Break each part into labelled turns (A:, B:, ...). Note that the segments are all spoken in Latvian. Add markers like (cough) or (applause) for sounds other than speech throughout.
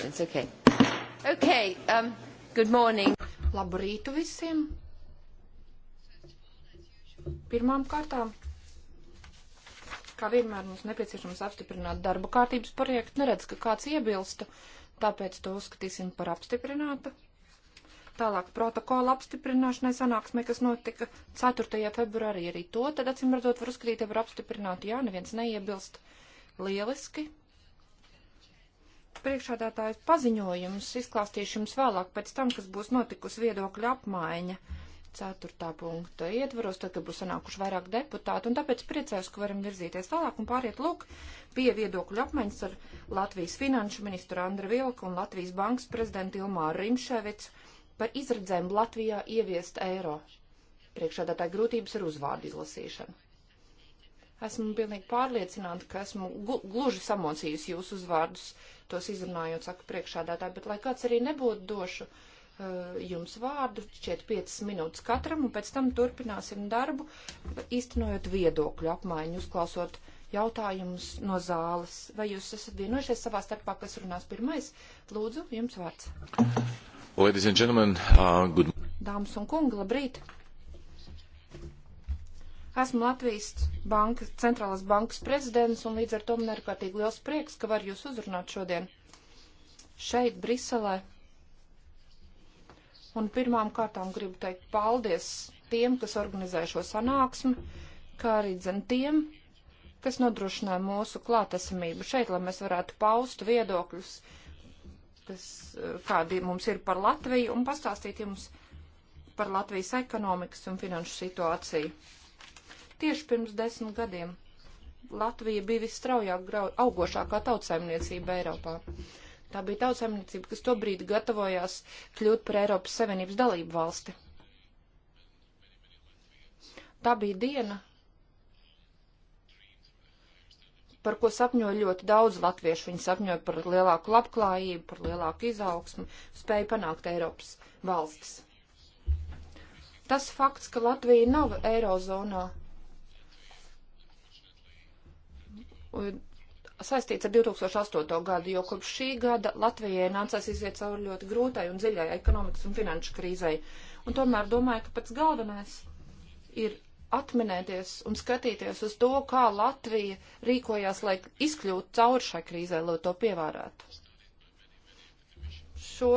A: abstinence. Yeah. Okay. Okay. Um, good morning. Labrītu visiem. Pirmām kārtām, kā vienmēr mums nepieciešams apstiprināt darba kārtības projektu, neredz, ka kāds iebilstu, tāpēc to uzskatīsim par apstiprinātu. Tālāk protokola apstiprināšanai sanāksmē, kas notika 4. februārī arī to, tad acīm redzot var uzskatīt par apstiprinātu, jā, neviens neiebilst. Lieliski, priekšādātājas paziņojumus izklāstīšu jums vēlāk pēc tam, kas būs notikusi viedokļa apmaiņa. Ceturtā punkta ietvaros, tad, kad būs sanākuši vairāk deputāti, un tāpēc priecājos, ka varam virzīties tālāk un pāriet lūk pie viedokļu apmaiņas ar Latvijas finanšu ministru Andru Vilku un Latvijas bankas prezidentu Ilmāru Rimševicu par izredzēm Latvijā ieviest eiro. Priekšādātāja grūtības ar uzvārdu izlasīšanu. Esmu pilnīgi pārliecināta, ka esmu gluži samocījusi jūsu uzvārdus tos izrunājot, saka priekšādātāji, bet lai kāds arī nebūtu došu uh, jums vārdu, šķiet 5 minūtes katram, un pēc tam turpināsim darbu, īstenojot viedokļu apmaiņu, uzklausot jautājumus no zāles. Vai jūs esat vienojušies savā starpā, kas runās pirmais? Lūdzu, jums vārds. Ladies and gentlemen, uh, good. Dāmas un kungi, labrīt! Esmu Latvijas banka, centrālās bankas prezidents un līdz ar to man ir kārtīgi liels prieks, ka var jūs uzrunāt šodien šeit, Briselē. Un pirmām kārtām gribu teikt paldies tiem, kas organizē šo sanāksmi, kā arī dzen tiem, kas nodrošināja mūsu klātesamību šeit, lai mēs varētu paust viedokļus, kas, eh, kādi mums ir par Latviju, un pastāstīt jums par Latvijas ekonomikas un finanšu situāciju. Tieši pirms desmit gadiem Latvija bija visstraujāk augošākā tautsaimniecība Eiropā. Tā bija tautsaimniecība, kas tobrīd gatavojās kļūt par Eiropas Savienības dalību valsti. Tā bija diena, par ko sapņoja ļoti daudz latviešu. Viņi sapņoja par lielāku labklājību, par lielāku izaugsmu, spēju panākt Eiropas valstis. Tas fakts, ka Latvija nav Eirozonā, saistīts ar 2008. gadu, jo kopš šī gada Latvijai nācās iziet cauri ļoti grūtai un dziļai ekonomikas un finanšu krīzai. Un tomēr domāju, ka pats galvenais ir atminēties un skatīties uz to, kā Latvija rīkojās, lai izkļūtu cauri šai krīzai, lai to pievērētu. Šo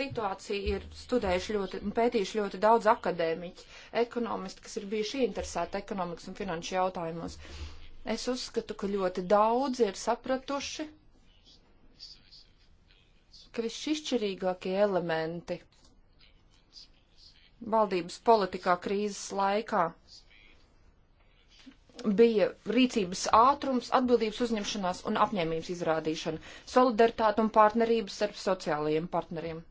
A: situāciju ir studējuši ļoti un pētījuši ļoti daudz akadēmiķi, ekonomisti, kas ir bijuši interesēti ekonomikas un finanšu jautājumos. Es uzskatu, ka ļoti daudzi ir sapratuši, ka visšķirīgākie elementi valdības politikā krīzes laikā bija rīcības ātrums, atbildības uzņemšanās un apņēmības izrādīšana, solidaritāte un partnerības starp sociālajiem partneriem.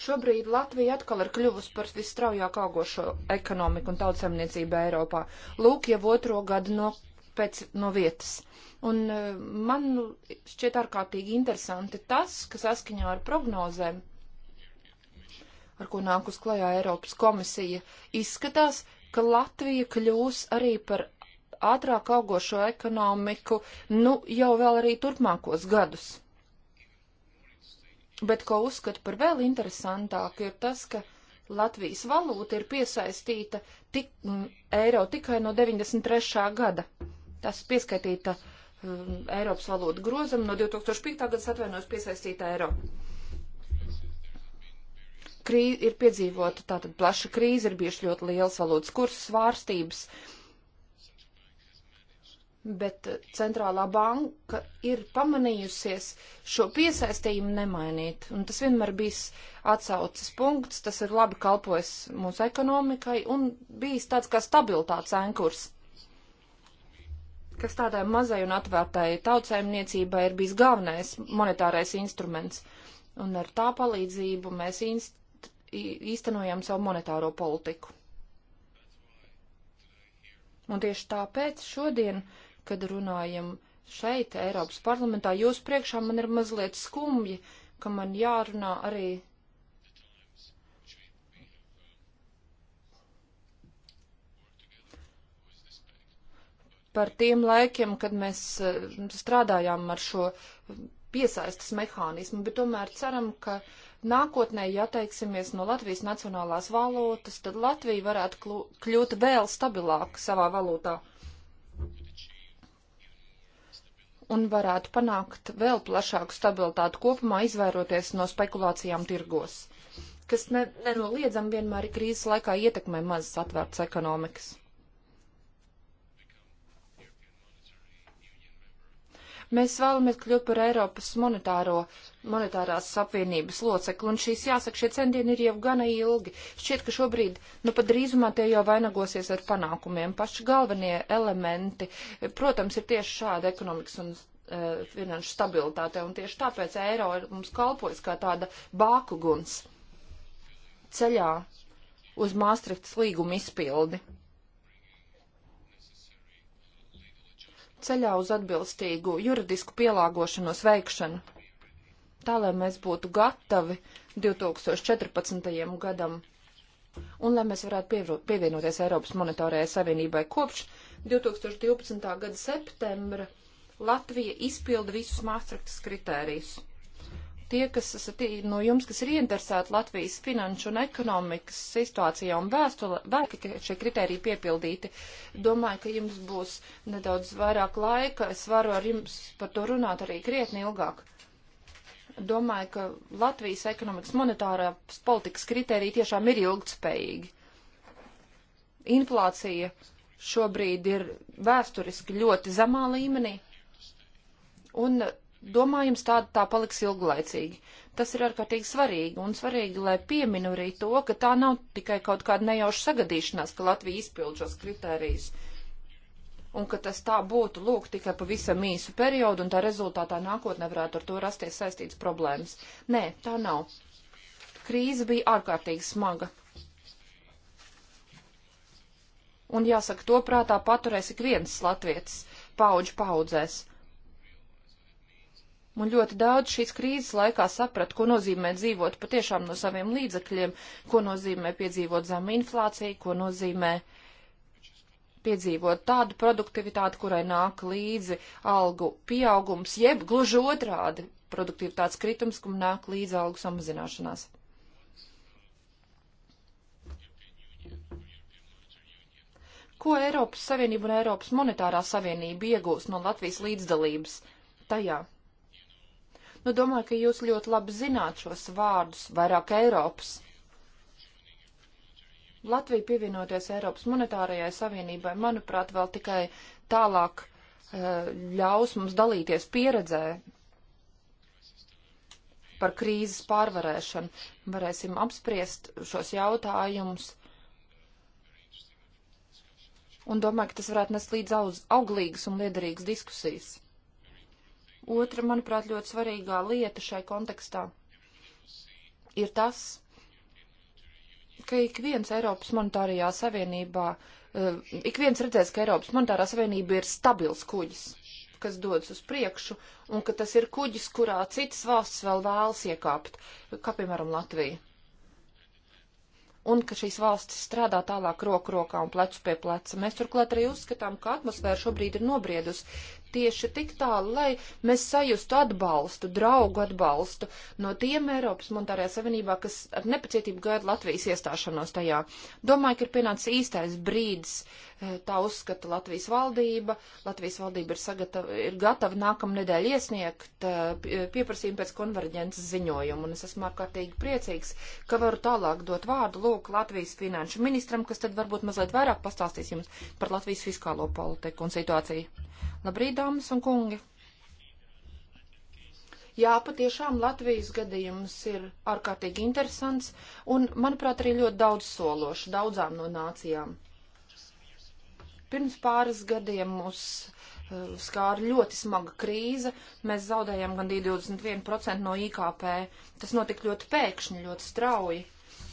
A: Šobrīd Latvija atkal ir kļuvusi par visstraujāk augošo ekonomiku un tautsemniecību Eiropā. Lūk, jau otro gadu no, pēc, no vietas. Un eh, man nu šķiet ārkārtīgi interesanti tas, ka saskaņā ar prognozēm, ar ko nāk uz klajā Eiropas komisija, izskatās, ka Latvija kļūs arī par ātrāk augošo ekonomiku, nu, jau vēl arī turpmākos gadus. Bet ko uzskatu par vēl interesantāku, ir tas, ka Latvijas valūta ir piesaistīta tik, m, mm, eiro tikai no 93. gada. Tas pieskaitīta m, mm, Eiropas valūta grozam no 2005. gada atvainojas piesaistīta eiro. Krī, ir piedzīvota tātad plaša krīze, ir bijuši ļoti liels valūtas kursu svārstības. Uh, bet eh, centrālā banka ir pamanījusies šo piesaistījumu nemainīt. Un tas vienmēr bijis atsaucas punkts, tas ir labi kalpojis mūsu ekonomikai un bijis tāds kā stabilitātes ankurs, kas tādai mazai un atvērtai tautsēmniecībai ir bijis galvenais monetārais instruments. Un ar tā palīdzību mēs īst, īstenojam savu monetāro politiku. Un tieši tāpēc šodien uh, kad runājam šeit, Eiropas parlamentā, jūs priekšā man ir mazliet skumji, ka man jārunā arī. Par tiem laikiem, kad mēs eh, strādājām ar šo piesaistas mehānismu, bet tomēr ceram, ka nākotnē, ja teiksimies no Latvijas nacionālās valūtas, tad Latvija varētu kļūt vēl stabilāka savā valūtā. un varētu panākt vēl plašāku stabilitātu kopumā, izvairoties no spekulācijām tirgos, kas ne, nenoliedzami vienmēr ir krīzes laikā ietekmē mazas atvērtas ekonomikas. Mēs vēlamies kļūt par Eiropas monetāro, monetārās apvienības locekli, un šīs, jāsaka, šie centieni ir jau gana ilgi. Šķiet, ka šobrīd, nu pat drīzumā tie jau vainagosies ar panākumiem. Paši galvenie elementi, protams, ir tieši šāda ekonomikas un uh, finanšu stabilitāte, un tieši tāpēc eiro mums kalpojas kā tāda bāku guns ceļā uz Māstrihtas līguma izpildi. ceļā uz atbilstīgu juridisku pielāgošanos veikšanu. Tā, lai mēs būtu gatavi 2014. gadam un lai mēs varētu pievienoties Eiropas monetārajai savienībai kopš 2012. gada septembra, Latvija izpilda visus mākslinieks kritērijus tie, kas esat no jums, kas ir ieinteresēti Latvijas finanšu un ekonomikas situācijā un vēstule, vēl, ka šie kriteriji piepildīti, domāju, ka jums būs nedaudz vairāk laika. Es varu ar jums par to runāt arī krietni ilgāk domāju, ka Latvijas ekonomikas monetārās politikas kritērija tiešām ir ilgtspējīgi. Inflācija šobrīd ir vēsturiski ļoti zemā līmenī, un domājams, tā, tā paliks ilglaicīgi. Tas ir ārkārtīgi svarīgi, un svarīgi, lai pieminu arī to, ka tā nav tikai kaut kāda nejauša sagadīšanās, ka Latvija izpild šos kritērijus, un ka tas tā būtu, lūk, tikai pavisam īsu periodu, un tā rezultātā nākotnē varētu ar to rasties saistīts problēmas. Nē, tā nav. Krīze bija ārkārtīgi smaga. Un jāsaka, to prātā paturēs ik viens latvietis, paudžu paudzēs. Un ļoti daudz šīs krīzes laikā saprat, ko nozīmē dzīvot patiešām no saviem līdzekļiem, ko nozīmē piedzīvot zemu inflāciju, ko nozīmē piedzīvot tādu produktivitāti, kurai nāk līdzi algu pieaugums, jeb gluži otrādi produktivitātes kritums, kam nāk līdzi algu samazināšanās. Ko Eiropas Savienība un Eiropas Monetārā Savienība iegūs no Latvijas līdzdalības tajā? Nu, domāju, ka jūs ļoti labi zināt šos vārdus - vairāk Eiropas. Latvija pievienoties Eiropas monetārajai savienībai, manuprāt, vēl tikai tālāk eh, ļaus mums dalīties pieredzē par krīzes pārvarēšanu. Varēsim apspriest šos jautājumus. Un domāju, ka tas varētu nest līdz auglīgas un liederīgas diskusijas. Otra, manuprāt, ļoti svarīgā lieta šai kontekstā ir tas, ka ik viens Eiropas monetārajā savienībā, eh, ik viens redzēs, ka Eiropas monetārā savienība ir stabils kuģis, kas dodas uz priekšu, un ka tas ir kuģis, kurā citas valsts vēl vēlas iekāpt, kā piemēram Latvija. Un ka šīs valstis strādā tālāk roku rokā un plecu pie pleca. Mēs turklāt arī uzskatām, ka atmosfēra šobrīd ir nobriedusi tieši tik tālu, lai mēs sajustu atbalstu, draugu atbalstu no tiem Eiropas monetārajā savienībā, kas ar nepacietību gaida Latvijas iestāšanos tajā. Domāju, ka ir pienācis īstais brīdis, e, tā uzskata Latvijas valdība. Latvijas valdība ir, sagatava, ir gatava nākamnedēļ iesniegt e, pieprasījumu pēc konverģences ziņojumu, un es esmu ārkārtīgi priecīgs, ka varu tālāk dot vārdu lūk Latvijas finanšu ministram, kas tad varbūt mazliet vairāk pastāstīs jums par Latvijas fiskālo politiku un situāciju. Labrīt! dāmas un kungi. Jā, patiešām Latvijas gadījums ir ārkārtīgi interesants un, manuprāt, arī ļoti daudz sološi daudzām no nācijām. Pirms pāris gadiem mūs uh, eh, skāra ļoti smaga krīze. Mēs zaudējām gandrīz 21% no IKP. Tas notika ļoti pēkšņi, ļoti strauji.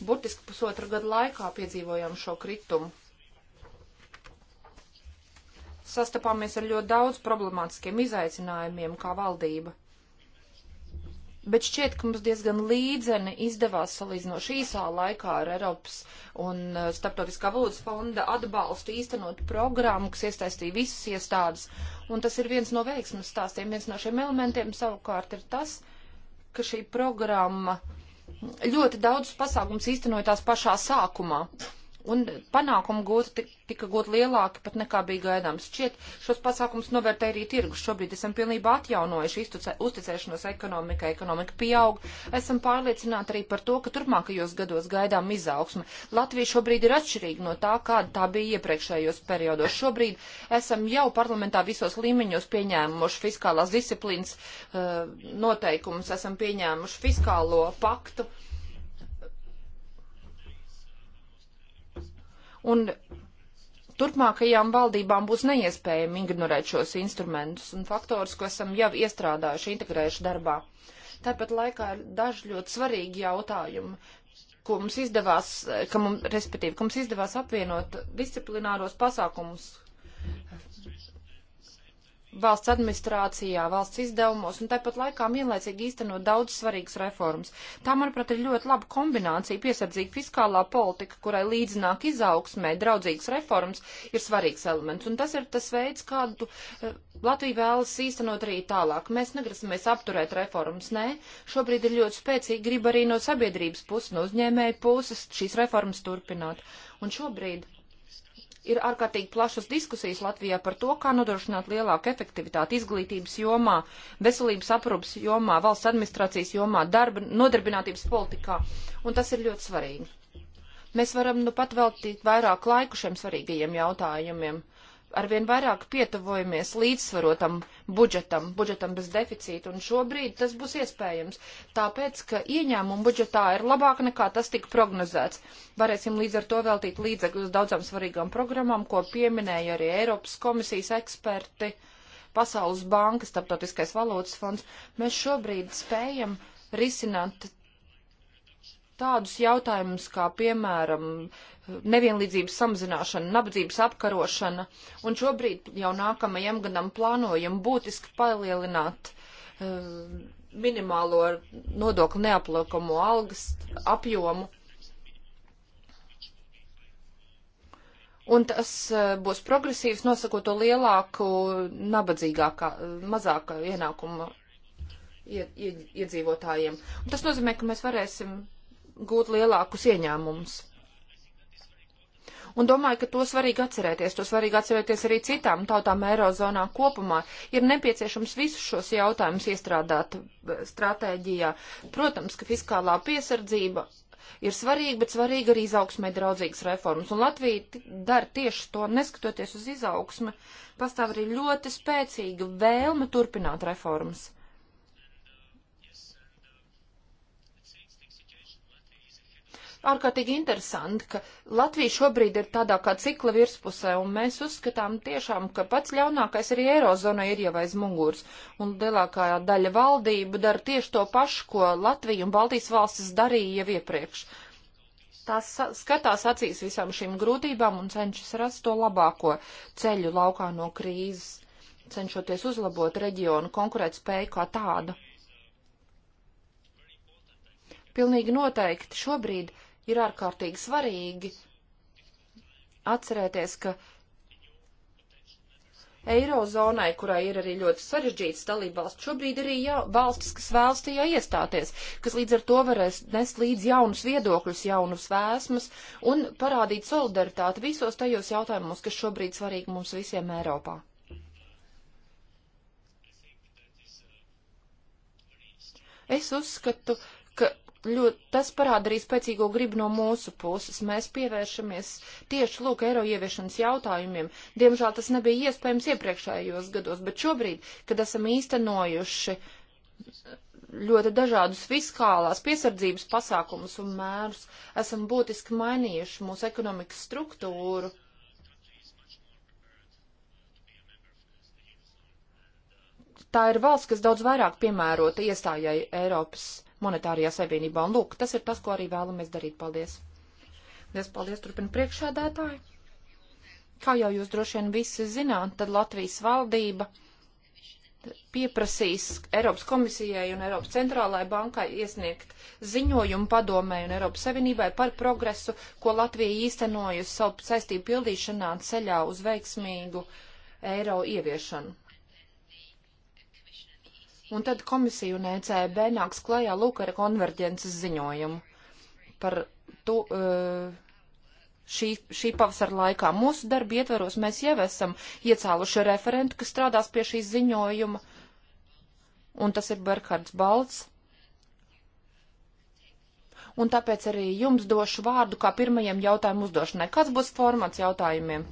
A: Burtiski pusotra gada laikā piedzīvojām šo kritumu sastapāmies ar ļoti daudz problemātiskiem izaicinājumiem kā valdība. Bet šķiet, ka mums diezgan līdzeni izdevās salīdzinoši īsā laikā ar Eiropas un uh, Starptautiskā valūtas fonda atbalstu īstenot programmu, kas iesaistīja visas iestādes. Un tas ir viens no veiksmes stāstiem. Viens no šiem elementiem savukārt ir tas, ka šī programma ļoti daudz pasākums īstenoja tās pašā sākumā un panākumu gūti tika gūti lielāki pat nekā bija gaidāms. Šķiet, šos pasākums novērtē arī tirgus. Šobrīd esam pilnībā atjaunojuši uzticēšanos ekonomikai, ekonomika pieaug. Esam pārliecināti arī par to, ka turpmākajos gados gaidām izaugsme. Latvija šobrīd ir atšķirīga no tā, kāda tā bija iepriekšējos periodos. Šobrīd esam jau parlamentā visos līmeņos pieņēmuši fiskālās disciplīnas uh, noteikumus, esam pieņēmuši fiskālo paktu. Uh, Un turpmākajām valdībām būs neiespējami ignorēt šos instrumentus un faktorus, ko esam jau iestrādājuši, integrējuši darbā. Tāpat laikā ir daži ļoti svarīgi jautājumi, ko mums izdevās, eh, ka mums, respektīvi, ka mums izdevās apvienot disciplināros pasākumus valsts administrācijā, valsts izdevumos un tāpat laikā vienlaicīgi īstenot daudz svarīgas reformas. Tā, manuprāt, ir ļoti laba kombinācija piesardzīga fiskālā politika, kurai līdzināk izaugsmē draudzīgas reformas, ir svarīgs elements. Un tas ir tas veids, kādu eh, Latvija vēlas īstenot arī tālāk. Mēs negrasamies apturēt reformas, nē. Šobrīd ir ļoti spēcīgi grib arī no sabiedrības puses, no uzņēmēja puses šīs reformas turpināt. Un šobrīd ir ārkārtīgi plašas diskusijas Latvijā par to, kā nodrošināt lielāku efektivitāti izglītības jomā, veselības aprūpas jomā, valsts administrācijas jomā, darba, nodarbinātības politikā, un tas ir ļoti svarīgi. Mēs varam nu pat veltīt vairāk laiku šiem svarīgajiem jautājumiem arvien vairāk pietuvojamies līdzsvarotam budžetam, budžetam bez deficīta, un šobrīd tas būs iespējams, tāpēc, ka ieņēmumu budžetā ir labāk nekā tas tika prognozēts. Varēsim līdz ar to veltīt līdzekļus daudzām svarīgām programmām, ko pieminēja arī Eiropas komisijas eksperti, Pasaules banka, Starptautiskais valodas fonds. Mēs šobrīd spējam risināt tādus jautājumus kā, piemēram, nevienlīdzības samazināšana, nabadzības apkarošana, un šobrīd jau nākamajam gadam plānojam būtiski palielināt uh, minimālo nodokli neaplakamo algas apjomu. Un tas uh, būs progresīvs, nosakot to lielāku, nabadzīgākā, mazāka ienākuma iedzīvotājiem. Un tas nozīmē, ka mēs varēsim gūt lielākus ieņēmumus. Un domāju, ka to svarīgi atcerēties, to svarīgi atcerēties arī citām tautām Eirozonā kopumā. Ir nepieciešams visus šos jautājumus iestrādāt eh, stratēģijā. Protams, ka fiskālā piesardzība ir svarīga, bet svarīga arī izaugsmē draudzīgas reformas. Un Latvija dara tieši to, neskatoties uz izaugsmi, pastāv arī ļoti spēcīga vēlme turpināt reformas. ārkārtīgi interesanti, ka Latvija šobrīd ir tādā kā cikla virspusē, un mēs uzskatām tiešām, ka pats ļaunākais arī Eirozona ir jau aiz muguras, un lielākā daļa valdību dara tieši to pašu, ko Latvija un Baltijas valstis darīja jau iepriekš. Tās skatās acīs visām šīm grūtībām un cenšas rast to labāko ceļu laukā no krīzes, cenšoties uzlabot reģionu konkurētspēju kā tādu pilnīgi noteikti šobrīd ir ārkārtīgi svarīgi atcerēties, ka Eirozonai, kurai ir arī ļoti sarežģīts dalībvalsts, šobrīd arī jau, valstis, kas vēlas tajā iestāties, kas līdz ar to varēs nest līdz jaunus viedokļus, jaunus vēsmas un parādīt solidaritāti visos tajos jautājumos, kas šobrīd svarīgi mums visiem Eiropā. Es uzskatu, ka ļoti, tas parāda arī spēcīgo gribu no mūsu puses. Mēs pievēršamies tieši lūk eiro ieviešanas jautājumiem. Diemžēl tas nebija iespējams iepriekšējos gados, bet šobrīd, kad esam īstenojuši ļoti dažādus fiskālās piesardzības pasākumus un mērus, esam būtiski mainījuši mūsu ekonomikas struktūru. tā ir valsts, kas daudz vairāk piemērota iestājai Eiropas monetārajā savienībā. Un lūk, tas ir tas, ko arī vēlamies darīt. Paldies! Lies paldies, turpina priekšādētāji! Kā jau jūs droši vien visi zināt, tad Latvijas valdība pieprasīs Eiropas komisijai un Eiropas centrālajai bankai iesniegt ziņojumu padomē un Eiropas Savienībai par progresu, ko Latvija īstenojusi savu saistību pildīšanā ceļā uz veiksmīgu eiro ieviešanu. Un tad komisija un ECB nāks klajā lūk ar konverģences ziņojumu par to. Uh, šī, šī pavasara laikā. Mūsu darba ietveros mēs jau esam iecēluši referentu, kas strādās pie šī ziņojuma, un tas ir Berhards Balts. Un tāpēc arī jums došu vārdu kā pirmajam jautājumu uzdošanai. Kāds būs formāts jautājumiem?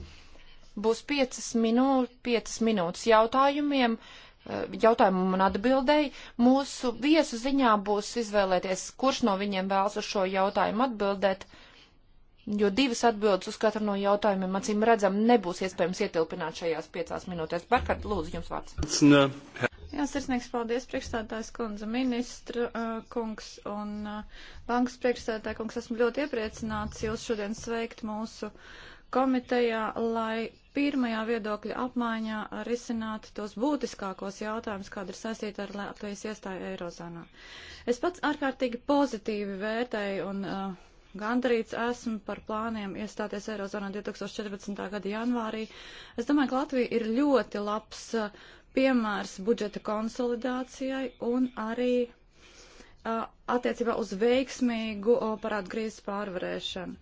A: Būs piecas, minū, piecas minūtes jautājumiem, uh, Eh, jautājumam un atbildēji. Mūsu viesu ziņā būs izvēlēties, kurš no viņiem vēlas uz šo jautājumu atbildēt, jo divas atbildes uz katru no jautājumiem, acīm redzam, nebūs iespējams ietilpināt šajās piecās minūtēs. Barkart, lūdzu, jums
B: vārds.
C: Jā, sirsnīgs paldies priekšstādātājs kundze, ministra eh, kungs un eh, bankas priekšstādātāja kungs. Esmu ļoti iepriecināts jūs šodien sveikt mūsu komitejā, lai pirmajā viedokļa apmaiņā risināt tos būtiskākos jautājumus, kāda ir saistīta ar Latvijas iestāju Eirozonā. Es pats ārkārtīgi pozitīvi vērtēju un uh, gandarīts esmu par plāniem iestāties Eirozonā 2014. gada janvārī. Es domāju, ka Latvija ir ļoti labs uh, piemērs budžeta konsolidācijai un arī uh, attiecībā uz veiksmīgu uh, parādu krīzes pārvarēšanu.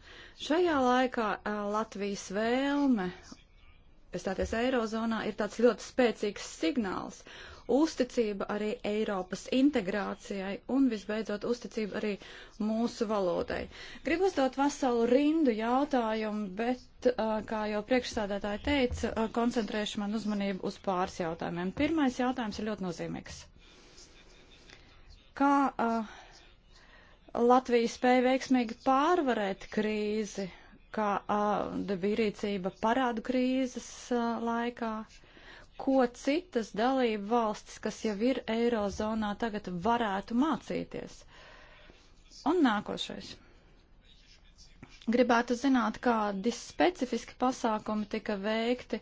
C: Šajā laikā uh, Latvijas vēlme iestāties Eirozonā, ir tāds ļoti spēcīgs signāls. Uzticība arī Eiropas integrācijai un, visbeidzot, uzticība arī mūsu valodai. Gribu uzdot veselu rindu jautājumu, bet, kā jau priekšsādātāji teica, koncentrēšu man uzmanību uz pāris jautājumiem. Pirmais jautājums ir ļoti nozīmīgs. Kā uh, Latvija spēja veiksmīgi pārvarēt krīzi? kāda bija rīcība parādu krīzes laikā, ko citas dalību valstis, kas jau ir Eirozonā, tagad varētu mācīties. Un nākošais. Gribētu zināt, kādi specifiski pasākumi tika veikti,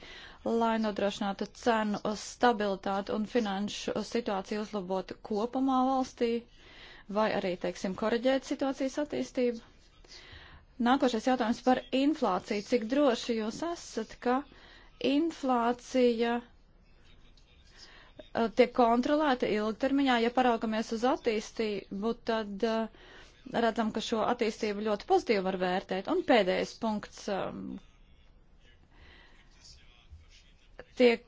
C: lai nodrošinātu cenu stabilitāti un finanšu situāciju uzlabotu kopumā valstī, vai arī, teiksim, koreģēt situācijas attīstību. Nākošais jautājums par inflāciju. Cik droši jūs esat, ka inflācija uh, tiek kontrolēta ilgtermiņā? Ja paraugamies uz attīstību, tad uh, redzam, ka šo attīstību ļoti pozitīvi var vērtēt. Un pēdējais punkts um, tiek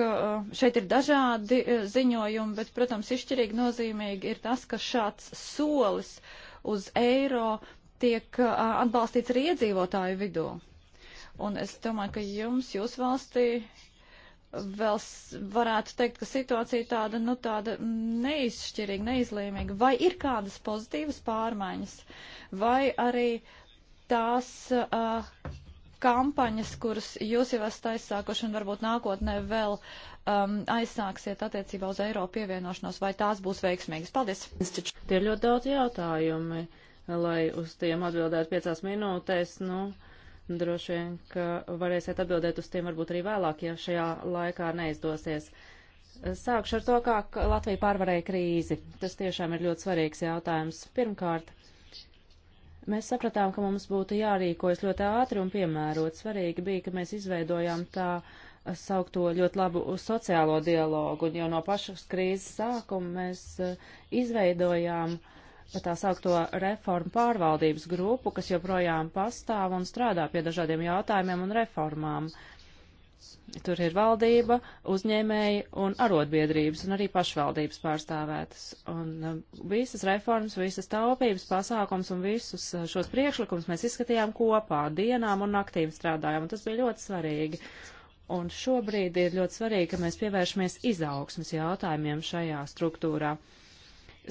C: uh, šeit ir dažādi ziņojumi, bet, protams, izšķirīgi nozīmīgi ir tas, ka šāds solis uz eiro tiek atbalstīts arī iedzīvotāju vidū. Un es domāju, ka jums, jūs valstī, vēl varētu teikt, ka situācija tāda, nu, tāda neizšķirīga, neizlīmīga. Vai ir kādas pozitīvas pārmaiņas, vai arī tās uh, kampaņas, kuras jūs jau esat aizsākuši un varbūt nākotnē vēl um, aizsāksiet attiecībā uz Eiropu pievienošanos, vai tās būs veiksmīgas? Paldies!
B: Tie ir ļoti daudz jautājumi. Uh, lai uz tiem atbildētu piecās minūtēs. Nu, droši vien, ka varēsiet atbildēt uz tiem varbūt arī vēlāk, ja šajā laikā neizdosies. Sākšu ar to, kā Latvija pārvarēja krīzi. Tas tiešām ir ļoti svarīgs jautājums. Pirmkārt, mēs sapratām, ka mums būtu jārīkojas ļoti ātri un piemērot. Svarīgi bija, ka mēs izveidojām tā saukto ļoti labu sociālo dialogu, un jau no pašas krīzes sākuma mēs eh, izveidojām uh, tā saukto reformu pārvaldības grupu, kas joprojām pastāv un strādā pie dažādiem jautājumiem un reformām. Tur ir valdība, uzņēmēji un arotbiedrības un arī pašvaldības pārstāvētas. Un uh, visas reformas, visas taupības pasākums un visus uh, šos priekšlikumus mēs izskatījām kopā, dienām un naktīm strādājām, un tas bija ļoti svarīgi. Un šobrīd ir ļoti svarīgi, ka mēs pievēršamies izaugsmas jautājumiem šajā struktūrā. Uh,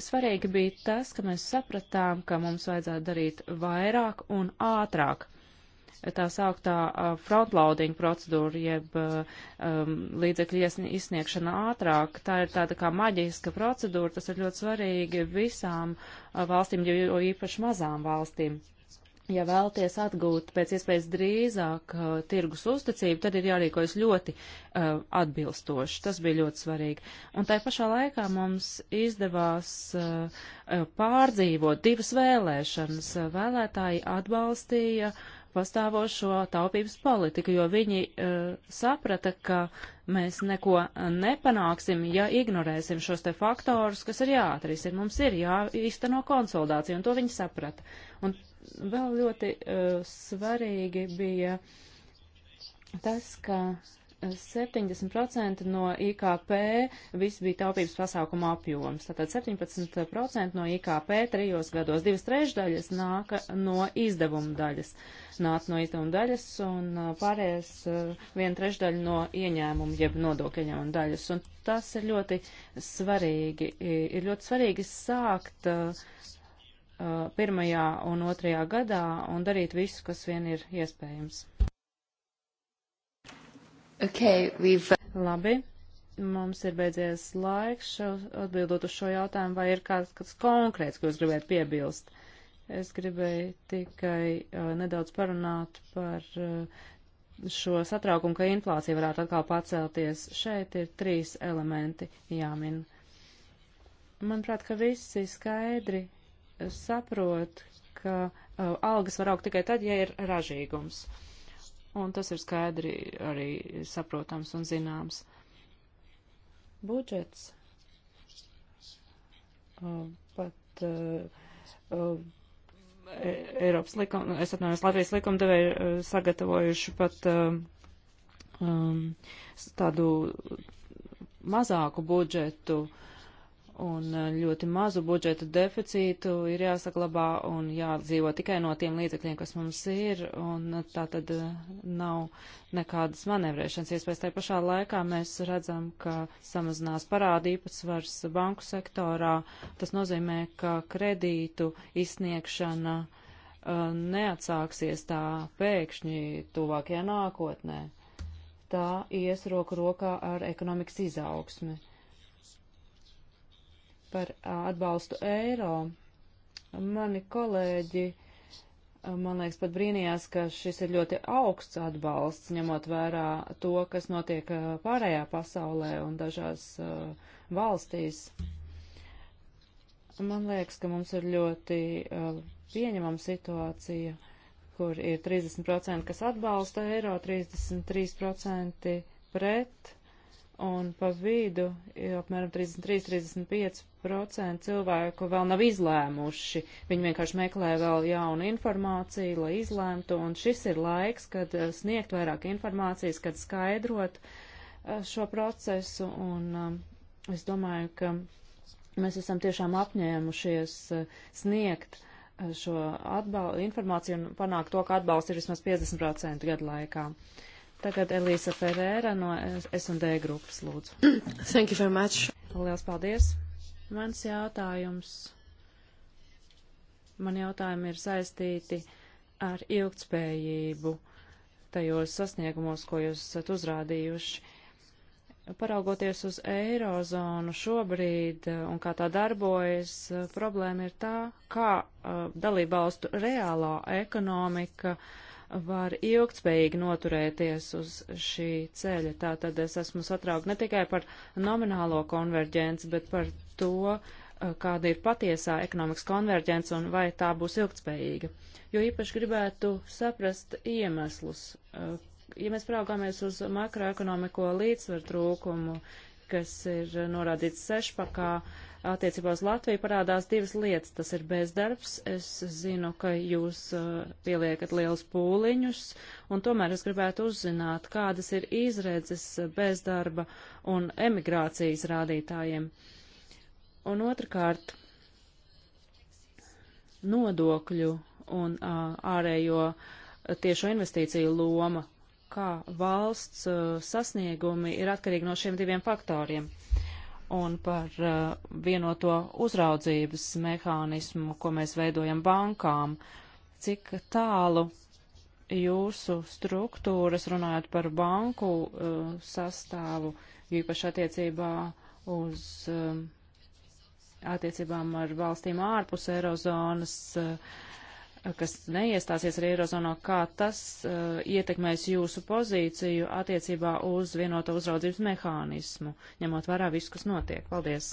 B: svarīgi bija tas, ka mēs sapratām, ka mums vajadzētu darīt vairāk un ātrāk. Tā sauktā uh, frontloading procedūra, jeb uh, um, līdzekļu izsniegšana ātrāk, tā ir tāda kā maģiska procedūra, tas ir ļoti svarīgi visām uh, valstīm, jo īpaši mazām valstīm ja vēlties atgūt pēc iespējas drīzāk uh, tirgus uzticību, tad ir jārīkojas ļoti uh, atbilstoši. Tas bija ļoti svarīgi. Un tai pašā laikā mums izdevās uh, uh pārdzīvot divas vēlēšanas. Vēlētāji atbalstīja pastāvošo taupības politiku, jo viņi uh, saprata, ka mēs neko uh, nepanāksim, ja ignorēsim šos te faktorus, kas ir jāatrisina. Mums ir jāizteno konsolidācija, un to viņi saprata. Un vēl ļoti uh, svarīgi bija tas, ka 70% uh, no IKP viss bija taupības pasākuma apjoms. Tātad 17% no IKP trijos gados, divas trešdaļas nāka no izdevuma daļas, nāca no izdevuma daļas un uh, pārējais uh, viena trešdaļa no ieņēmuma, jeb nodokļa ieņēmuma daļas. Un tas ir ļoti svarīgi. Ir ļoti svarīgi sākt Uh, pirmajā un otrajā gadā un darīt visu, kas vien ir iespējams. Okay, we've... Uh, Labi, mums ir beidzies laiks šo, atbildot uz šo jautājumu, vai ir kāds, kāds konkrēts, ko jūs gribētu piebilst. Es gribēju tikai uh, nedaudz parunāt par uh, šo satraukumu, ka inflācija varētu atkal pacelties. Šeit ir trīs elementi jāmin. Manuprāt, ka visi skaidri saprot, ka uh, algas var augt tikai tad, ja ir ražīgums. Un tas ir skaidri arī saprotams un zināms. Budžets uh, pat uh, uh Eiropas likuma, es atvainojos, Latvijas likumdevēji uh, sagatavojuši pat uh, um, tādu mazāku budžetu uh, un eh, ļoti mazu budžeta deficītu ir jāsaglabā un jādzīvo tikai no tiem līdzekļiem, kas mums ir, un eh, tā tad eh, nav nekādas manevrēšanas iespējas. Tā pašā laikā mēs redzam, ka samazinās parāda īpatsvars banku sektorā. Tas nozīmē, ka kredītu izsniegšana uh, neatsāksies tā pēkšņi tuvākajā nākotnē. Tā ies roku rokā ar ekonomikas izaugsmi. Uh, par atbalstu eiro. Mani kolēģi, man liekas, pat brīnījās, ka šis ir ļoti augsts atbalsts, ņemot vērā to, kas notiek pārējā pasaulē un dažās uh, valstīs. Man liekas, ka mums ir ļoti uh, pieņemama situācija, kur ir 30%, kas atbalsta eiro, 33% pret un pa vidu apmēram 33-35 50% cilvēku vēl nav izlēmuši. Viņi vienkārši meklē vēl jaunu informāciju, lai izlēmtu, un šis ir laiks, kad eh, sniegt vairāk informācijas, kad skaidrot eh, šo procesu, un eh, es domāju, ka mēs esam tiešām apņēmušies sniegt šo atbal, informāciju un panākt to, ka atbalsts ir vismaz 50% gadu laikā. Tagad Elīsa Ferēra no S&D grupas lūdzu. Thank you very much. Lielas paldies. Mans jautājums, man jautājumi ir saistīti ar ilgtspējību tajos sasniegumos, ko jūs esat uzrādījuši. Paraugoties uz eirozonu šobrīd eh, un kā tā darbojas, eh, problēma ir tā, kā eh, dalībvalstu reālā ekonomika uh, var ilgtspējīgi noturēties uz šī ceļa. Tātad es esmu satraukta ne tikai par nominālo konverģenci, bet par to, eh, kāda ir patiesā ekonomikas konverģence un vai tā būs ilgtspējīga. Jo īpaši gribētu saprast iemeslus. Eh, ja mēs praugāmies uz makroekonomiko līdzsver trūkumu, kas ir norādīts sešpakā, uh, attiecībā uz Latviju parādās divas lietas. Tas ir bezdarbs. Es zinu, ka jūs uh, pieliekat liels pūliņus, un tomēr es gribētu uzzināt, kādas ir izredzes bezdarba un emigrācijas rādītājiem. Un otrkārt, nodokļu un uh, ārējo tiešo investīciju loma, kā valsts uh, sasniegumi ir atkarīgi no šiem diviem faktoriem. Uh, un par uh, vienoto uzraudzības mehānismu, ko mēs veidojam bankām. Cik tālu jūsu struktūras, runājot par banku uh, sastāvu, īpaši attiecībā uz uh, attiecībām ar valstīm ārpus Eirozonas, uh, kas neiestāsies arī Eirozonā, kā tas uh, ietekmēs jūsu pozīciju attiecībā uz vienoto uzraudzības mehānismu, ņemot vērā visu, kas notiek. Paldies!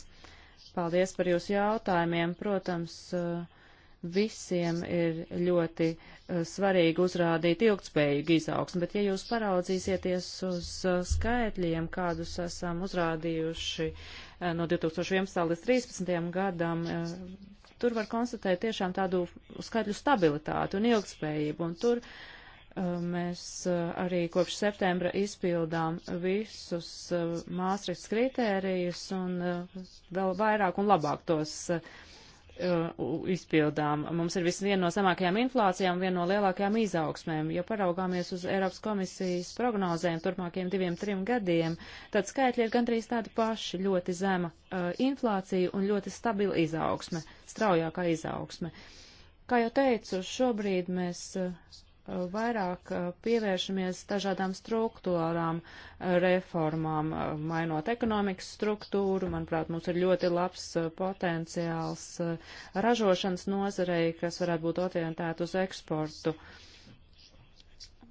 B: Paldies par jūsu jautājumiem. Protams, uh, visiem ir ļoti uh, svarīgi uzrādīt ilgtspējīgu izaugsmu, bet ja jūs paraudzīsieties uz uh, skaitļiem, kādus esam uzrādījuši uh, no 2011. līdz 2013. gadam, uh, Tur var konstatēt tiešām tādu skaļu stabilitāti un ilgspējību. Un tur uh, mēs uh, arī kopš septembra izpildām visus uh, māstrītas kritērijus un vēl vairāk un labāk tos uh, Uh, izpildām. Mums ir viena no zemākajām inflācijām, viena no lielākajām izaugsmēm. Ja paraugāmies uz Eiropas komisijas prognozēm turpmākajiem diviem, trim gadiem, tad skaitļi ir gandrīz tādi paši - ļoti zema uh, inflācija un ļoti stabila izaugsme, straujākā izaugsme. Kā jau teicu, šobrīd mēs uh, vairāk eh, pievēršamies dažādām struktūrām eh, reformām, eh, mainot ekonomikas struktūru. Manuprāt, mums ir ļoti labs potenciāls ražošanas nozarei, kas varētu būt orientēta uz eksportu.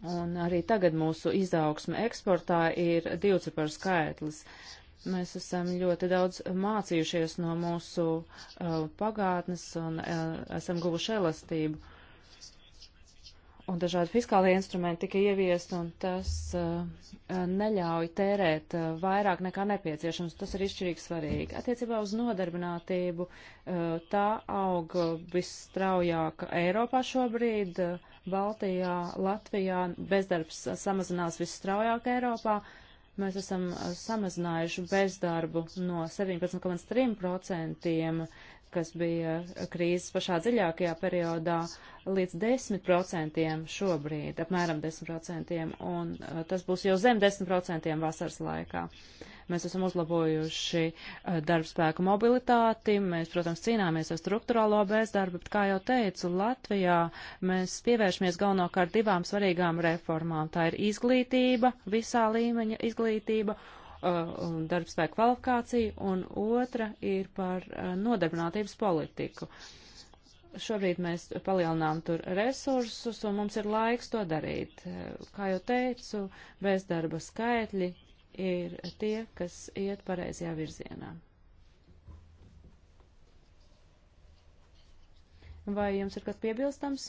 B: Un arī tagad mūsu izaugsme eksportā ir divcipars skaitlis. Mēs esam ļoti daudz mācījušies no mūsu uh, pagātnes un uh, esam guvuši elastību un dažādi fiskālie instrumenti tika ieviest, un tas uh, neļauj tērēt uh, vairāk nekā nepieciešams. Tas ir izšķirīgi svarīgi. Attiecībā uz nodarbinātību uh, tā aug visstraujāk Eiropā šobrīd, Baltijā, Latvijā. Bezdarbs samazinās visstraujāk Eiropā. Mēs esam samazinājuši bezdarbu no 17,3% kas bija krīzes pašā dziļākajā periodā, līdz 10% šobrīd, apmēram 10%, un uh, tas būs jau zem 10% vasaras laikā. Mēs esam uzlabojuši uh, darbspēku mobilitāti, mēs, protams, cīnāmies ar struktūrālo bezdarbu, bet, kā jau teicu, Latvijā mēs pievēršamies galvenokārt divām svarīgām reformām. Tā ir izglītība, visā līmeņa izglītība, Uh, un darbspēku kvalifikāciju, un otra ir par uh, nodarbinātības politiku. Šobrīd mēs palielinām tur resursus, un mums ir laiks to darīt. Uh, kā jau teicu, bezdarba skaitļi ir tie, kas iet pareizajā virzienā. Vai jums ir kas piebilstams?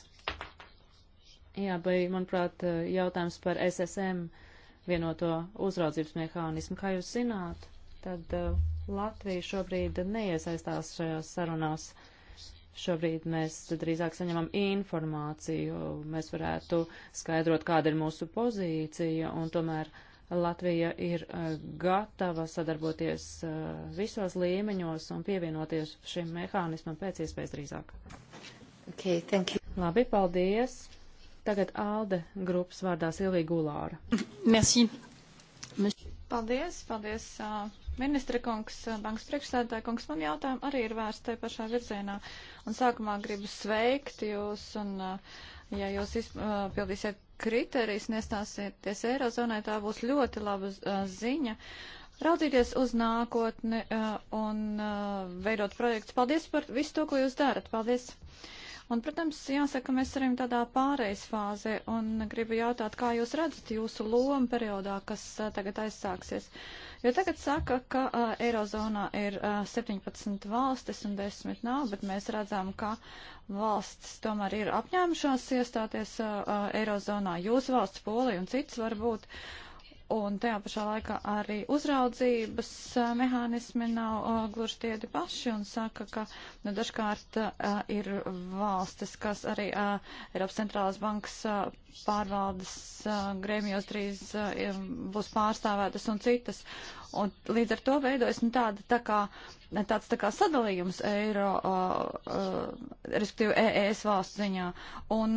B: Jā, vai, manuprāt, jautājums par SSM uh, vienoto uzraudzības mehānismu. Kā jūs zināt, tad uh, Latvija šobrīd neiesaistās šajās sarunās. Šobrīd mēs drīzāk saņemam informāciju, mēs varētu skaidrot, kāda ir mūsu pozīcija, un tomēr Latvija ir uh, gatava sadarboties uh, visos līmeņos un pievienoties šim mehānismam pēc iespējas drīzāk. Okay, thank you. Labi, paldies! Tagad Alde grupas vārdā Silvija Gulāra. Merci.
C: Paldies, paldies, ministra kungs, bankas priekšsēdētāja kungs. Man jautājumi arī ir vērsti pašā virzienā. Un sākumā gribu sveikt jūs un, ja jūs izpildīsiet kriterijus, nestāsieties Eirozonai, tā būs ļoti laba ziņa raudzīties uz nākotni uh, un uh, veidot projektus. Paldies par visu to, ko jūs darat. Paldies! Un, protams, jāsaka, mēs arī tādā pārejas fāzē un gribu jautāt, kā jūs redzat jūsu lomu periodā, kas a, tagad aizsāksies. Jo tagad saka, ka a, Eirozonā ir a, 17 valstis un 10 nav, bet mēs redzam, ka valsts tomēr ir apņēmušās iestāties a, a, Eirozonā. Jūsu valsts, Polija un cits varbūt. A, un tajā pašā laikā arī uzraudzības eh, mehānismi nav eh, gluži tiedi paši un saka, ka nu, dažkārt eh, ir valstis, kas arī Eiropas centrālās bankas pārvaldes grēmijos drīz būs pārstāvētas un citas. Un līdz ar to veidojas nu, tāda tā kā, tāds tā kā sadalījums eiro, respektīvi ES e valsts ziņā. Un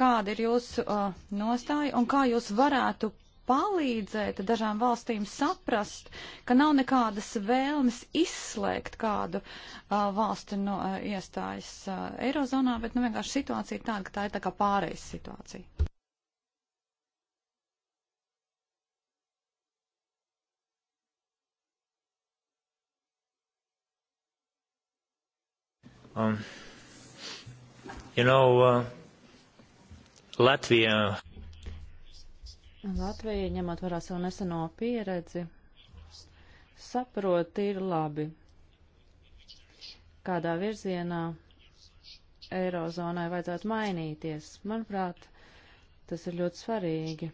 C: kāda ir jūsu uh, nostāja un kā jūs varētu palīdzēt dažām valstīm saprast, ka nav nekādas vēlmes izslēgt kādu uh, valsti no uh, iestājas uh, Eirozonā, bet nu, vienkārši situācija ir tāda, ka tā ir tā kā pārējais situācija.
B: Um, you know, uh, Latvija. Latvija, ņemot vērā savu neseno pieredzi, saprot ir labi, kādā virzienā Eirozonai vajadzētu mainīties. Manuprāt, tas ir ļoti svarīgi.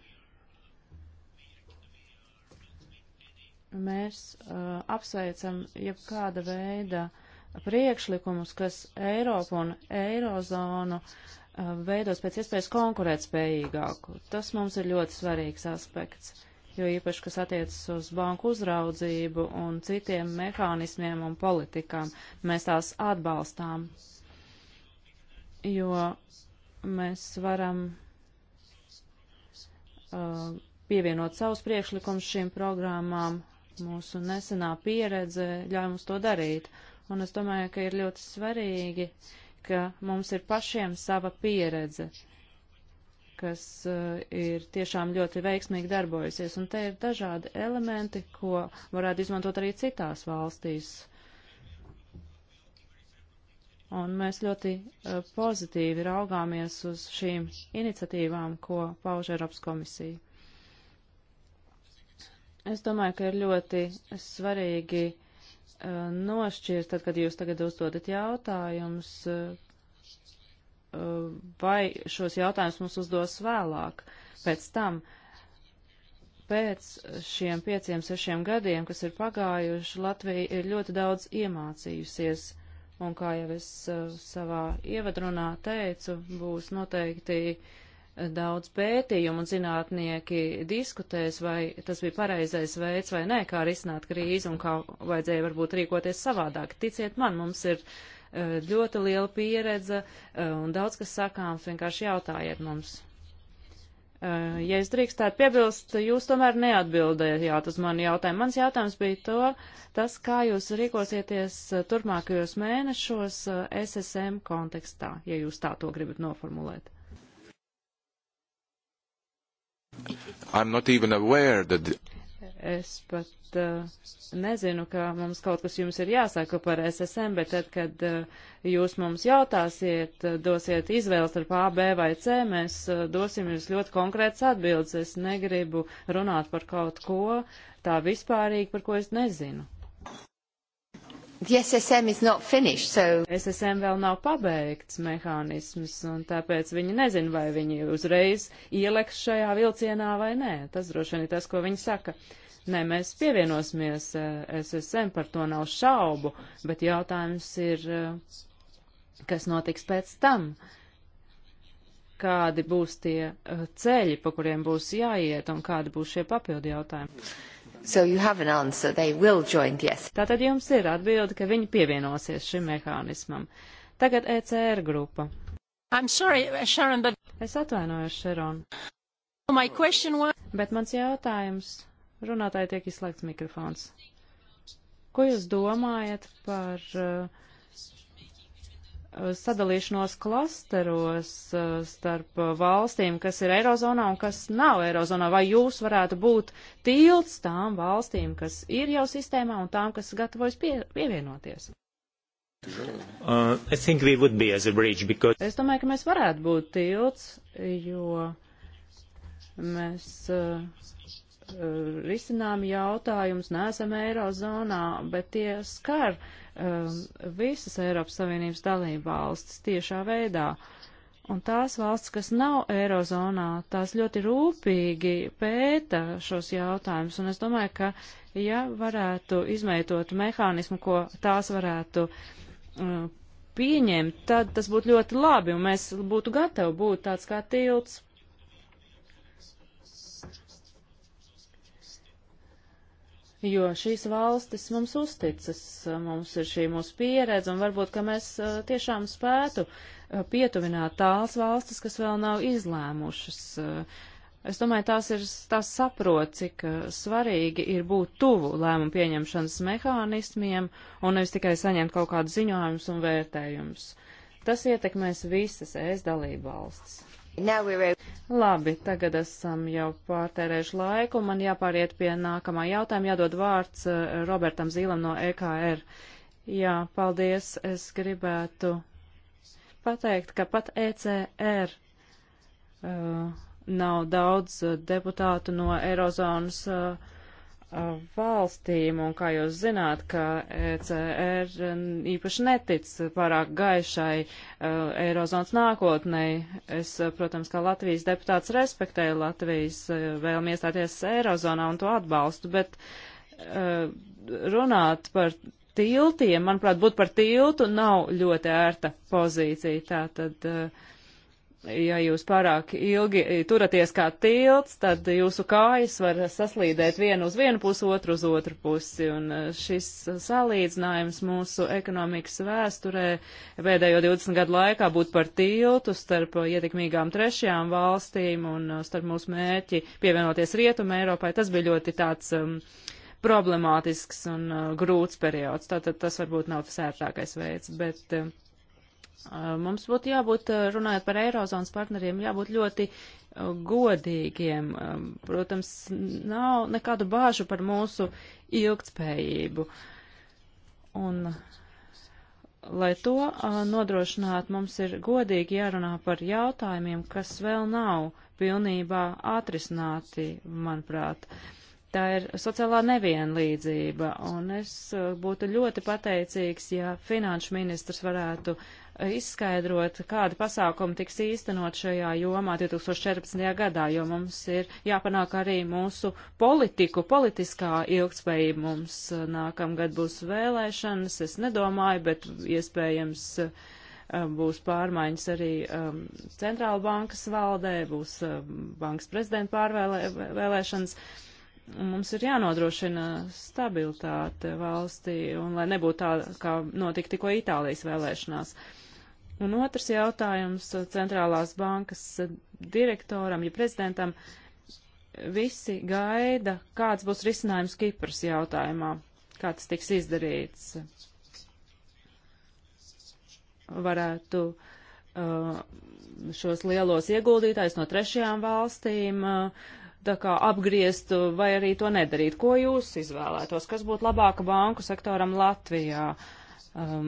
B: Mēs uh, apsveicam jebkāda veida priekšlikumus, kas Eiropu un Eirozonu uh, Uh, veidos pēc iespējas konkurētspējīgāku. Tas mums ir ļoti svarīgs aspekts, jo īpaši, kas attiecas uz banku uzraudzību un citiem mehānismiem un politikām, mēs tās atbalstām, jo mēs varam uh, pievienot savus priekšlikumus šīm programmām. Mūsu nesenā pieredze ļauj mums to darīt, un es domāju, ka ir ļoti svarīgi uh, ka mums ir pašiem sava pieredze, kas uh, ir tiešām ļoti veiksmīgi darbojusies, un te ir dažādi elementi, ko varētu izmantot arī citās valstīs. Un mēs ļoti uh, pozitīvi raugāmies uz šīm iniciatīvām, ko pauž Eiropas komisija. Es domāju, ka ir ļoti svarīgi uh, nošķirt, tad, kad jūs tagad uzdodat jautājumus, vai šos jautājumus mums uzdos vēlāk. Pēc tam, pēc šiem pieciem, sešiem gadiem, kas ir pagājuši, Latvija ir ļoti daudz iemācījusies. Un kā jau es eh, savā ievadrunā teicu, būs noteikti uh, daudz pētījumu un zinātnieki diskutēs, vai tas bija pareizais veids vai nē, kā risināt krīzi un kā vajadzēja varbūt rīkoties savādāk. Ticiet man, mums ir e, ļoti liela pieredze e, un daudz, kas sakāms, vienkārši jautājiet mums. E, ja es drīkstētu piebilst, jūs tomēr neatbildējāt uz manu jautājumu. Mans jautājums bija to, tas, kā jūs rīkosieties turpmākajos mēnešos SSM kontekstā, ja jūs tā to gribat noformulēt.
C: I'm not even aware that.
B: Es pat uh, nezinu, ka mums kaut kas jums ir jāsaka par SSM, bet tad, kad uh, jūs mums jautāsiet, uh, dosiet izvēles ar A, B vai C, mēs uh, dosim jums ļoti konkrētas atbildes. Es negribu runāt par kaut ko tā vispārīgi, par ko es nezinu. SSM is not finished, so... SSM vēl nav pabeigts mehānisms, un tāpēc viņi nezin, vai viņi uzreiz ieleks šajā vilcienā vai nē. Tas droši vien ir tas, ko viņi saka. Nē, mēs pievienosimies eh, SSM, par to nav šaubu, bet jautājums ir, eh, kas notiks pēc tam? Kādi būs tie eh, ceļi, pa kuriem būs jāiet, un kādi būs šie papildu jautājumi? So you have an answer. They will join, yes. Tātad jums ir atbilde, ka viņi pievienosies šim mehānismam. Tagad ECR grupa. I'm sorry, Sharon, but... Es atvainojos, Sharon. My question was... Bet mans jautājums. Runātāji tiek izslēgts mikrofons. Ko jūs domājat par uh, sadalīšanos klasteros eh, starp eh, valstīm, kas ir Eirozonā un kas nav Eirozonā, vai jūs varētu būt tilts tām valstīm, kas ir jau sistēmā un tām, kas gatavojas pie, pievienoties?
A: Uh, bridge, because... Es
B: domāju, ka mēs varētu būt tilts, jo mēs. Uh, Uh, risinām jautājumus, neesam eirozonā, bet tie skar um, visas Eiropas Savienības dalību valstis tiešā veidā. Un tās valsts, kas nav eirozonā, tās ļoti rūpīgi pēta šos jautājumus. Un es domāju, ka ja varētu izmeitot mehānismu, ko tās varētu um, pieņemt, tad tas būtu ļoti labi, un mēs būtu gatavi būt tāds kā tilts jo šīs valstis mums uzticas, mums ir šī mūsu pieredze, un varbūt, ka mēs eh, tiešām spētu eh, pietuvināt tās valstis, kas vēl nav izlēmušas. Eh, es domāju, tās ir, tās saprot, cik svarīgi ir būt tuvu lēmumu pieņemšanas mehānismiem un nevis tikai saņemt kaut kādu ziņojumus un vērtējumus. Tas ietekmēs visas ēst dalību valstis. Labi, tagad esam jau pārtērējuši laiku, man jāpāriet pie nākamā jautājuma, jādod vārds eh, Robertam Zīlam no EKR. Jā, paldies, es gribētu pateikt, ka pat ECR uh, eh, nav daudz eh, deputātu no Eirozonas uh, valstīm, un kā jūs zināt, ka ECR īpaši netic pārāk gaišai uh, Eirozonas nākotnei. Es, uh, protams, kā Latvijas deputāts respektēju Latvijas uh, vēlmi iestāties Eirozonā un to atbalstu, bet uh, runāt par tiltiem, manuprāt, būt par tiltu nav ļoti ērta pozīcija. Tātad, uh, ja jūs pārāk ilgi turaties kā tilts, tad jūsu kājas var saslīdēt vienu uz vienu pusi, otru uz otru pusi. Un eh, šis salīdzinājums mūsu ekonomikas vēsturē pēdējo 20 gadu laikā būtu par tiltu starp ietekmīgām trešajām valstīm un eh, starp mūsu mērķi pievienoties Rietumu Eiropai. Tas bija ļoti tāds um, problemātisks un uh, grūts periods. Tātad tas varbūt nav tas ērtākais veids, bet. Uh, Uh, mums būtu jābūt, uh, runājot par Eirozonas partneriem, jābūt ļoti uh, godīgiem. Um, protams, nav nekādu bāžu par mūsu ilgtspējību. Un, lai to nodrošinātu, mums ir godīgi jārunā par jautājumiem, kas vēl nav pilnībā atrisināti, manuprāt. Tā ir sociālā nevienlīdzība, un es būtu ļoti pateicīgs, ja finanšu ministrs varētu uh, izskaidrot, kādi pasākumi tiks īstenot šajā jomā 2014. gadā, jo mums ir jāpanāk arī mūsu politiku, politiskā ilgspējība. Mums uh, nākamgad būs vēlēšanas, es nedomāju, bet iespējams uh, būs pārmaiņas arī um, Centrāla bankas valdē, būs um, bankas prezidenta pārvēlēšanas. Pārvēlē, Mums ir jānodrošina stabilitāte valstī, un lai nebūtu tā, kā notika tikko Itālijas vēlēšanās. Un otrs jautājums centrālās bankas direktoram, ja prezidentam, visi gaida, kāds būs risinājums Kipras jautājumā, kāds tiks izdarīts. Varētu uh, šos lielos ieguldītājus no trešajām valstīm uh, tā kā apgriezt vai arī to nedarīt. Ko jūs izvēlētos? Kas būtu labāka banku sektoram Latvijā? Um,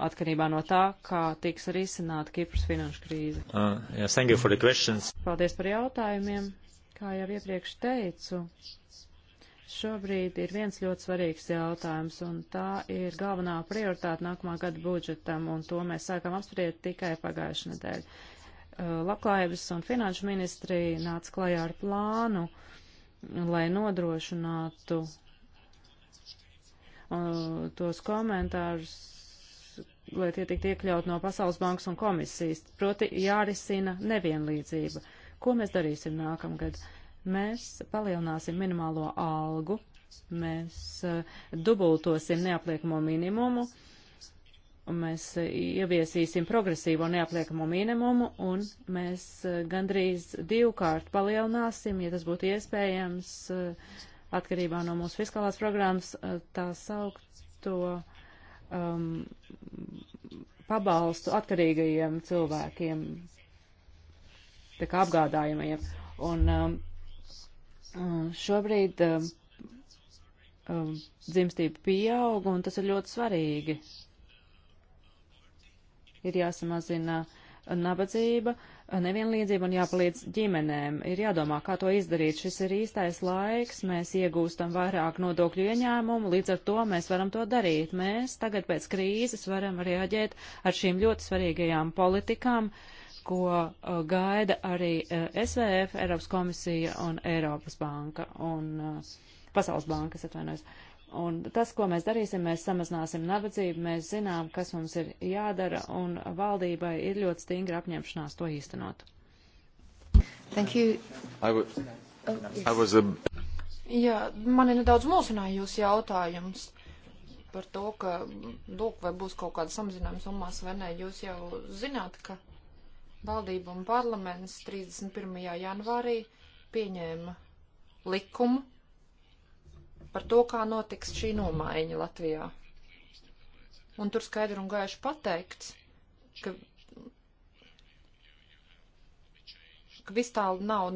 B: atkarībā no tā, kā tiks risināta Kipras finanšu krīze. Uh, yes, Paldies par jautājumiem. Kā jau iepriekš teicu, šobrīd ir viens ļoti svarīgs jautājums, un tā ir galvenā prioritāte nākamā gada budžetam, un to mēs sākam apspriest tikai pagājušajā nedēļā. Eh, labklājības un finanšu ministrija nāca klajā ar plānu, lai nodrošinātu uh, tos komentārus, lai tie tiktu iekļaut no Pasaules bankas un komisijas. Proti jārisina nevienlīdzība. Ko mēs darīsim nākamgad? Mēs palielināsim minimālo algu, mēs uh, dubultosim neapliekamo minimumu, uh, mēs e, ieviesīsim progresīvo neapliekamo minimumu un mēs e, gandrīz divkārt palielināsim, ja tas būtu iespējams, e, atkarībā no mūsu fiskālās programmas, tā saukto um, pabalstu atkarīgajiem cilvēkiem, tā kā apgādājumiem. Un um, šobrīd um, um dzimstība pieauga, un tas ir ļoti svarīgi ir jāsamazina nabadzība, nevienlīdzība un jāpalīdz ģimenēm. Ir jādomā, kā to izdarīt. Šis ir īstais laiks, mēs iegūstam vairāk nodokļu ieņēmumu, līdz ar to mēs varam to darīt. Mēs tagad pēc krīzes varam reaģēt ar šīm ļoti svarīgajām politikām, ko uh, gaida arī uh, SVF, Eiropas komisija un Eiropas banka un uh, Pasaules bankas atvainojas. Un tas, ko mēs darīsim, mēs samazināsim nabadzību, mēs zinām, kas mums ir jādara, un valdībai ir ļoti stingra apņemšanās to īstenot. Thank you.
A: I would, oh, yes. I was a...
B: Jā, mani nedaudz mulsināja jūsu jautājums
A: par to, ka, lūk, vai būs kaut kāda samazinājuma summās vai nē. Jūs jau zināt, ka valdība un parlaments 31. janvārī pieņēma likumu par to, kā notiks šī nomaiņa Latvijā. Un tur skaidri un gaiši pateikts, ka, ka viss tā nav,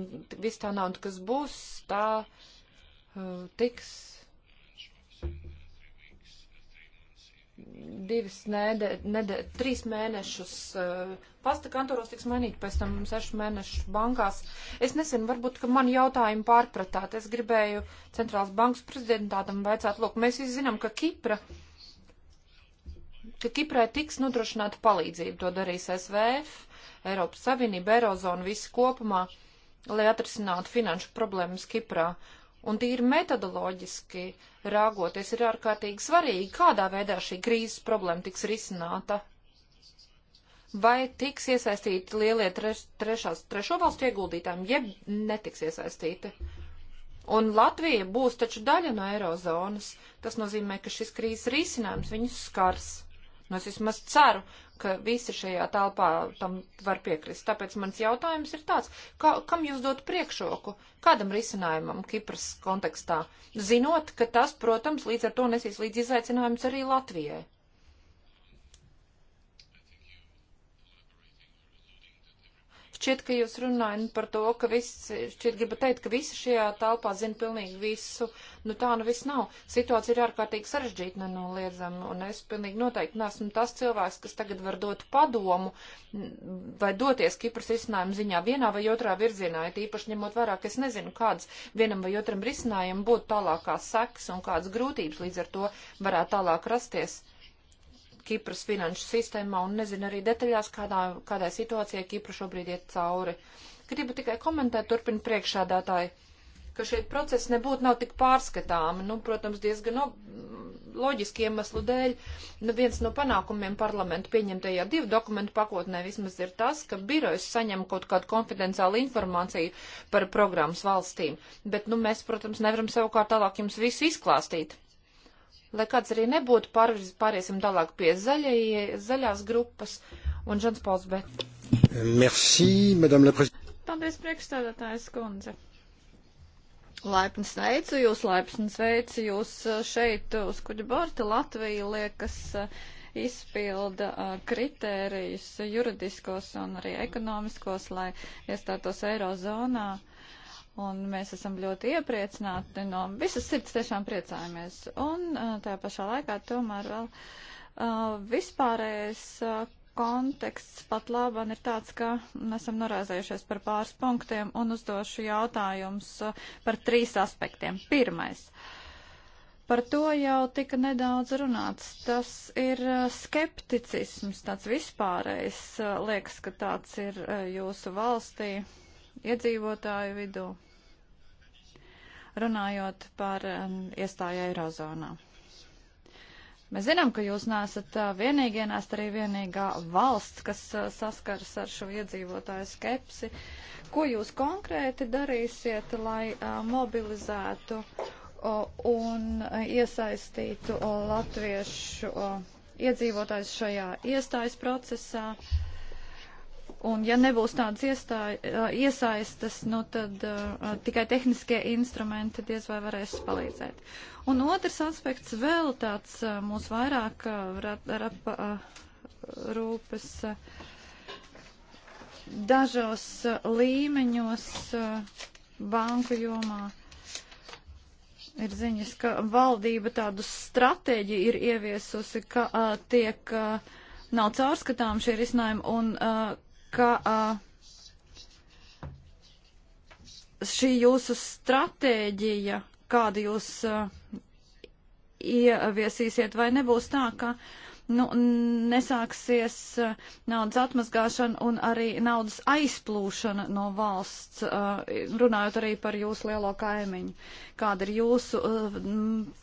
A: viss tā nav, un kas būs, tā uh, tiks divas nedē, nedē, trīs mēnešus uh, pasta kantoros tiks mainīti, pēc tam sešu mēnešu bankās. Es nezinu, varbūt, ka man jautājumu pārpratāt. Es gribēju centrālas bankas prezidentātam vaicāt, lūk, mēs visi zinām, ka Kipra, ka Kiprai tiks nodrošināta palīdzība, to darīs SVF, Eiropas Savienība, Eirozona, visi kopumā, lai atrisinātu finanšu problēmas Kiprā. Uh, Un tīri metodoloģiski rāgoties ir ārkārtīgi svarīgi, kādā veidā šī krīzes problēma tiks risināta. Vai tiks iesaistīti lielie treš, trešās, trešo valstu ieguldītājiem, jeb netiks iesaistīti. Un Latvija būs taču daļa no eirozonas. Tas nozīmē, ka šis krīzes risinājums viņus skars. Nu, es vismaz ceru, ka visi šajā telpā tam var piekrist. Tāpēc mans jautājums ir tāds, ka, kam jūs dot priekšroku, kādam risinājumam Kipras kontekstā, zinot, ka tas, protams, līdz ar to nesīs līdz izaicinājums arī Latvijai? Šķiet, ka jūs runājat par to, ka viss, šķiet, gribu teikt, ka visi šajā telpā zina pilnīgi visu. Nu tā nu viss nav. Situācija ir ārkārtīgi sarežģīta, nenoliedzama, un es pilnīgi noteikti nesmu tas cilvēks, kas tagad var dot padomu vai doties Kipras risinājumu ziņā vienā vai otrā virzienā, ja tīpaši ņemot vērā, ka es nezinu, kāds vienam vai otram risinājumam būtu tālākās sekas un kādas grūtības līdz ar to varētu tālāk rasties. Kipras finanšu sistēmā un nezinu arī detaļās, kādā, kādai situācijai Kipra šobrīd iet cauri. Gribu tikai komentēt, turpin priekšādātāji, ka šie procesi nebūtu nav tik pārskatāmi, nu, protams, diezgan no, loģiski iemeslu dēļ. Nu, viens no panākumiem parlamentu pieņemtajā divu dokumentu pakotnē vismaz ir tas, ka birojas saņem kaut kādu konfidenciālu informāciju par programmas valstīm, bet, nu, mēs, protams, nevaram savukārt tālāk jums visu izklāstīt lai kāds arī nebūtu, pārvies, pāriesim tālāk pie zaļajie, zaļās grupas un Žans Pauls B.
B: Merci, madame la prezidente.
A: Paldies, priekšstādātājs kundze.
C: Laipni sveicu jūs, laipni sveicu jūs uh, šeit uz kuģa borta. Latvija liekas uh, izpilda uh, kritērijus juridiskos un arī ekonomiskos, lai iestātos Eirozonā. Un mēs esam ļoti iepriecināti, no visas sirds tiešām priecājamies. Un tajā pašā laikā tomēr vēl uh, vispārējais uh, konteksts pat labam ir tāds, ka esam norāzējušies par pāris punktiem un uzdošu jautājums uh, par trīs aspektiem. Pirmais. Par to jau tika nedaudz runāts. Tas ir skepticisms, tāds vispārējs. Liekas, ka tāds ir jūsu valstī iedzīvotāju vidū, runājot par um, iestāju Eirozonā. Mēs zinām, ka jūs nesat uh, vienīgie, nesat arī vienīgā valsts, kas uh, saskaras ar šo iedzīvotāju skepsi. Ko jūs konkrēti darīsiet, lai uh, mobilizētu un iesaistītu latviešu iedzīvotājs šajā iestājas procesā? Un ja nebūs tādas iestāja, iesaistas, nu tad uh, tikai tehniskie instrumenti diez vai varēs palīdzēt. Un otrs aspekts vēl tāds uh, mūs vairāk uh, rap, uh, rūpes uh, dažos uh, līmeņos uh, banku jomā. Ir ziņas, ka valdība tādu stratēģiju ir ieviesusi, ka uh, tiek. Uh, Nav caurskatām šie risinājumi un uh, ka uh, šī jūsu stratēģija, kādu jūs uh, ieviesīsiet, vai nebūs tā, ka nu, nesāksies uh, naudas atmazgāšana un arī naudas aizplūšana no valsts, uh, runājot arī par jūsu lielo kaimiņu. Kāda ir jūsu uh,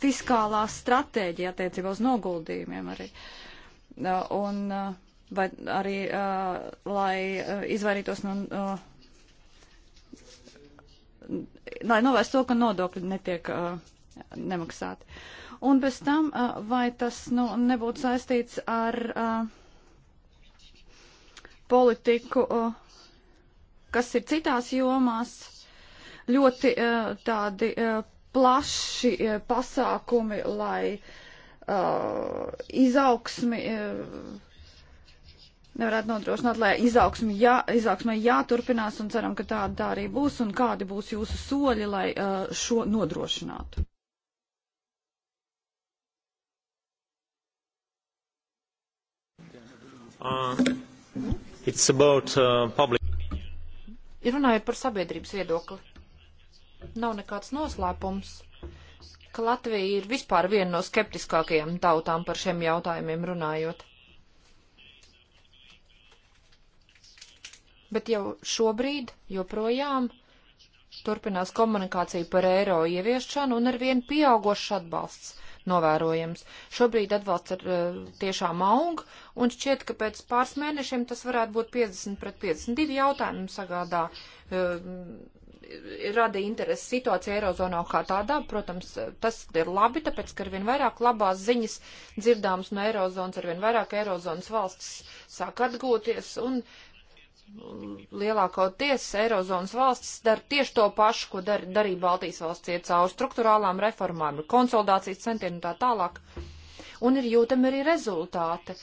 C: fiskālā stratēģija attiecībā uz noguldījumiem arī? Un, uh, vai arī, uh, lai uh, izvairītos no. Uh, lai novērstu to, ka nodokļi netiek uh, nemaksāti. Un bez tam, uh, vai tas nu, nebūtu saistīts ar uh, politiku, uh, kas ir citās jomās, ļoti uh, tādi uh, plaši uh, pasākumi, lai uh, izaugsmi. Uh, nevarētu nodrošināt, lai izaugsme jā, izaugsmē jāturpinās un ceram, ka tāda tā arī būs un kādi būs jūsu soļi, lai uh, šo nodrošinātu.
B: Uh, it's about uh, public.
A: Runājot par sabiedrības viedokli, nav nekāds noslēpums, ka Latvija ir vispār viena no skeptiskākajām tautām par šiem jautājumiem runājot. bet jau šobrīd joprojām turpinās komunikācija par eiro ieviešanu un ar vien pieaugošs atbalsts novērojams. Šobrīd atbalsts ar, eh, tiešām aug un šķiet, ka pēc pāris mēnešiem tas varētu būt 50 pret 52 jautājumu sagādā. Eh, rada interesi situācija Eirozonā kā tādā. Protams, tas ir labi, tāpēc, ka arvien vairāk labās ziņas dzirdāms no Eirozonas, arvien vairāk Eirozonas valstis sāk atgūties un uh, lielākoties Eirozonas valstis dara tieši to pašu, ko dar, darīja Baltijas valsts, iet cauri struktūrālām reformām, ir konsolidācijas centieni un tā tālāk. Un ir jūtami arī rezultāti.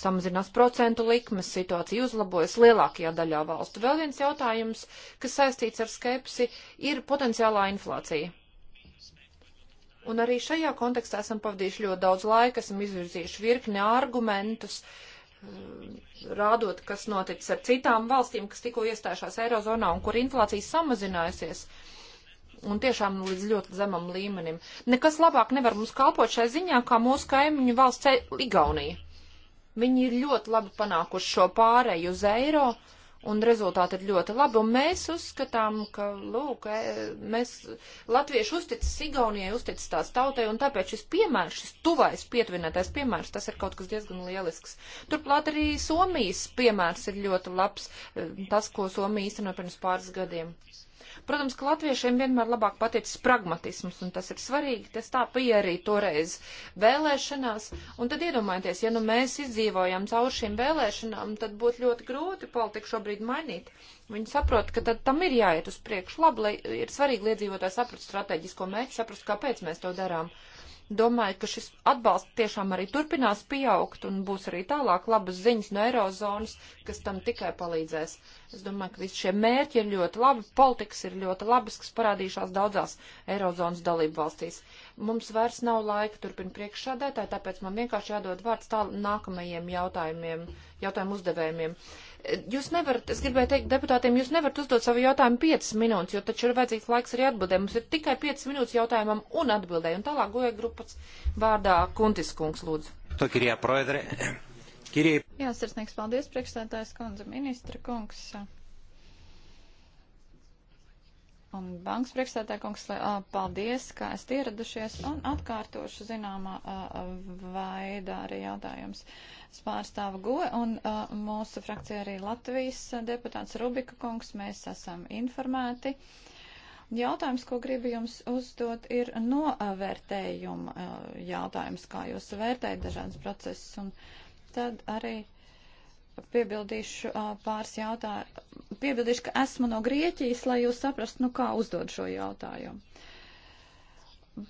A: Samazinās procentu likmes, situācija uzlabojas lielākajā daļā valstu. Vēl viens jautājums, kas saistīts ar skepsi, ir potenciālā inflācija. Un arī šajā kontekstā esam pavadījuši ļoti daudz laika, esam izvirzījuši virkni argumentus, uh, rādot, kas noticis ar citām valstīm, kas tikko iestājušās Eirozonā un kur inflācija samazinājusies. Un tiešām līdz ļoti zemam līmenim. Nekas labāk nevar mums kalpot šai ziņā, kā mūsu kaimiņu valsts Igaunija. Viņi ir ļoti labi panākuši šo pārēju uz Eiropu un rezultāti ir ļoti labi, un mēs uzskatām, ka, lūk, e, mēs latvieši uzticas Igaunijai, uzticas tās tautai, un tāpēc šis piemērs, šis tuvais pietvinētais piemērs, tas ir kaut kas diezgan lielisks. Turklāt arī Somijas piemērs ir ļoti labs, e, tas, ko Somija īsteno pirms pāris gadiem. Protams, ka latviešiem vienmēr labāk paticis pragmatisms, un tas ir svarīgi, tas tā bija arī toreiz vēlēšanās. Un tad iedomājieties, ja nu mēs izdzīvojam caur šīm vēlēšanām, tad būtu ļoti grūti politiku šobrīd mainīt. Viņi saprot, ka tad tam ir jāiet uz priekšu. Labi, lai ir svarīgi, lai iedzīvotāji saprastu strateģisko mērķi, saprastu, kāpēc mēs to darām. Uh, Domāju, ka šis atbalsts tiešām arī turpinās pieaugt un būs arī tālāk labas ziņas no Eirozonas, kas tam tikai palīdzēs. Es domāju, ka visi šie mērķi ir ļoti labi, politikas ir ļoti labas, kas parādījušās daudzās Eirozonas dalību valstīs. Mums vairs nav laika turpin priekšsādētāji, tāpēc man vienkārši jādod vārds tāl nākamajiem jautājumiem, jautājumu uzdevējumiem. Jūs nevarat, es gribēju teikt deputātiem, jūs nevarat uzdot savu jautājumu 5 minūtes, jo taču ir vajadzīgs laiks arī atbildēm. Mums ir tikai 5 minūtes jautājumam un atbildēji. Un tālāk goja grupas vārdā Kuntis kungs, lūdzu.
B: To, kirjā, proedre. Kirjā.
A: Jā, sirsnīgs paldies,
C: priekšsētājs kundze, ministra kungs un bankas priekšstādākungs, paldies, ka esat ieradušies un atkārtošu zināmā veidā arī jautājums. Es pārstāvu GOE un a, mūsu frakcija arī Latvijas deputāts Rubika kungs, mēs esam informēti. Jautājums, ko gribu jums uzdot, ir novērtējuma jautājums, kā jūs vērtējat dažādas procesus un tad arī. Uh, piebildīšu pāris jautājumu. Piebildīšu, ka esmu no Grieķijas, lai jūs saprastu, nu kā uzdod šo jautājumu.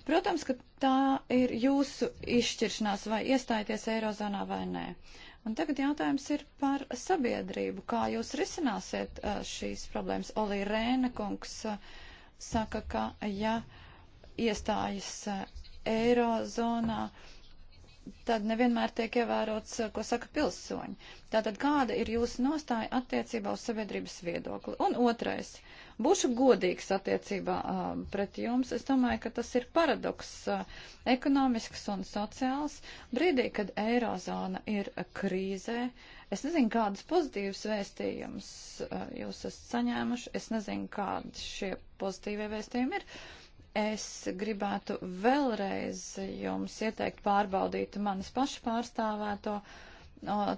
C: Protams, ka tā ir jūsu izšķiršanās, vai iestājieties Eirozonā vai nē. Un tagad jautājums ir par sabiedrību. Kā jūs risināsiet šīs problēmas? Olī Rēna kungs saka, ka ja iestājas Eirozonā, uh, tad nevienmēr tiek ievērots, eh, ko saka pilsoņi. Tātad kāda ir jūsu nostāja attiecībā uz sabiedrības viedokli? Un otrais, būšu godīgs attiecībā uh, pret jums. Es domāju, ka tas ir paradoks uh, ekonomisks un sociāls. Brīdī, kad Eirozona ir krīzē, es nezinu, kādas pozitīvas vēstījumus uh, jūs esat saņēmuši, es nezinu, kādi šie pozitīvie vēstījumi ir. Uh, Es gribētu vēlreiz jums ieteikt pārbaudīt manis pašu pārstāvēto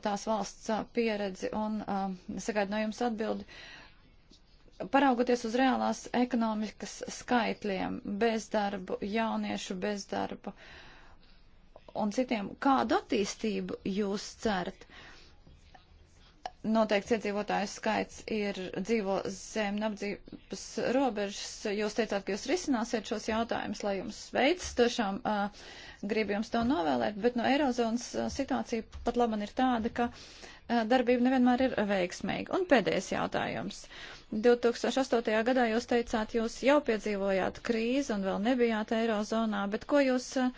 C: tās valsts pieredzi un sagaidu no jums atbildi. Paraugoties uz reālās ekonomikas skaitļiem, bezdarbu, jauniešu bezdarbu, un citiem, kādu attīstību jūs cerat? noteikts iedzīvotāju skaits ir dzīvo zem nabadzības robežas. Jūs teicāt, ka jūs risināsiet šos jautājumus, lai jums veicas. Tiešām uh, gribu jums to novēlēt, bet no Eirozonas situācija pat laban ir tāda, ka uh, darbība nevienmēr ir veiksmīga. Un pēdējais jautājums. 2008. gadā jūs teicāt, jūs jau piedzīvojāt krīzi un vēl nebijāt Eirozonā, bet ko jūs. Uh,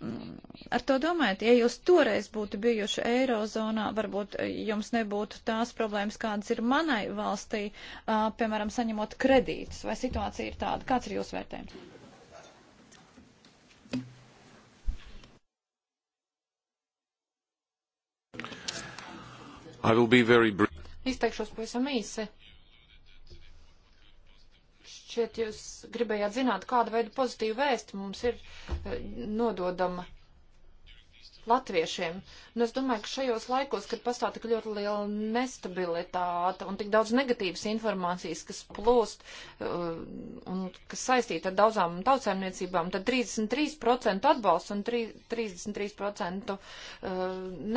C: Mm. ar to domājat? Ja jūs toreiz būtu bijuši Eirozonā, varbūt eh, jums nebūtu tās problēmas, kādas ir manai valstī, uh, piemēram, saņemot kredītus, vai situācija ir tāda? Kāds ir jūsu vērtējums?
A: Izteikšos pavisam īsi. Šķiet, jūs gribējāt zināt, kāda veida pozitīva vēsti mums ir eh, nododama latviešiem. Un nu, es domāju, ka šajos laikos, kad pastāv tik ļoti liela nestabilitāte un tik daudz negatīvas informācijas, kas plūst uh, un kas saistīta ar daudzām tautsēmniecībām, tad 33% atbalsts un 33% uh,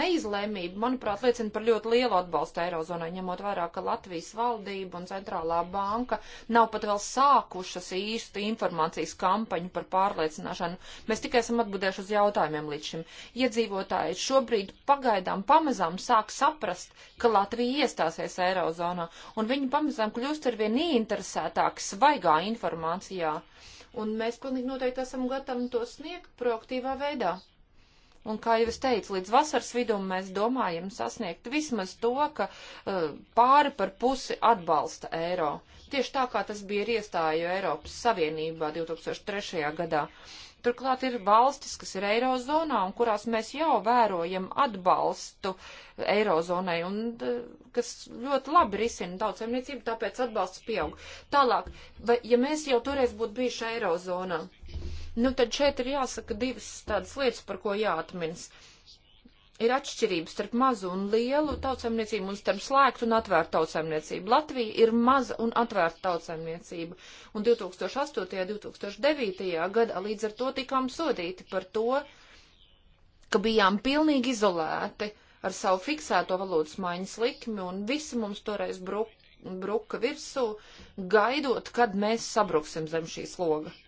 A: neizlēmība, manuprāt, liecina par ļoti lielu atbalstu Eirozonai, ņemot vērā, ka Latvijas valdība un centrālā banka nav pat vēl sākušas īstu informācijas kampaņu par pārliecināšanu. Mēs tikai esam atbudējuši uz jautājumiem līdz šim. Iedzīvot iedzīvotāji šobrīd pagaidām pamazām sāk saprast, ka Latvija iestāsies Eirozonā, un viņi pamazām kļūst arvien ieinteresētāki svaigā informācijā. Un mēs pilnīgi noteikti esam gatavi to sniegt proaktīvā veidā. Un, kā jau es teicu, līdz vasaras vidum mēs domājam sasniegt vismaz to, ka uh, pāri par pusi atbalsta eiro. Tieši tā, kā tas bija ar iestāju Eiropas Savienībā 2003. gadā. Turklāt ir valstis, kas ir eirozonā un kurās mēs jau vērojam atbalstu eirozonai un kas ļoti labi risina tautsēmniecību, tāpēc atbalsts pieaug. Tālāk, vai, ja mēs jau toreiz būtu bijuši eirozonā, nu tad šeit ir jāsaka divas tādas lietas, par ko jāatminas. Uh, ir atšķirības starp mazu un lielu tautsēmniecību un starp slēgtu un atvērtu tautsēmniecību. Latvija ir maza un atvērta tautsēmniecība, un 2008. un 2009. gadā līdz ar to tikām sodīti par to, ka bijām pilnīgi izolēti ar savu fiksēto valūtas maiņas likmi, un visi mums toreiz bruk, bruka virsū, gaidot, kad mēs sabruksim zem šīs logas.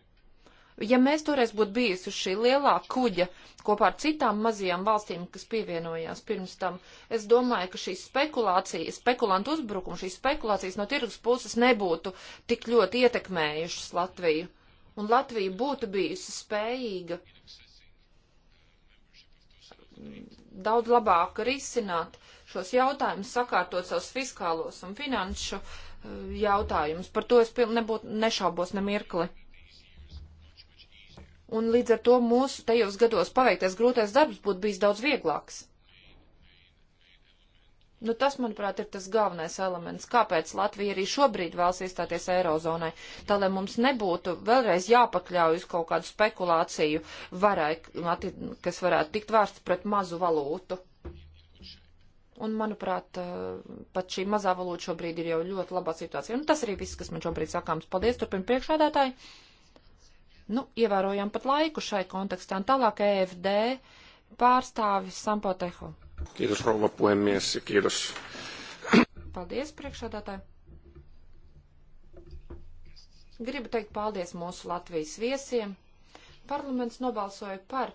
A: Ja mēs toreiz būtu bijusi uz šī lielā kuģa kopā ar citām mazajām valstīm, kas pievienojās pirms tam, es domāju, ka šī spekulācija, spekulantu uzbrukums, šīs spekulācijas no tirgus puses nebūtu tik ļoti ietekmējušas Latviju. Un Latvija būtu bijusi spējīga daudz labāk risināt šos jautājumus, sakārtot savus fiskālos un finanšu eh, jautājumus. Par to es nebūtu nešaubos nemirkli un līdz ar to mūsu tajos gados paveiktais grūtais darbs būtu bijis daudz vieglāks. Nu, tas, manuprāt, ir tas galvenais elements, kāpēc Latvija arī šobrīd vēlas iestāties Eirozonai, tā lai mums nebūtu vēlreiz jāpakļaujas kaut kādu spekulāciju, varai, kas varētu tikt vērsts pret mazu valūtu. Un, manuprāt, eh, pat šī mazā valūta šobrīd ir jau ļoti labā situācijā. Un tas arī viss, kas man šobrīd sakāms. Paldies, turpin priekšādātāji! Nu, ievērojam pat laiku šai kontekstā. Un tālāk EFD pārstāvis Sampo Teho.
C: Kiitos rouva puhemies ja kiitos.
A: Paldies priekšādātāji. Gribu teikt paldies mūsu Latvijas viesiem. Parlaments nobalsoja par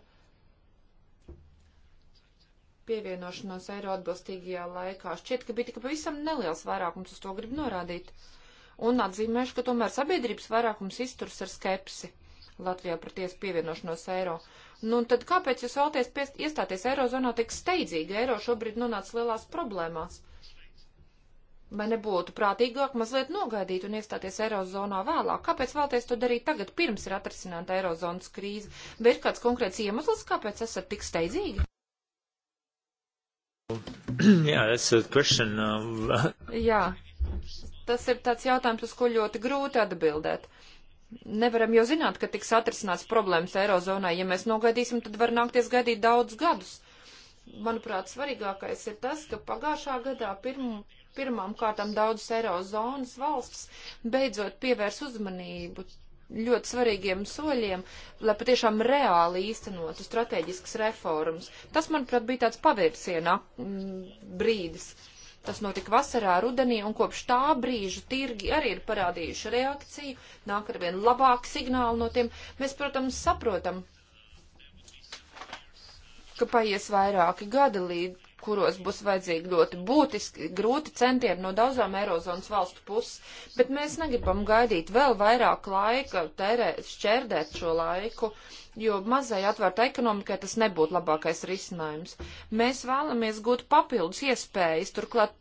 A: pievienošanos eiro atbilstīgajā laikā. Šķiet, ka bija tikai pavisam neliels vairākums, uz to gribu norādīt. Un atzīmēšu, ka tomēr sabiedrības vairākums izturs ar skepsi. Latvijā par tiesu pievienošanos eiro. Nu, tad kāpēc jūs vēlaties piest, iestāties eirozonā tik steidzīgi? Eiro šobrīd nonāca lielās problēmās. Vai nebūtu prātīgāk mazliet nogaidīt un iestāties Eirozonā vēlāk? Kāpēc vēlaties to darīt tagad, pirms ir atrisināta Eirozonas krīze? Vai ir kāds konkrēts iemesls, kāpēc esat tik steidzīgi?
B: Jā, (coughs) yeah, uh,
A: (laughs) Jā, tas ir tāds jautājums, uz ko ļoti grūti atbildēt. Uh, Nevaram jau zināt, ka tiks atrisināts problēmas Eirozonai. Ja mēs nogaidīsim, tad var nākties gaidīt daudz gadus. Manuprāt, svarīgākais ir tas, ka pagājušā gadā pirm, pirmām kārtām daudzas Eirozonas valsts beidzot pievērs uzmanību ļoti svarīgiem soļiem, lai patiešām reāli īstenotu strateģiskas reformas. Tas, manuprāt, bija tāds pavērsienā mm, brīdis. Tas notika vasarā, rudenī, un kopš tā brīža tirgi arī ir parādījuši reakciju, nāk ar vien labāku signālu no tiem. Mēs, protams, saprotam, ka paies vairāki gadi, līdz, kuros būs vajadzīgi ļoti būtiski, grūti centieni no daudzām Eirozonas valstu puses, bet mēs negribam gaidīt vēl vairāk laika, tērēt, šķērdēt šo laiku, jo mazai atvērta ekonomikai tas nebūtu labākais risinājums. Mēs vēlamies gūt papildus iespējas, turklāt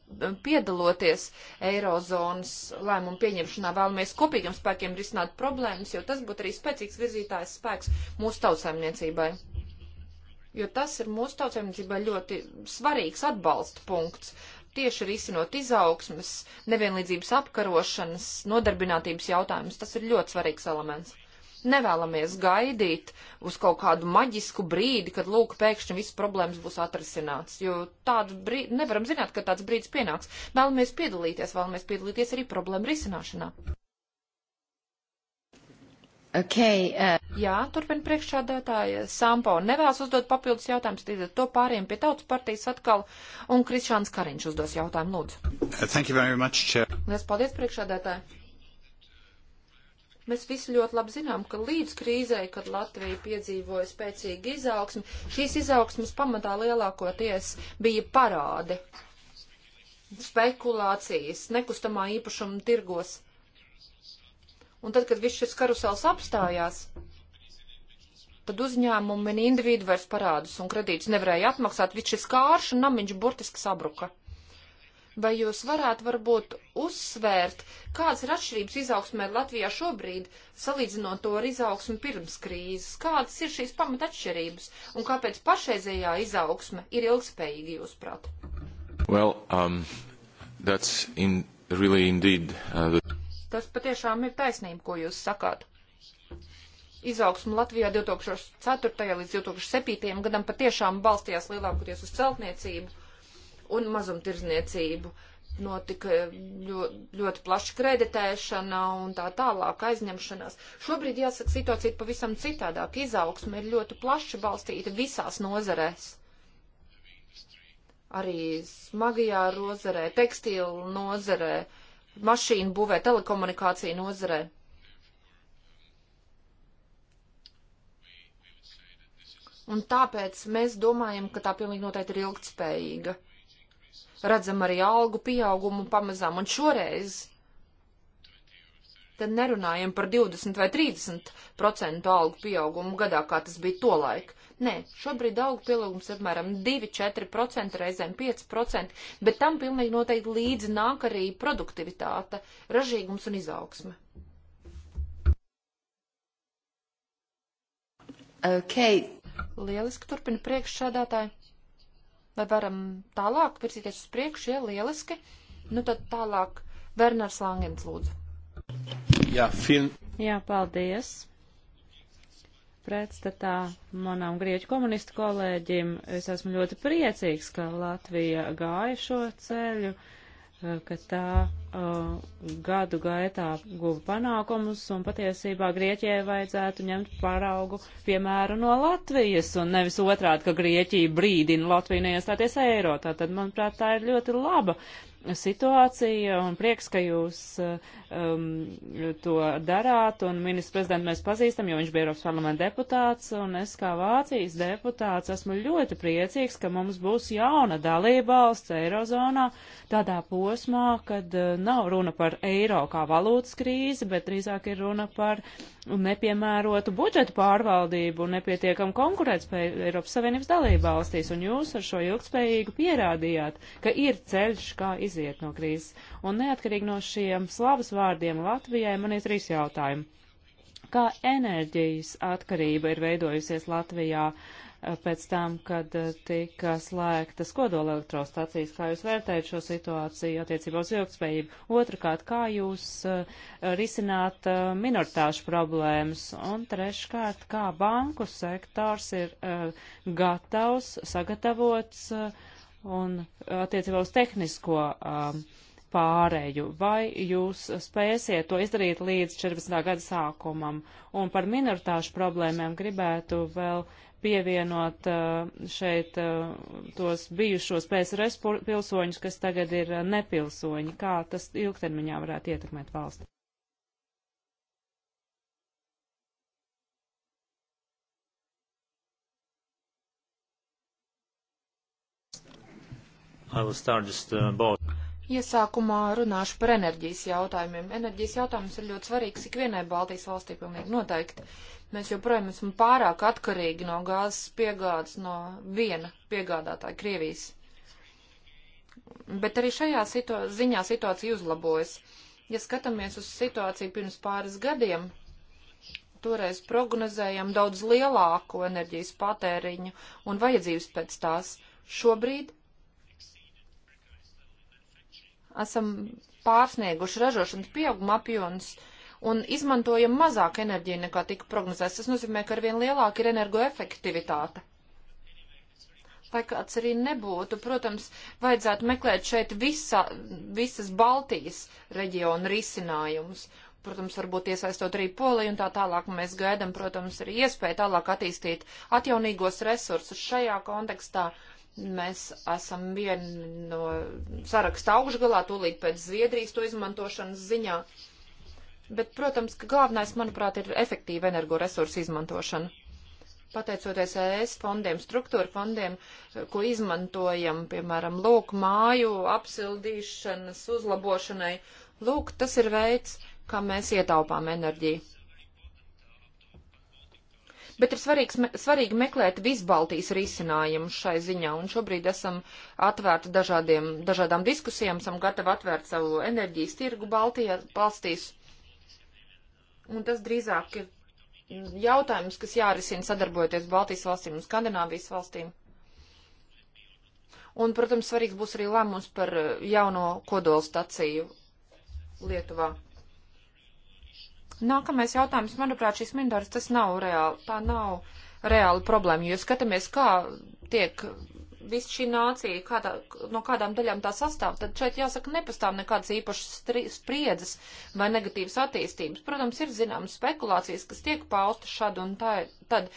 A: piedaloties Eirozonas lēmumu pieņemšanā, vēlamies kopīgiem spēkiem risināt problēmas, jo tas būtu arī spēcīgs virzītājs spēks mūsu tautsēmniecībai jo tas ir mūsu tautsēmniecībā ļoti svarīgs atbalsta punkts. Tieši risinot izaugsmas, nevienlīdzības apkarošanas, nodarbinātības jautājumus, tas ir ļoti svarīgs elements. Nevēlamies gaidīt uz kaut kādu maģisku brīdi, kad lūk, pēkšņi visas problēmas būs atrisināts, jo tādu brīdi nevaram zināt, ka tāds brīdis pienāks. Vēlamies piedalīties, vēlamies piedalīties arī problēmu risināšanā. Okay, uh... Jā, turpina priekšādātāja. Sampo nevēlas uzdot papildus jautājumus, tad to pāriem pie tautas partijas atkal. Un Krišāns Kariņš uzdos jautājumu, lūdzu.
C: Uh, thank you very much, Chair.
A: Lielas paldies, priekšādātāji. Mēs visi ļoti labi zinām, ka līdz krīzē, kad Latvija piedzīvoja spēcīgu izaugsmi, šīs izaugsmas pamatā lielākoties bija parādi, spekulācijas, nekustamā īpašuma tirgos Un tad, kad viss šis karusels apstājās, tad uzņēmumi un individu vairs parādus un kredītus nevarēja atmaksāt, viss šis kārš un namiņš burtiski sabruka. Vai jūs varētu varbūt uzsvērt, kādas ir atšķirības izaugsmē Latvijā šobrīd, salīdzinot to ar izaugsmu pirms krīzes? Kādas ir šīs pamata atšķirības un kāpēc pašreizējā izaugsme ir ilgspējīga, jūsuprāt? Well, um, that's in, really indeed, uh, the tas patiešām ir taisnība, ko jūs sakāt. Izaugsmu Latvijā 2004. līdz 2007. gadam patiešām balstījās lielākoties uz celtniecību un mazumtirzniecību. Notika ļoti, ļoti plaša kreditēšana un tā tālāk aizņemšanās. Šobrīd, jāsaka, situācija ir pavisam citādāk. Izaugsme ir ļoti plaši balstīta visās nozarēs arī smagajā rozarē, tekstīla nozarē, mašīnu būvē telekomunikāciju nozarē. Un tāpēc mēs domājam, ka tā pilnīgi noteikti ir ilgtspējīga. Redzam arī algu pieaugumu pamazām, un šoreiz te nerunājam par 20 vai 30 procentu algu pieaugumu gadā, kā tas bija tolaik. Nē, šobrīd auga pielūgums apmēram 2-4%, reizēm 5%, bet tam pilnīgi noteikti līdzi nāk arī produktivitāte, ražīgums un izaugsme. Okay. Lieliski turpina priekšsādātāji. Vai varam tālāk virzīties uz priekšu? Jā, ja, lieliski.
B: Nu tad tālāk Werners Langens lūdzu. Jā, film. Jā, paldies pretstatā manam grieķu komunistu kolēģim. Es esmu ļoti priecīgs, ka Latvija gāja šo ceļu, eh, ka tā uh, gadu gaitā guva panākumus un patiesībā Grieķijai vajadzētu ņemt paraugu piemēru no Latvijas un nevis otrādi, ka Grieķija brīdina Latviju neiestāties eiro. Tātad, manuprāt, tā ir ļoti laba situācija un prieks, ka jūs um, to darāt. Un ministru prezidentu mēs pazīstam, jo viņš bija Eiropas parlamenta deputāts. Un es kā Vācijas deputāts esmu ļoti priecīgs, ka mums būs jauna dalībvalsts Eirozonā tādā posmā, kad uh, nav runa par eiro kā valūtas krīzi, bet drīzāk ir runa par nepiemērotu budžetu pārvaldību un nepietiekam konkurētspēju Eiropas Savienības dalība valstīs, un jūs ar šo ilgspējīgu pierādījāt, ka ir ceļš, kā iziet no krīzes. Un neatkarīgi no šiem slavas vārdiem Latvijai man ir trīs jautājumi. Kā enerģijas atkarība ir veidojusies Latvijā? Uh, Eh, pēc tam, kad eh, tika slēgtas kodolelektrostacijas. Kā jūs vērtējat šo situāciju attiecībā uz ilgtspējību? Otrakārt, kā jūs eh, risināt minoritāšu problēmas? Un treškārt, kā banku sektors ir gatavs, sagatavots un attiecībā uz tehnisko pārēju, vai jūs spēsiet to izdarīt līdz 14. gada sākumam. Un par minoritāšu problēmām gribētu vēl uh, pievienot eh, šeit eh, tos bijušos PSRS pilsoņus, kas tagad ir eh, nepilsoņi. Kā tas ilgtermiņā varētu ietekmēt valsti? I will start just uh, about
A: Iesākumā runāšu par enerģijas jautājumiem. Enerģijas jautājums ir ļoti svarīgs ikvienai Baltijas valstī, pilnīgi noteikti. Mēs joprojām esam pārāk atkarīgi no gāzes piegādes no viena piegādātāja Krievijas. Bet arī šajā situ ziņā situācija uzlabojas. Ja skatāmies uz situāciju pirms pāris gadiem, toreiz prognozējam daudz lielāku enerģijas patēriņu un vajadzības pēc tās. Šobrīd esam pārsnieguši ražošanas pieauguma apjoms un izmantojam mazāk enerģiju nekā tika prognozēts. Tas nozīmē, ka arvien lielāka ir energoefektivitāte. Lai kāds arī nebūtu, protams, vajadzētu meklēt šeit visa, visas Baltijas reģiona risinājumus. Protams, varbūt iesaistot arī Poliju un tā tālāk. Mēs gaidam, protams, arī iespēju tālāk attīstīt atjaunīgos resursus šajā kontekstā. Uh, Mēs esam vieni no saraksta augšgalā, tūlīt pēc Zviedrijas to izmantošanas ziņā. Bet, protams, ka galvenais, manuprāt, ir efektīva energoresursu izmantošana. Pateicoties ES fondiem, struktūra fondiem, ko izmantojam, piemēram, lūk, māju apsildīšanas uzlabošanai, lūk, tas ir veids, kā mēs ietaupām enerģiju bet ir svarīgs, svarīgi meklēt visbaltijas risinājumu šai ziņā, un šobrīd esam atvērti dažādiem, dažādām diskusijām, esam gatavi atvērt savu enerģijas tirgu Baltijā, valstīs, un tas drīzāk ir jautājums, kas jārisina sadarbojoties Baltijas valstīm un Skandināvijas valstīm. Un, protams, svarīgs būs arī lēmums par jauno kodolstaciju Lietuvā. Nākamais jautājums, manuprāt, šis mindors, tas nav reāli, tā nav reāla problēma, jo skatāmies, kā tiek viss šī nācija, kādā, no kādām daļām tā sastāv, tad šeit jāsaka, nepastāv nekādas īpašas spriedzes vai negatīvas attīstības. Protams, ir zināmas spekulācijas, kas tiek paustas šad un tā, tad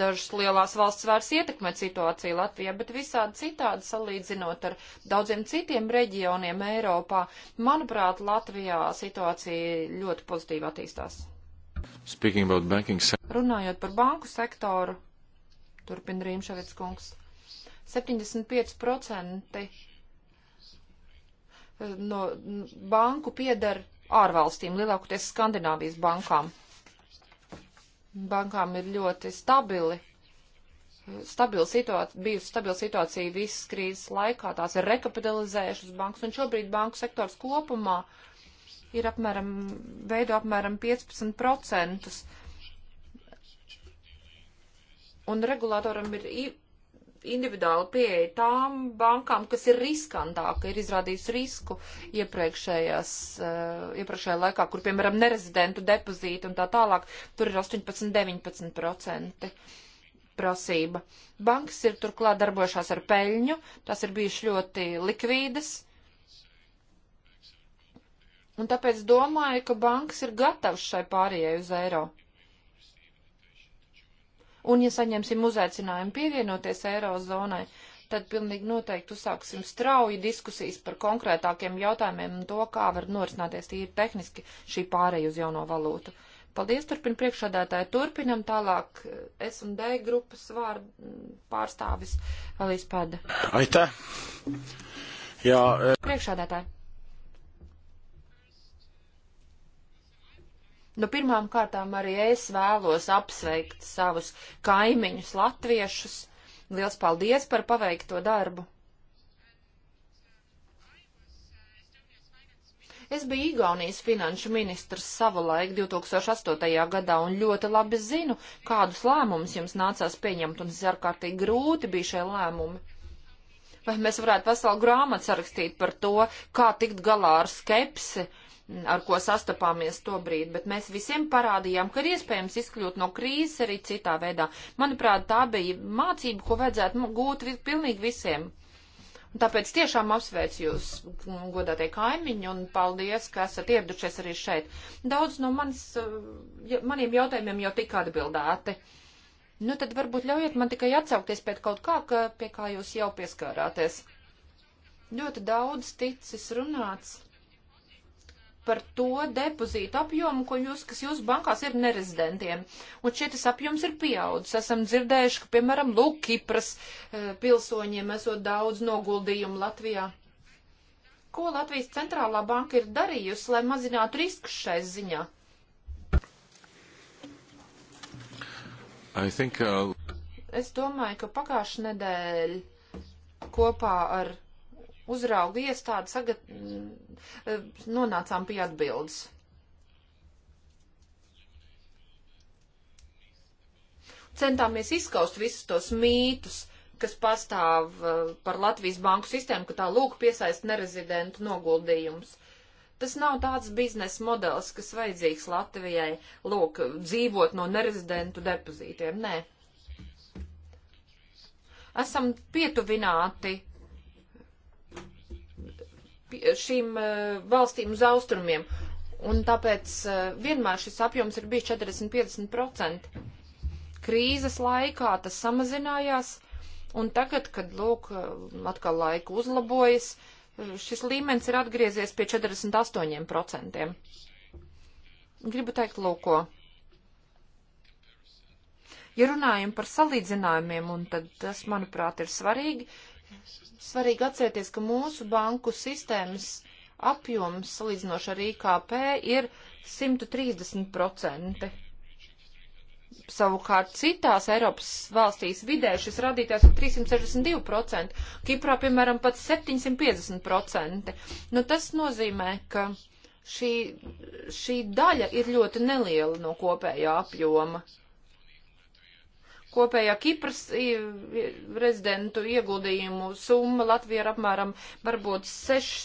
A: dažas lielās valsts vairs ietekmē situāciju Latvijā, bet visādi citādi salīdzinot ar daudziem citiem reģioniem Eiropā, manuprāt, Latvijā situācija ļoti pozitīvi attīstās. Runājot par banku sektoru, turpina Rīmšavits kungs. 75% eh, no banku piedara ārvalstīm, lielākoties Skandināvijas bankām. Bankām ir ļoti stabili. Eh, stabila situācija, bijusi stabila situācija visas krīzes laikā, tās ir rekapitalizējušas bankas, un šobrīd banku sektors kopumā ir apmēram, veido apmēram 15%. Un regulātoram ir individuāla pieeja tām bankām, kas ir riskantāka, ir izrādījusi risku iepriekšējās, eh, iepriekšējā laikā, kur, piemēram, nerezidentu depozīti un tā tālāk, tur ir 18-19% prasība. Bankas ir turklāt darbojušās ar peļņu, tās ir bijušas ļoti likvīdas. Un tāpēc domāju, ka bankas ir gatavas šai pārējai uz eiro. Un ja saņemsim uzaicinājumu pievienoties Eirozonai, tad pilnīgi noteikti uzsāksim strauji diskusijas par konkrētākiem jautājumiem un to, kā var norisināties tīri tehniski šī pāreja uz jauno valūtu. Paldies, turpin priekšādātāji. Turpinam tālāk eh, S&D grupas vārdu mm, pārstāvis Alīs Pēda.
C: Aitē. Jā. E...
A: Priekšādātāji. Nu, pirmām kārtām arī es vēlos apsveikt savus kaimiņus latviešus. Liels paldies par paveikto darbu! Es biju Igaunijas finanšu ministrs savulaik 2008. gadā un ļoti labi zinu, kādus lēmumus jums nācās pieņemt, un es ārkārtīgi grūti bija šie lēmumi. Vai mēs varētu veselu grāmatu sarakstīt par to, kā tikt galā ar skepsi? Uh, ar ko sastapāmies to brīdi, bet mēs visiem parādījām, ka ir iespējams izkļūt no krīzes arī citā veidā. Manuprāt, tā bija mācība, ko vajadzētu gūt vi pilnīgi visiem. Un tāpēc tiešām apsveicu jūs, godātie kaimiņi, un paldies, ka esat ieradušies arī šeit. Daudz no manis, eh, maniem jautājumiem jau tika atbildēti. Nu, tad varbūt ļaujiet man tikai atsaukties pēc kaut kā, ka, pie kā jūs jau pieskārāties. Ļoti daudz ticis runāts par to depozītu apjomu, ko jūs, kas jūsu bankās ir nerezidentiem. Un šeit tas apjoms ir pieaudzis. Esam dzirdējuši, ka, piemēram, Lūk, Kipras eh, pilsoņiem esot daudz noguldījumu Latvijā. Ko Latvijas centrālā banka ir darījusi, lai mazinātu riskus šai ziņā? I think, uh... Es domāju, ka pagājušajā nedēļā kopā ar uzraugu iestādi sagat... Mm, nonācām pie atbildes. Centāmies izskaust visus tos mītus, kas pastāv eh, par Latvijas banku sistēmu, ka tā lūk piesaist nerezidentu noguldījums. Tas nav tāds biznesa modelis, kas vajadzīgs Latvijai, lūk, dzīvot no nerezidentu depozītiem. Nē. Esam pietuvināti šīm eh, valstīm uz austrumiem. Un tāpēc eh, vienmēr šis apjoms ir bijis 40-50%. Krīzes laikā tas samazinājās, un tagad, kad, lūk, eh, atkal laika uzlabojas, šis līmenis ir atgriezies pie 48%. Gribu teikt, lūko. Ja runājam par salīdzinājumiem, un tad tas, manuprāt, ir svarīgi, Svarīgi atcerēties, ka mūsu banku sistēmas apjoms salīdzinoši ar IKP ir 130%. Savukārt citās Eiropas valstīs vidē šis rādītājs ir 362%, Kiprā, piemēram, pat 750%. Nu, tas nozīmē, ka šī, šī daļa ir ļoti neliela no kopējā apjoma kopējā Kipras rezidentu ieguldījumu summa Latvijā ir apmēram varbūt 6,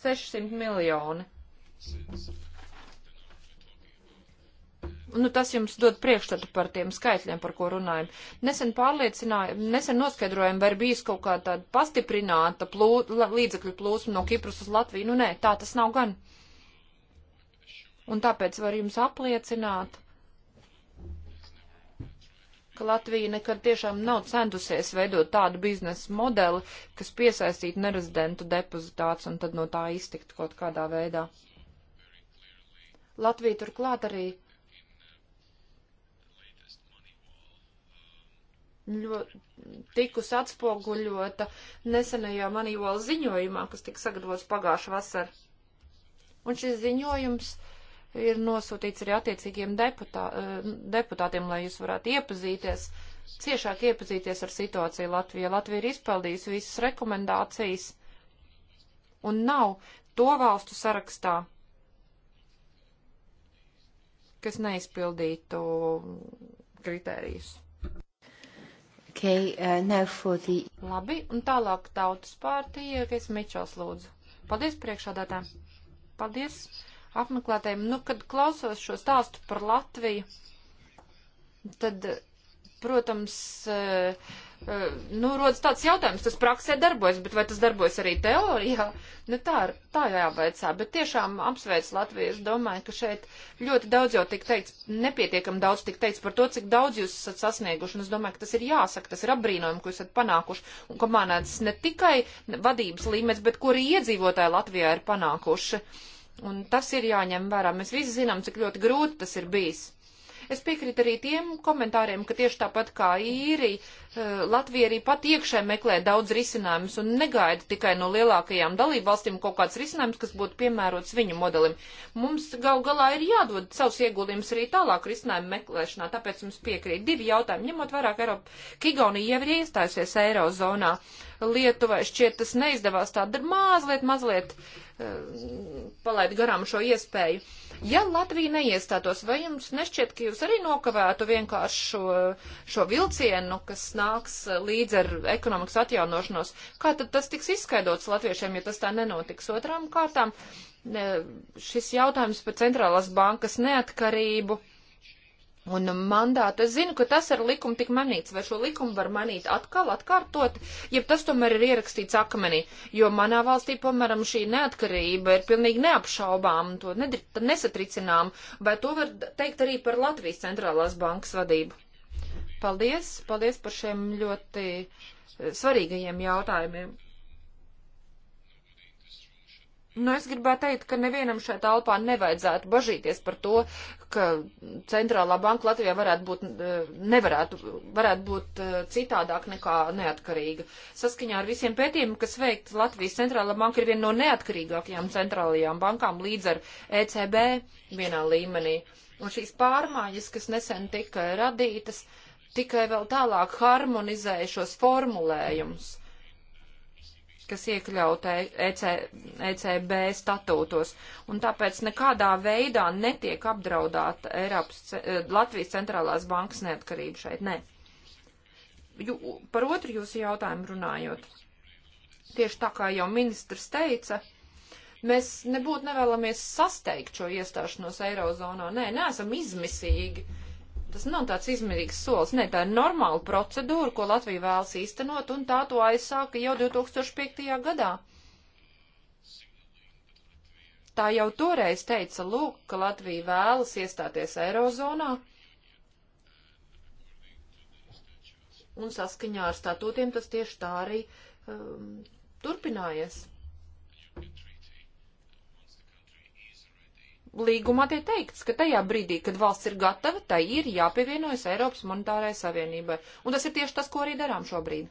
A: 600 miljoni. Nu, tas jums dod priekšstatu par tiem skaitļiem, par ko runājam. Nesen pārliecinājām, nesen noskaidrojām, vai ir bijis kaut kā tāda pastiprināta plū, līdzekļu plūsma no Kipras uz Latviju. Nu, nē, tā tas nav gan. Un tāpēc var jums apliecināt, ka Latvija nekad tiešām nav centusies veidot tādu biznesa modeli, kas piesaistītu nerezidentu depozitāts un tad no tā iztikt kaut kādā veidā. Latvija turklāt arī ļoti tikus atspoguļota nesenajā manīvola ziņojumā, kas tika sagatavots pagājušā vasarā. Un šis ziņojums uh, ir nosūtīts arī attiecīgiem deputā, eh, deputātiem, lai jūs varētu iepazīties, ciešāk iepazīties ar situāciju Latvijā. Latvija ir izpildījusi visas rekomendācijas un nav to valstu sarakstā, kas neizpildītu kritērijus. Okay, uh, now for the... Labi, un tālāk tautas pārtīja, kas Mičels lūdzu. Paldies priekšādātā. Paldies apmeklētājiem. Nu, kad klausos šo stāstu par Latviju, tad, protams, eh, eh, nu, rodas tāds jautājums, tas praksē darbojas, bet vai tas darbojas arī teorijā? Nu, tā, tā jāveicā, bet tiešām apsveic Latviju. Es domāju, ka šeit ļoti daudz jau tik teikts, nepietiekam daudz tik teikts par to, cik daudz jūs esat sasnieguši, un es domāju, ka tas ir jāsaka, tas ir apbrīnojumi, ko esat panākuši, un ka manāts ne tikai vadības līmenis, bet ko arī iedzīvotāji Latvijā ir panākuši. Uh, Un tas ir jāņem vērā. Mēs visi zinām, cik ļoti grūti tas ir bijis. Es piekrītu arī tiem komentāriem, ka tieši tāpat kā īri, eh, Latvija arī pat iekšē meklē daudz risinājumus un negaida tikai no lielākajām dalībvalstīm kaut kāds risinājums, kas būtu piemērots viņu modelim. Mums gal galā ir jādod savus ieguldījumus arī tālāk risinājumu meklēšanā, tāpēc mums piekrīt divi jautājumi, ņemot vairāk Eiropu. Kigaunija jau ir iestājusies Eirozonā Lietuvai šķiet tas neizdevās tāda ir mazliet, mazliet eh, palaid garām šo iespēju. Ja Latvija neiestātos, vai jums nešķiet, ka jūs arī nokavētu vienkārši šo, šo vilcienu, kas nāks eh, līdz ar ekonomikas atjaunošanos? Kā tad tas tiks izskaidots latviešiem, ja tas tā nenotiks? Otrām kārtām eh, šis jautājums par centrālās bankas neatkarību Un mandātu es zinu, ka tas ar likumu tik manīts, vai šo likumu var manīt atkal, atkārtot, ja tas tomēr ir ierakstīts akmenī, jo manā valstī, piemēram, šī neatkarība ir pilnīgi neapšaubām, to nesatricinām, vai to var teikt arī par Latvijas centrālās bankas vadību. Paldies, paldies par šiem ļoti eh, svarīgajiem jautājumiem. Nu, es gribētu teikt, ka nevienam šeit telpā nevajadzētu bažīties par to, ka centrālā banka Latvijā varētu būt, eh, nevarētu, varētu būt eh, citādāk nekā neatkarīga. Saskaņā ar visiem pētījumiem, kas veikts, Latvijas centrālā banka ir viena no neatkarīgākajām centrālajām bankām līdz ar ECB vienā līmenī. Un šīs pārmaiņas, kas nesen tika radītas, tikai vēl tālāk harmonizēja šos formulējumus kas iekļauta EC, e ECB statūtos, un tāpēc nekādā veidā netiek apdraudāta Eiropas, eh, Latvijas centrālās bankas neatkarība šeit, nē. Jū, par otru jūsu jautājumu runājot, tieši tā kā jau ministrs teica, mēs nebūtu nevēlamies sasteigt šo iestāšanos Eirozonā, nē, neesam izmisīgi. Uh, Tas nav tāds izmērīgs solis. Nē, tā ir normāla procedūra, ko Latvija vēlas īstenot, un tā to aizsāka jau 2005. gadā. Tā jau toreiz teica, lūk, ka Latvija vēlas iestāties Eirozonā. Un saskaņā ar statūtiem tas tieši tā arī um, turpinājies līgumā tiek teikts, ka tajā brīdī, kad valsts ir gatava, tai ir jāpievienojas Eiropas monetārai savienībai. Un tas ir tieši tas, ko arī darām šobrīd.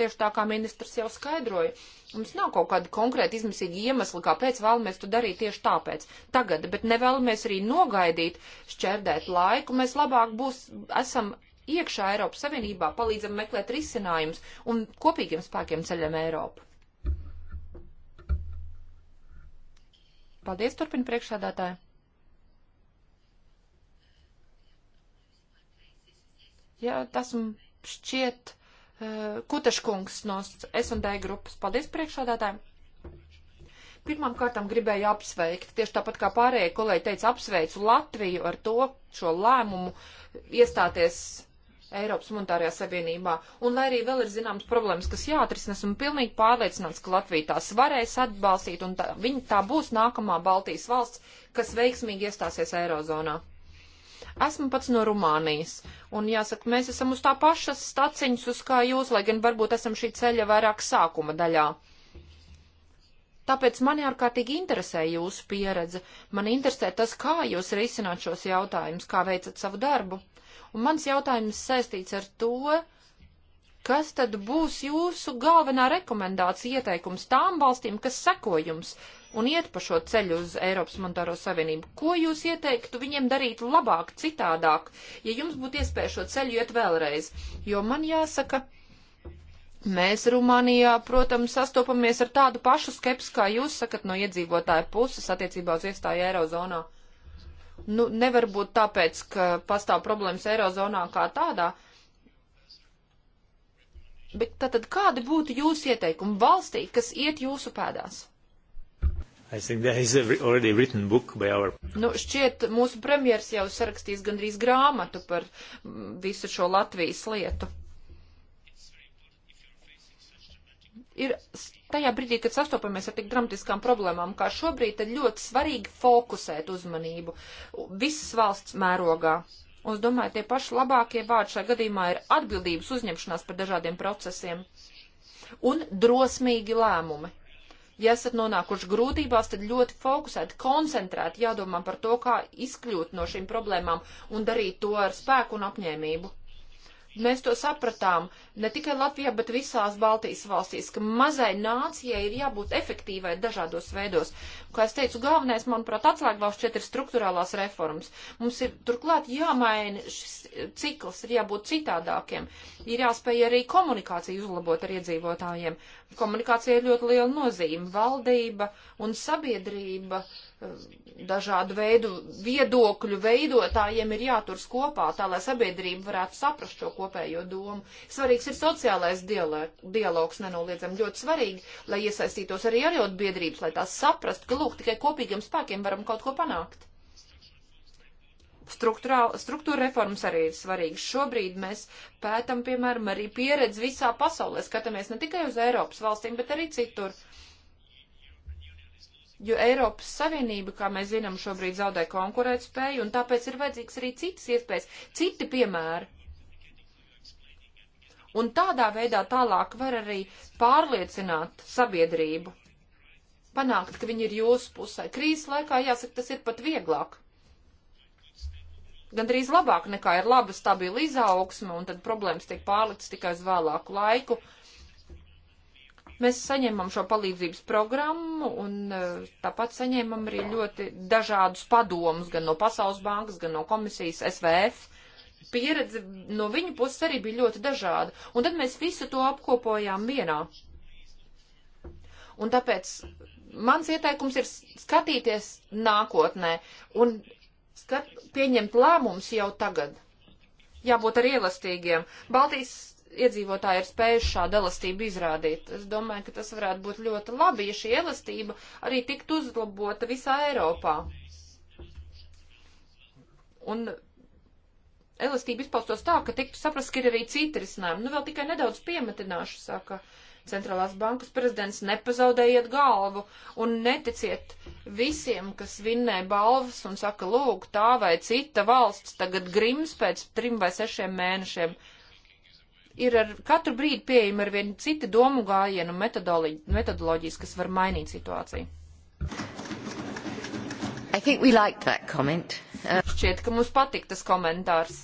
A: Tieši tā kā ministrs jau skaidroja, mums nav kaut kāda konkrēta izmisīga iemesla, kāpēc vēlamies to darīt tieši tāpēc. Tagad, bet nevēlamies arī nogaidīt, šķērdēt laiku, mēs labāk būs, esam iekšā Eiropas Savienībā, palīdzam meklēt risinājumus un kopīgiem spēkiem ceļam Eiropu. Paldies, turpina priekšsādātāja. Jā, tas šķiet uh, eh, Kutaškungs no S&D grupas. Paldies priekšsādātājiem. Pirmām kārtām gribēju apsveikt, tieši tāpat kā pārējie kolēģi teica, apsveicu Latviju ar to šo lēmumu iestāties Eiropas monetārajā savienībā. Un lai arī vēl ir zināmas problēmas, kas jāatrisinās, un pilnīgi pārliecināts, ka Latvija tās varēs atbalstīt, un tā, viņa tā būs nākamā Baltijas valsts, kas veiksmīgi iestāsies Eirozonā. Esmu pats no Rumānijas, un jāsaka, mēs esam uz tā pašas staciņas, uz kā jūs, lai gan varbūt esam šī ceļa vairāk sākuma daļā. Tāpēc mani ārkārtīgi interesē jūsu pieredze, man interesē tas, kā jūs risināt šos jautājumus, kā veicat savu darbu. Un mans jautājums saistīts ar to, kas tad būs jūsu galvenā rekomendācija ieteikums tām valstīm, kas seko jums un iet pa šo ceļu uz Eiropas Monetāro Savienību? Ko jūs ieteiktu viņiem darīt labāk, citādāk, ja jums būtu iespēja šo ceļu iet vēlreiz? Jo man jāsaka, Mēs Rumānijā, protams, sastopamies ar tādu pašu skepsi, kā jūs sakat no iedzīvotāja puses attiecībā uz iestāju Eirozonā. Uh, Nu, nevar būt tāpēc, ka pastāv problēmas Eirozonā kā tādā. Bet tātad kādi būtu jūsu ieteikumi valstī, kas iet jūsu pēdās?
C: Our...
A: Nu, šķiet, mūsu premjers jau sarakstīs gandrīz grāmatu par visu šo Latvijas lietu. ir tajā brīdī, kad sastopamies ar tik dramatiskām problēmām, kā šobrīd, tad ļoti svarīgi fokusēt uzmanību visas valsts mērogā. Un es domāju, tie paši labākie vārdi šajā gadījumā ir atbildības uzņemšanās par dažādiem procesiem un drosmīgi lēmumi. Ja esat nonākuši grūtībās, tad ļoti fokusēti, koncentrēti jādomā par to, kā izkļūt no šīm problēmām un darīt to ar spēku un apņēmību. Mēs to sapratām ne tikai Latvijā, bet visās Baltijas valstīs, ka mazai nācijai ir jābūt efektīvai dažādos veidos. Kā es teicu, galvenais, manuprāt, atslēgvalsts šeit ir struktūrālās reformas. Mums ir turklāt jāmaina šis cikls, ir jābūt citādākiem. Ir jāspēj arī komunikāciju uzlabot ar iedzīvotājiem. Komunikācija ir ļoti liela nozīme. Valdība un sabiedrība. Uh, dažādu veidu viedokļu veidotājiem ir jāturas kopā, tā lai sabiedrība varētu saprast šo kopējo domu. Svarīgs ir sociālais dialogs, nenoliedzam ļoti svarīgi, lai iesaistītos arī arotbiedrības, lai tās saprast, ka lūk, tikai kopīgiem spēkiem varam kaut ko panākt. Struktūra reformas arī ir svarīgas. Šobrīd mēs pētam, piemēram, arī pieredzi visā pasaulē. Skatāmies ne tikai uz Eiropas valstīm, bet arī citur. Uh, jo Eiropas Savienība, kā mēs zinām, šobrīd zaudē konkurētspēju, un tāpēc ir vajadzīgs arī citas iespējas, citi piemēri. Un tādā veidā tālāk var arī pārliecināt sabiedrību, panākt, ka viņi ir jūsu pusē. Krīzes laikā, jāsaka, tas ir pat vieglāk gandrīz labāk nekā ir laba stabila izaugsme, un tad problēmas tiek pārliktas tikai uz vēlāku laiku. Uh, Mēs saņemam šo palīdzības programmu un eh, tāpat saņemam arī ļoti dažādus padomus gan no Pasaules bankas, gan no komisijas SVF pieredze no viņu puses arī bija ļoti dažāda. Un tad mēs visu to apkopojām vienā. Un tāpēc mans ieteikums ir skatīties nākotnē un skat, pieņemt lēmumus jau tagad. Jābūt arī elastīgiem. Baltijas iedzīvotāji ir spējuši šādu elastību izrādīt. Es domāju, ka tas varētu būt ļoti labi, ja šī elastība arī tiktu uzlabota visā Eiropā. Un elastība izpaustos tā, ka tiktu saprast, ka ir arī citi risinājumi. Nu, vēl tikai nedaudz piemetināšu, saka centrālās bankas prezidents, nepazaudējiet galvu un neticiet visiem, kas vinnē balvas un saka, lūk, tā vai cita valsts tagad grims pēc trim vai sešiem mēnešiem ir ar katru brīdi pieejama ar vienu citu domu gājienu un metodoloģijas, kas var mainīt situāciju.
C: Like uh...
A: Šķiet, ka mums patīk tas komentārs.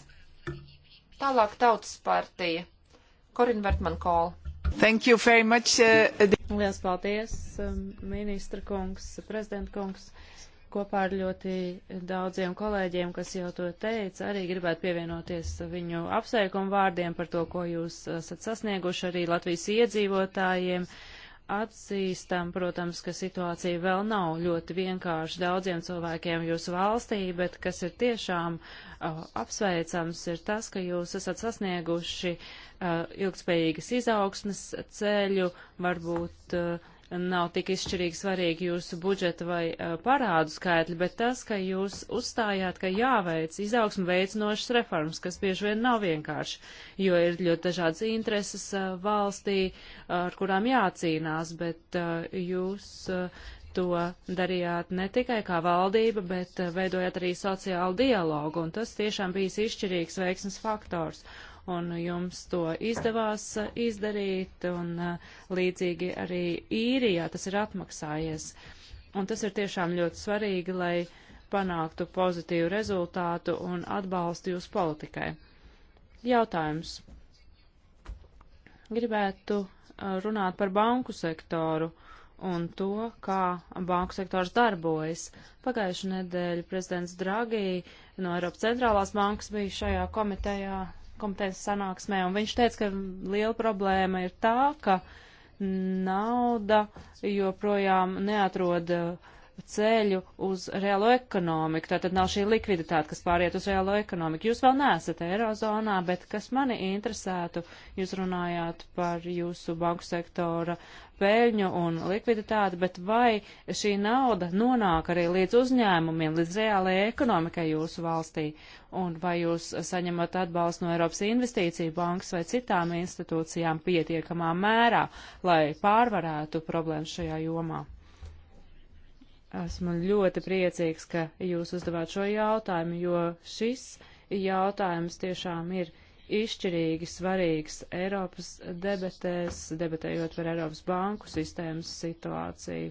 A: Tālāk tautas partija. Korin Vertman
B: Kola. Thank you very much. Uh, Lielas paldies, um, ministra kungs, prezidenta kungs. Uh, kopā ar ļoti daudziem kolēģiem, kas jau to teica, arī gribētu pievienoties viņu apsveikumu vārdiem par to, ko jūs esat sasnieguši arī Latvijas iedzīvotājiem. Atzīstam, protams, ka situācija vēl nav ļoti vienkārši daudziem cilvēkiem jūsu valstī, bet kas ir tiešām uh, apsveicams, ir tas, ka jūs esat sasnieguši uh, ilgspējīgas izaugsmes ceļu, varbūt uh, nav tik izšķirīgi svarīgi jūsu budžeta vai uh, parādu skaitļi, bet tas, ka jūs uzstājāt, ka jāveic izaugsmu veicinošas reformas, kas bieži vien nav vienkārši, jo ir ļoti dažādas intereses uh, valstī, ar kurām jācīnās, bet uh, jūs to darījāt ne tikai kā valdība, bet veidojāt arī sociālu dialogu, un tas tiešām bijis izšķirīgs veiksmes faktors un jums to izdevās uh, izdarīt, un uh, līdzīgi arī īrijā tas ir atmaksājies. Un tas ir tiešām ļoti svarīgi, lai panāktu pozitīvu rezultātu un atbalstu jūs politikai. Jautājums. Gribētu uh, runāt par banku sektoru un to, kā banku sektors darbojas. Pagājušajā nedēļā prezidents Dragī no Eiropas centrālās bankas bija šajā komitejā, komitejas sanāksmē, un viņš teica, ka liela problēma ir tā, ka nauda joprojām neatrod uh, ceļu uz reālo ekonomiku. Tātad nav šī likviditāte, kas pāriet uz reālo ekonomiku. Jūs vēl neesat Eirozonā, bet kas mani interesētu, jūs runājāt par jūsu banku sektora peļņu un likviditāti, bet vai šī nauda nonāk arī līdz uzņēmumiem, līdz reālajai ekonomikai jūsu valstī? Un vai jūs saņemat atbalstu no Eiropas investīciju bankas vai citām institūcijām pietiekamā mērā, lai pārvarētu problēmas šajā jomā? Esmu ļoti priecīgs, ka jūs uzdevāt šo jautājumu, jo šis jautājums tiešām ir izšķirīgi svarīgs Eiropas debatēs, debatējot par Eiropas banku sistēmas situāciju,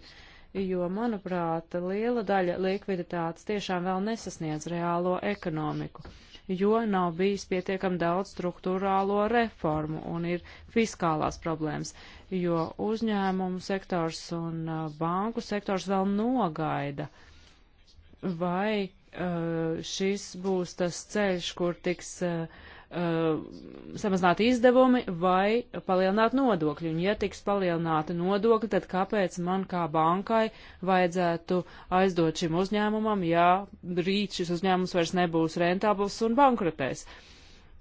B: jo, manuprāt, liela daļa likviditātes tiešām vēl nesasniedz reālo ekonomiku, jo nav bijis pietiekam daudz struktūrālo reformu un ir fiskālās problēmas jo uzņēmumu sektors un uh, banku sektors vēl nogaida, vai uh, šis būs tas ceļš, kur tiks uh, samazināt izdevumi vai palielināt nodokļi. Un, ja tiks palielināta nodokļi, tad kāpēc man kā bankai vajadzētu aizdot šim uzņēmumam, ja rīt šis uzņēmums vairs nebūs rentabls un bankrotēs? Uh,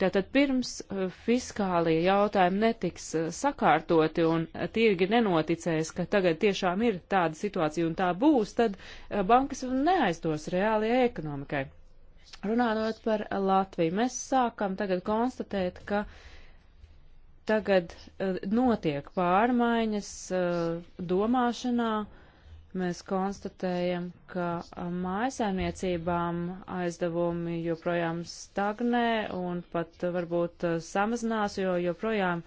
B: Tātad pirms eh, fiskālie jautājumi netiks eh, sakārtoti un eh, tirgi nenoticēs, ka tagad tiešām ir tāda situācija un tā būs, tad bankas neaizdos reālajai ekonomikai. Runājot par Latviju, mēs sākam tagad konstatēt, ka tagad notiek pārmaiņas domāšanā mēs konstatējam, ka mājasēmniecībām aizdevumi joprojām stagnē un pat varbūt samazinās, jo joprojām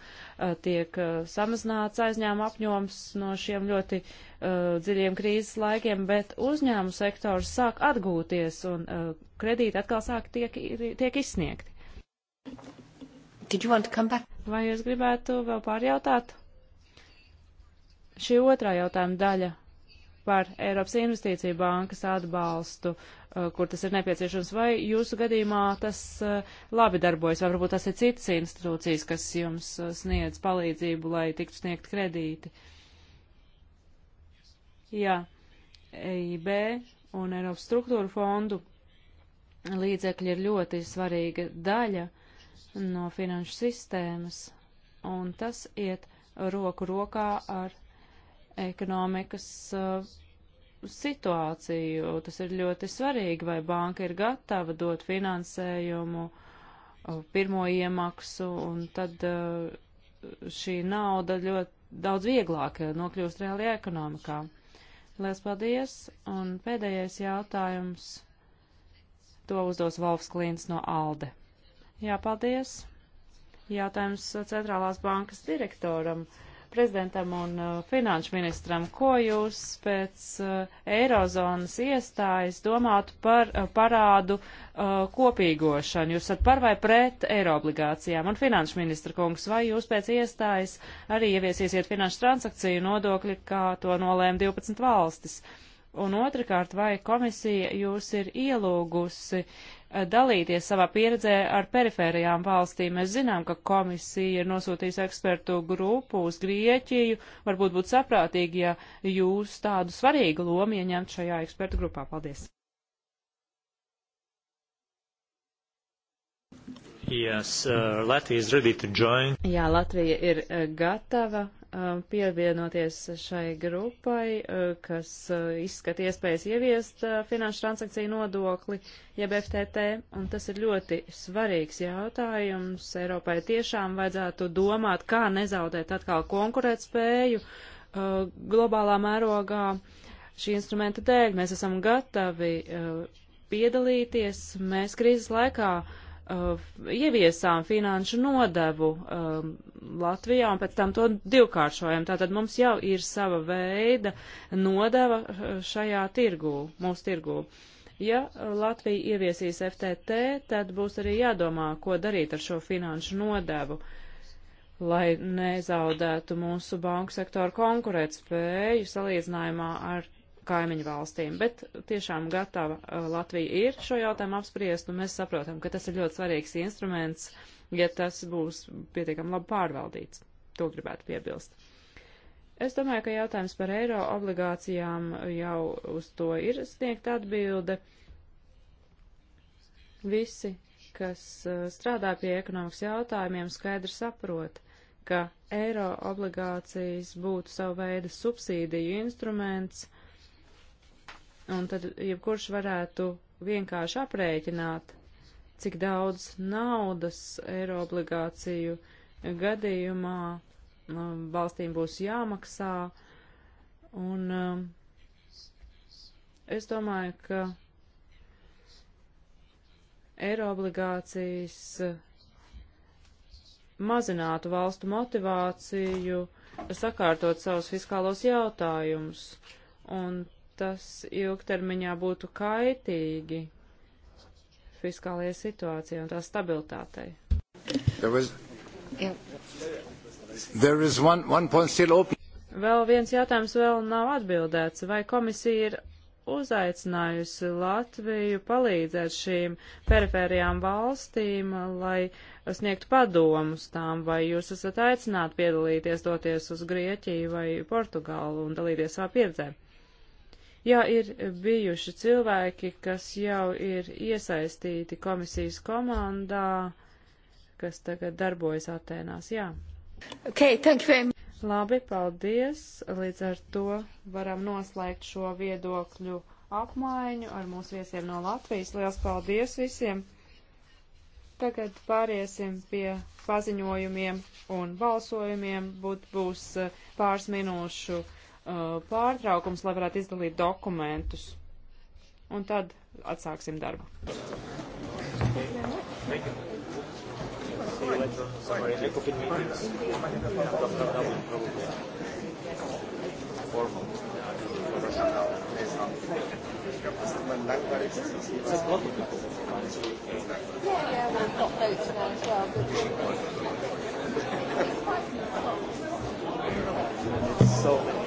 B: tiek samazināts aizņēmuma apņoms no šiem ļoti uh, dziļiem krīzes laikiem, bet uzņēmu sektors sāk atgūties un uh, kredīti atkal sāk tiek, tiek izsniegti. Vai jūs gribētu vēl pārjautāt? Šī otrā jautājuma daļa par Eiropas investīciju bankas atbalstu, uh, kur tas ir nepieciešams, vai jūsu gadījumā tas uh, labi darbojas, vai varbūt tas ir citas institūcijas, kas jums uh, sniedz palīdzību, lai tiktu sniegt kredīti? Jā, EIB un Eiropas struktūra fondu līdzekļi ir ļoti svarīga daļa no finanšu sistēmas, un tas iet roku rokā ar ekonomikas uh, situāciju. Tas ir ļoti svarīgi, vai banka ir gatava dot finansējumu, uh, pirmo iemaksu, un tad uh, šī nauda ļoti daudz vieglāk nokļūst reālajā ekonomikā. Lielas paldies, un pēdējais jautājums. To uzdos Valfs Klīns no Alde. Jā, paldies. Jautājums centrālās bankas direktoram. Uh, prezidentam un uh, finanšu ministram, ko jūs pēc uh, eirozonas iestājas domātu par uh, parādu uh, kopīgošanu? Jūs esat par vai pret eirobligācijām? Un finanšu ministra kungs, vai jūs pēc iestājas arī ieviesiesiet finanšu transakciju nodokļi, kā to nolēma 12 valstis? Un otrkārt, vai komisija jūs ir ielūgusi uh, Eh, dalīties savā pieredzē ar perifērijām valstīm. Mēs zinām, ka komisija ir nosūtījusi ekspertu grupu uz Grieķiju. Varbūt būtu saprātīgi, ja jūs tādu svarīgu lomu ieņemt šajā ekspertu grupā. Paldies! Yes, uh, Jā, Latvija ir uh, gatava Um, pievienoties šai grupai, uh, kas uh, izskata iespējas ieviest uh, finanšu transakciju nodokli, jeb FTT, un tas ir ļoti svarīgs jautājums. Eiropai tiešām vajadzētu domāt, kā nezaudēt atkal konkurētspēju globālā mērogā šī instrumenta dēļ. Mēs esam gatavi piedalīties. Mēs krīzes laikā uh, uh, ieviesām finanšu nodevu um, Latvijā un pēc tam to divkāršojam. Tātad mums jau ir sava veida nodeva uh, šajā tirgū, mūsu tirgū. Ja Latvija ieviesīs FTT, tad būs arī jādomā, ko darīt ar šo finanšu nodevu, lai nezaudētu mūsu banku sektoru konkurētspēju salīdzinājumā ar kaimiņu valstīm, bet tiešām gatava uh, Latvija ir šo jautājumu apspriest, un mēs saprotam, ka tas ir ļoti svarīgs instruments, ja tas būs pietiekami labi pārvaldīts. To gribētu piebilst. Es domāju, ka jautājums par eiro obligācijām jau uz to ir sniegta atbilde. Visi, kas uh, strādā pie ekonomikas jautājumiem, skaidri saprot, ka eiro obligācijas būtu savu veidu subsīdiju instruments un tad jebkurš varētu vienkārši aprēķināt, cik daudz naudas eiro obligāciju gadījumā um, valstīm būs jāmaksā, un um, es domāju, ka eiro obligācijas uh, mazinātu valstu motivāciju sakārtot savus fiskālos jautājumus. Un tas ilgtermiņā būtu kaitīgi fiskālajai situācijai un tā stabilitātei. There was, yeah. there
C: is one, one point still open.
B: Vēl viens jautājums vēl nav atbildēts. Vai komisija ir uzaicinājusi Latviju palīdzēt šīm perifērijām valstīm, lai sniegtu padomus tām, vai jūs esat aicināti piedalīties, doties uz Grieķiju vai Portugālu un dalīties savā pieredzē? Ja ir bijuši cilvēki, kas jau ir iesaistīti komisijas komandā, kas tagad darbojas Atēnās, jā. Okay, thank you very much. Labi, paldies. Līdz ar to varam noslēgt šo viedokļu apmaiņu ar mūsu viesiem no Latvijas. Liels paldies visiem! Tagad pāriesim pie paziņojumiem un balsojumiem. Būt būs eh, pāris minūšu Uh, pārtraukums, lai varētu izdalīt dokumentus. Un tad atsāksim darbu.
A: Thank you. See you later. Sorry, Jacob in meetings.
B: Formal. It's a lot of people.
C: Yeah, yeah, well, we've got notes now as well.
B: But it's quite a lot. So many.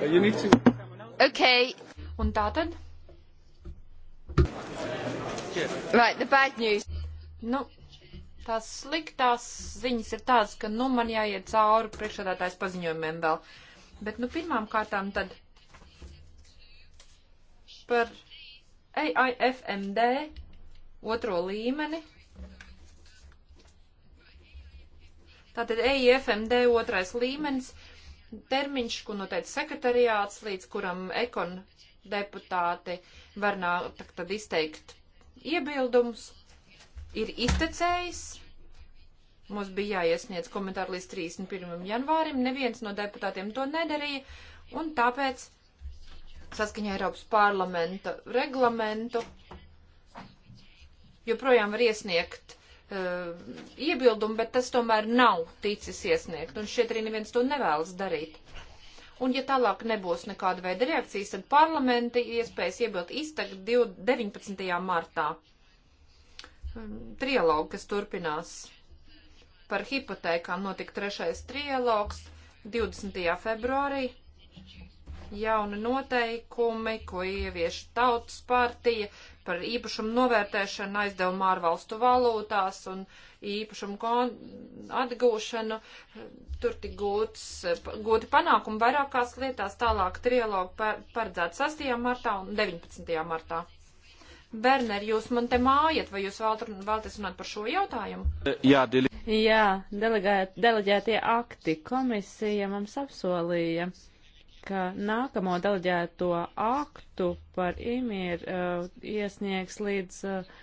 B: You need to...
A: Okay. Un tā tad? Right, the bad news. Nu, tās sliktās ziņas ir tādas, ka, nu, man jāiet cauri priekšādātājs paziņojumiem vēl. Bet, nu, pirmām kārtām tad par AIFMD otro līmeni. Tātad AIFMD otrais līmenis termiņš, ko noteica sekretariāts, līdz kuram ekon deputāti var nāk, tad izteikt iebildumus, ir iztecējis. Mums bija jāiesniedz komentāri līdz 31. janvārim, neviens no deputātiem to nedarīja, un tāpēc saskaņā Eiropas parlamenta reglamentu joprojām var iesniegt Uh, iebildumu, bet tas tomēr nav ticis iesniegt, un šeit arī neviens to nevēlas darīt. Un ja tālāk nebūs nekāda veida reakcijas, tad parlamenti iespējas iebilst iztakt 19. martā. Um, trialogu, kas turpinās par hipotekām, notika trešais trialogs 20. februārī. Jauni noteikumi, ko ievieš tautas partija, par īpašumu novērtēšanu aizdevumu ārvalstu valūtās un īpašumu atgūšanu. Tur tik gūts, gūti panākumi vairākās lietās, tālāk trialogu paredzēts 6. martā un 19. martā. Berner, jūs man te mājat, vai jūs vēlaties runāt par šo jautājumu?
B: Jā, dele... Jā delegēt, deleģētie akti komisija mums apsolīja ka nākamo deleģēto aktu par imīru uh, iesniegs līdz uh,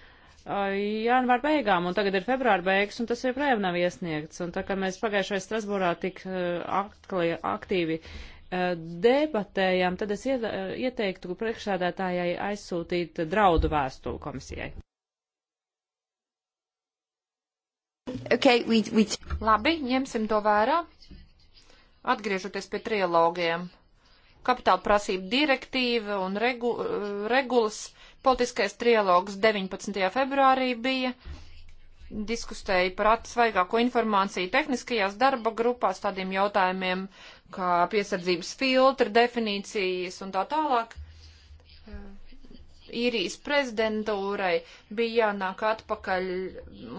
B: janvāra beigām, un tagad ir februāra beigas, un tas joprojām nav iesniegts. Un tā kā mēs pagājušajā Strasbūrā tik uh, akli, aktīvi uh, debatējām, tad es iet, uh, ieteiktu priekšsādātājai aizsūtīt draudu vēstuli komisijai.
A: Okay, we, we... Labi, ņemsim to vērā. Atgriežoties pie trilogiem kapitāla prasība direktīva un regu, regulas politiskais trialogs 19. februārī bija. Diskustēja par atsvaigāko informāciju tehniskajās darba grupās, tādiem jautājumiem kā piesardzības filtra definīcijas un tā tālāk. Īrijas prezidentūrai bija jānāk atpakaļ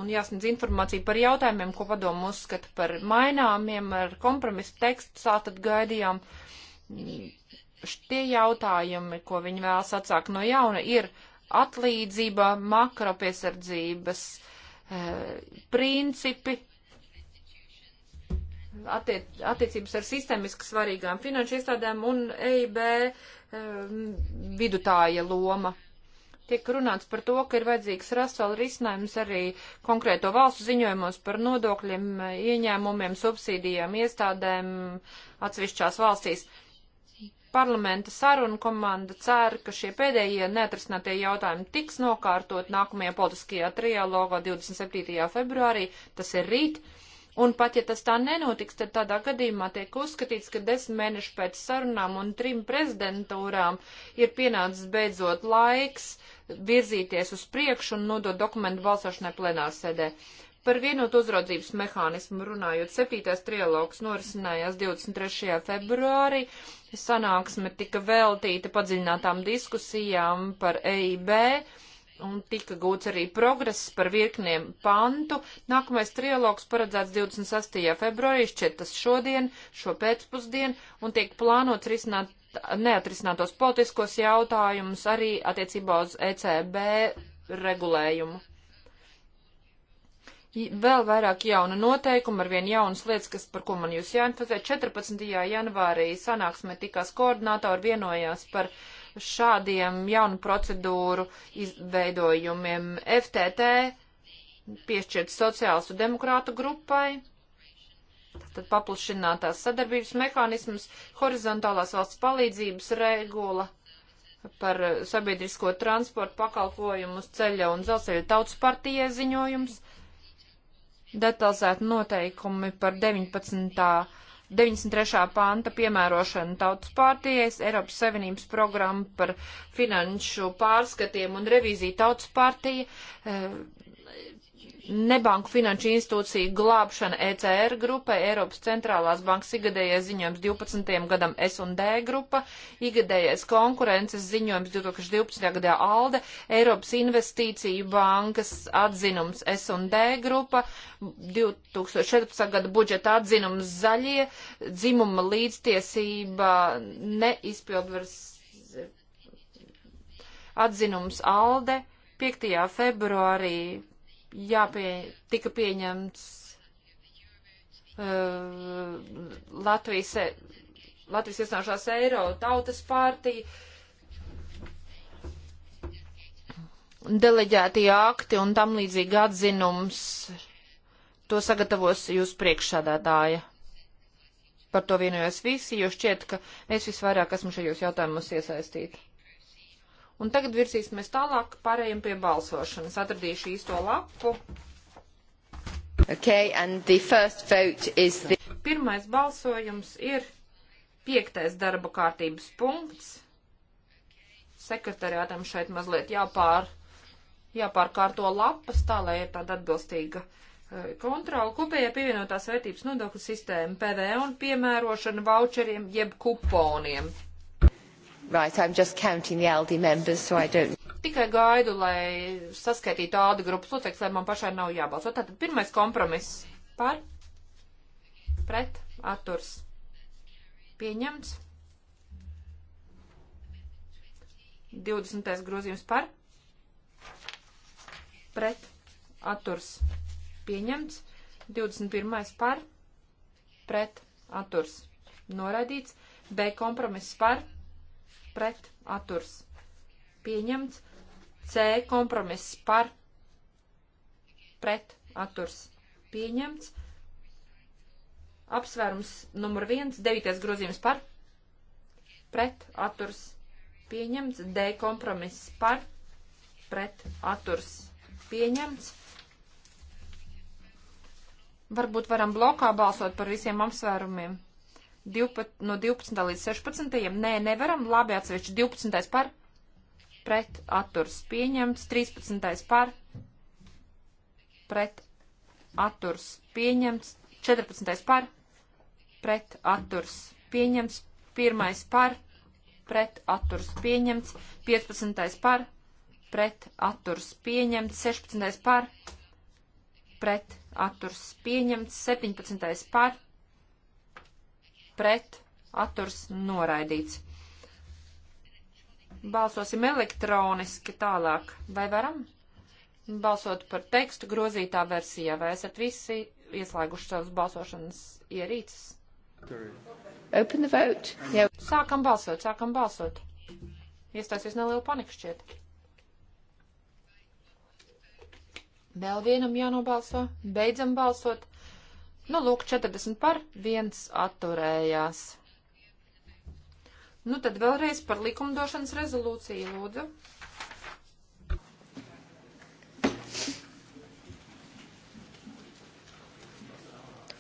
A: un jāsniedz informācija par jautājumiem, ko padomu uzskata par maināmiem ar kompromisu tekstu, tātad gaidījām Šie jautājumi, ko viņi vēlas atsākt no jauna, ir atlīdzība, makropiesardzības e, principi, attiec, attiecības ar sistemiski svarīgām finanšu iestādēm un EIB e, eh, vidutāja loma. Tiek runāts par to, ka ir vajadzīgs rast vēl risinājums arī konkrēto valstu ziņojumos par nodokļiem, eh, ieņēmumiem, subsīdijām, iestādēm atsevišķās valstīs. Uh, Parlamenta saruna komanda cer, ka šie pēdējie neatrisinātie jautājumi tiks nokārtot nākamajā politiskajā trialogā 27. februārī, tas ir rīt. Un pat ja tas tā nenotiks, tad tādā gadījumā tiek uzskatīts, ka desmit mēneši pēc sarunām un trim prezidentūrām ir pienācis beidzot laiks virzīties uz priekšu un nodot dokumentu balsošanai plenārsēdē. sēdē. Par vienotu uzraudzības mehānismu runājot, septītais trialogs norisinājās 23. februārī. Sanāksme tika veltīta padziļinātām diskusijām par EIB un tika gūts arī progress par virkniem pantu. Nākamais trialogs paredzēts 28. februārī, šķiet tas šodien, šo pēcpusdienu, un tiek plānots risināt neatrisinātos politiskos jautājumus arī attiecībā uz ECB regulējumu vēl vairāk jauna noteikuma, ar vien jaunas lietas, kas, par ko man jūs jāinformē. 14. janvārī sanāksmē tikās koordinātori vienojās par šādiem jaunu procedūru izveidojumiem FTT piešķirt sociālistu demokrātu grupai, tad paplašinātās sadarbības mehānismus, horizontālās valsts palīdzības regula par sabiedrisko transportu pakalpojumu uz ceļa un dzelzceļa tautas partijai ziņojums. Uh, detalizēti noteikumi par 19. 93. panta piemērošanu tautas pārtijas, Eiropas Savienības programma par finanšu pārskatiem un revīziju tautas pārtija eh, nebanku finanšu institūciju glābšana ECR grupai, Eiropas centrālās bankas igadējais ziņojums 12. gadam S&D grupa, igadējais konkurences ziņojums 2012. gadā ALDE, Eiropas investīciju bankas atzinums S&D grupa, 2014. gada budžeta atzinums zaļie, dzimuma līdztiesība neizpildvars atzinums ALDE, 5. februārī jāpie, tika pieņemts uh, Latvijas, e, Latvijas iesnāšās Eiro tautas partija. Deleģētie akti un tam līdzīgi atzinums, to sagatavos jūs priekšsādātāja. Par to vienojos visi, jo šķiet, ka es visvairāk esmu šajos jautājumos iesaistīta. Un tagad virsīsimies tālāk, pārējiem pie balsošanas. Atradīšu īsto lapu. Okay, and the first vote is the... Pirmais balsojums ir piektais darba kārtības punkts. Sekretariātam šeit mazliet jāpār, jāpārkārto lapas tā, lai ir tāda atbilstīga eh, kontrola kopējā pievienotās vērtības nodokļu sistēma PVO e un piemērošana voucheriem jeb kuponiem. Right, I'm just counting the ALDI members, so I don't. Tikai gaidu, lai saskaitītu ALDI grupas locekļus, lai man pašai nav jābalso. Tātad pirmais kompromiss par, pret, atturs, pieņemts. 20. grozījums par, pret, atturs, pieņemts. 21. par, pret, atturs, noraidīts. B kompromiss par, pret pret atturs pieņemts. C kompromiss par pret atturs pieņemts. Apsvērums numur viens, devītais grozījums par pret atturs pieņemts. D kompromiss par pret atturs pieņemts. Varbūt varam blokā balsot par visiem apsvērumiem. 12, no 12 līdz 16. Nē, nevaram. Labi, atsevišķi 12. par pret atturs pieņemts, 13. par pret atturs pieņemts, 14. par pret atturs pieņemts, 1. par pret atturs pieņemts, 15. par pret atturs pieņemts, 16. par pret atturs pieņemts, 17. par pret pret atturs noraidīts. Balsosim elektroniski tālāk. Vai varam balsot par tekstu grozītā versijā? Vai esat visi ieslēguši savus balsošanas ierīces? Open the vote. Yeah. Sākam balsot, sākam balsot. Iestāsies neliela panika šķiet. Vēl vienam jānobalso. Beidzam balsot. Nu, lūk, 40 par, viens atturējās. Nu, tad vēlreiz par likumdošanas rezolūciju, lūdzu.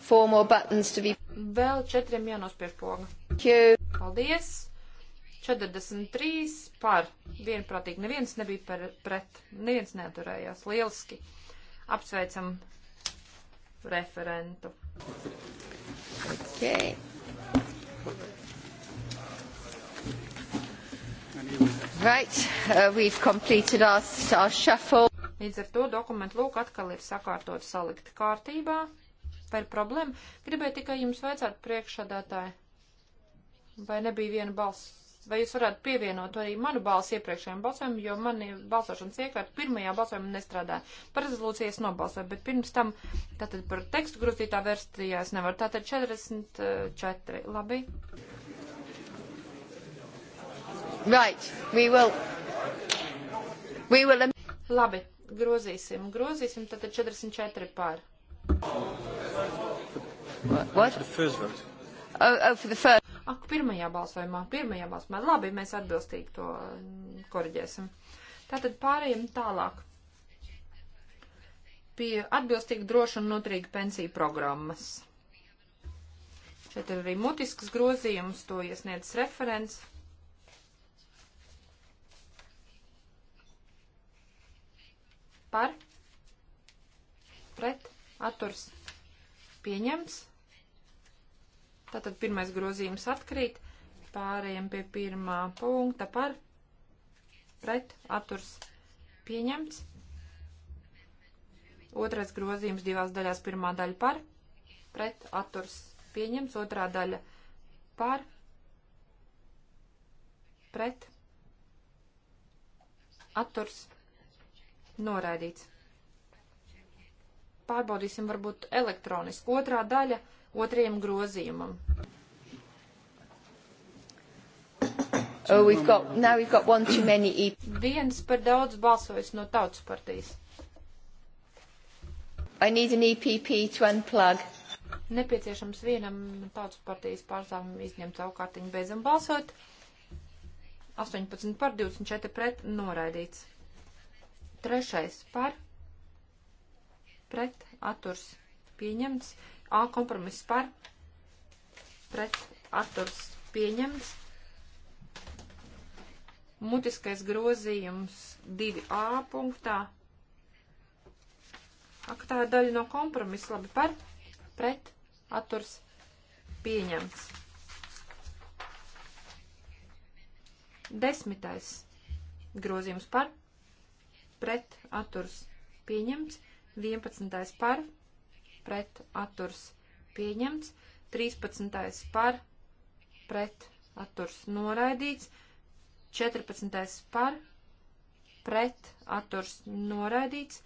A: Four more buttons to be. Vēl četriem jānospiež poga. Paldies. 43 par. Vienprātīgi. Neviens nebija par, pret. Neviens neaturējās. Lieliski. Apsveicam referentu. Okay.
C: Right, uh, we've completed our, our shuffle.
A: Līdz ar to dokumentu lūk atkal ir sakārtot salikt kārtībā. Vai ir problēma? Gribēju tikai jums vajadzētu priekšādātāji. Vai nebija viena balss? vai jūs varētu pievienot arī manu balsu iepriekšējiem balsojumiem, jo mani balsošanas iekārta pirmajā balsojumā nestrādāja. Par rezolūciju es nobalsoju, bet pirms tam tātad par tekstu grozītā versijā es nevaru. Tātad 44. Labi. Right, we will. We will. Labi, grozīsim, grozīsim, tātad 44 pār. What? What? For the first vote. Oh, oh, for the first. Ak, pirmajā balsojumā, pirmajā balsojumā. Labi, mēs atbilstīgi to mm, koriģēsim. Tātad pārējiem tālāk pie atbilstīgi droši un noturīgi pensiju programmas. Šeit ir arī mutisks grozījums, to iesniedz referents. Par, pret, atturs, pieņems. Tātad pirmais grozījums atkrīt. Pārējiem pie pirmā punkta par pret atturs pieņemts. Otrais grozījums divās daļās. Pirmā daļa par pret atturs pieņemts. Otrā daļa par pret atturs noraidīts. Pārbaudīsim varbūt elektronisku. Otrā daļa – otrajam grozījumam. Oh, we've got, now we've got one too many. E- Viens par daudz balsojas no tautas partijas. I need an EPP to unplug. Nepieciešams vienam tautas partijas pārstāvam izņemt savu kārtiņu beidzam balsot. 18 par 24 pret noraidīts. Trešais par pret atturs pieņemts. A kompromiss par pret atturs pieņemts. Mutiskais grozījums 2A punktā. Ak, tā ir daļa no kompromisa. Labi, par pret atturs pieņemts. Desmitais grozījums par pret atturs pieņemts. Vienpadsmitais par pret pret atturs pieņemts, 13. par pret atturs noraidīts, 14. par pret atturs noraidīts,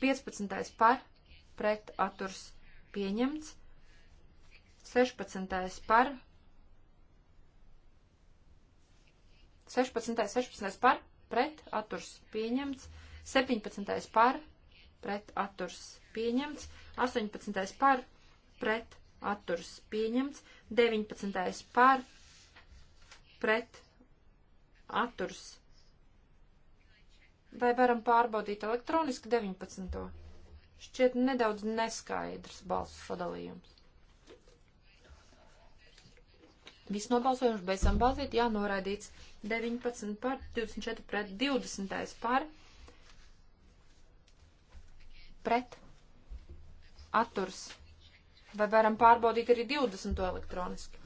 A: 15. par pret atturs pieņemts, 16. par 16. 16. par pret atturs pieņemts, 17. par pret atturs pieņemts, 18. par pret atturs pieņemts, 19. par pret atturs. Vai varam pārbaudīt elektroniski 19. Šķiet nedaudz neskaidrs balsu sadalījums. Viss nobalsojuši beidzam balsīt, jā, noraidīts 19 par, 24 pret, 20 par, pret, atturs. Vai varam pārbaudīt arī 20 elektroniski?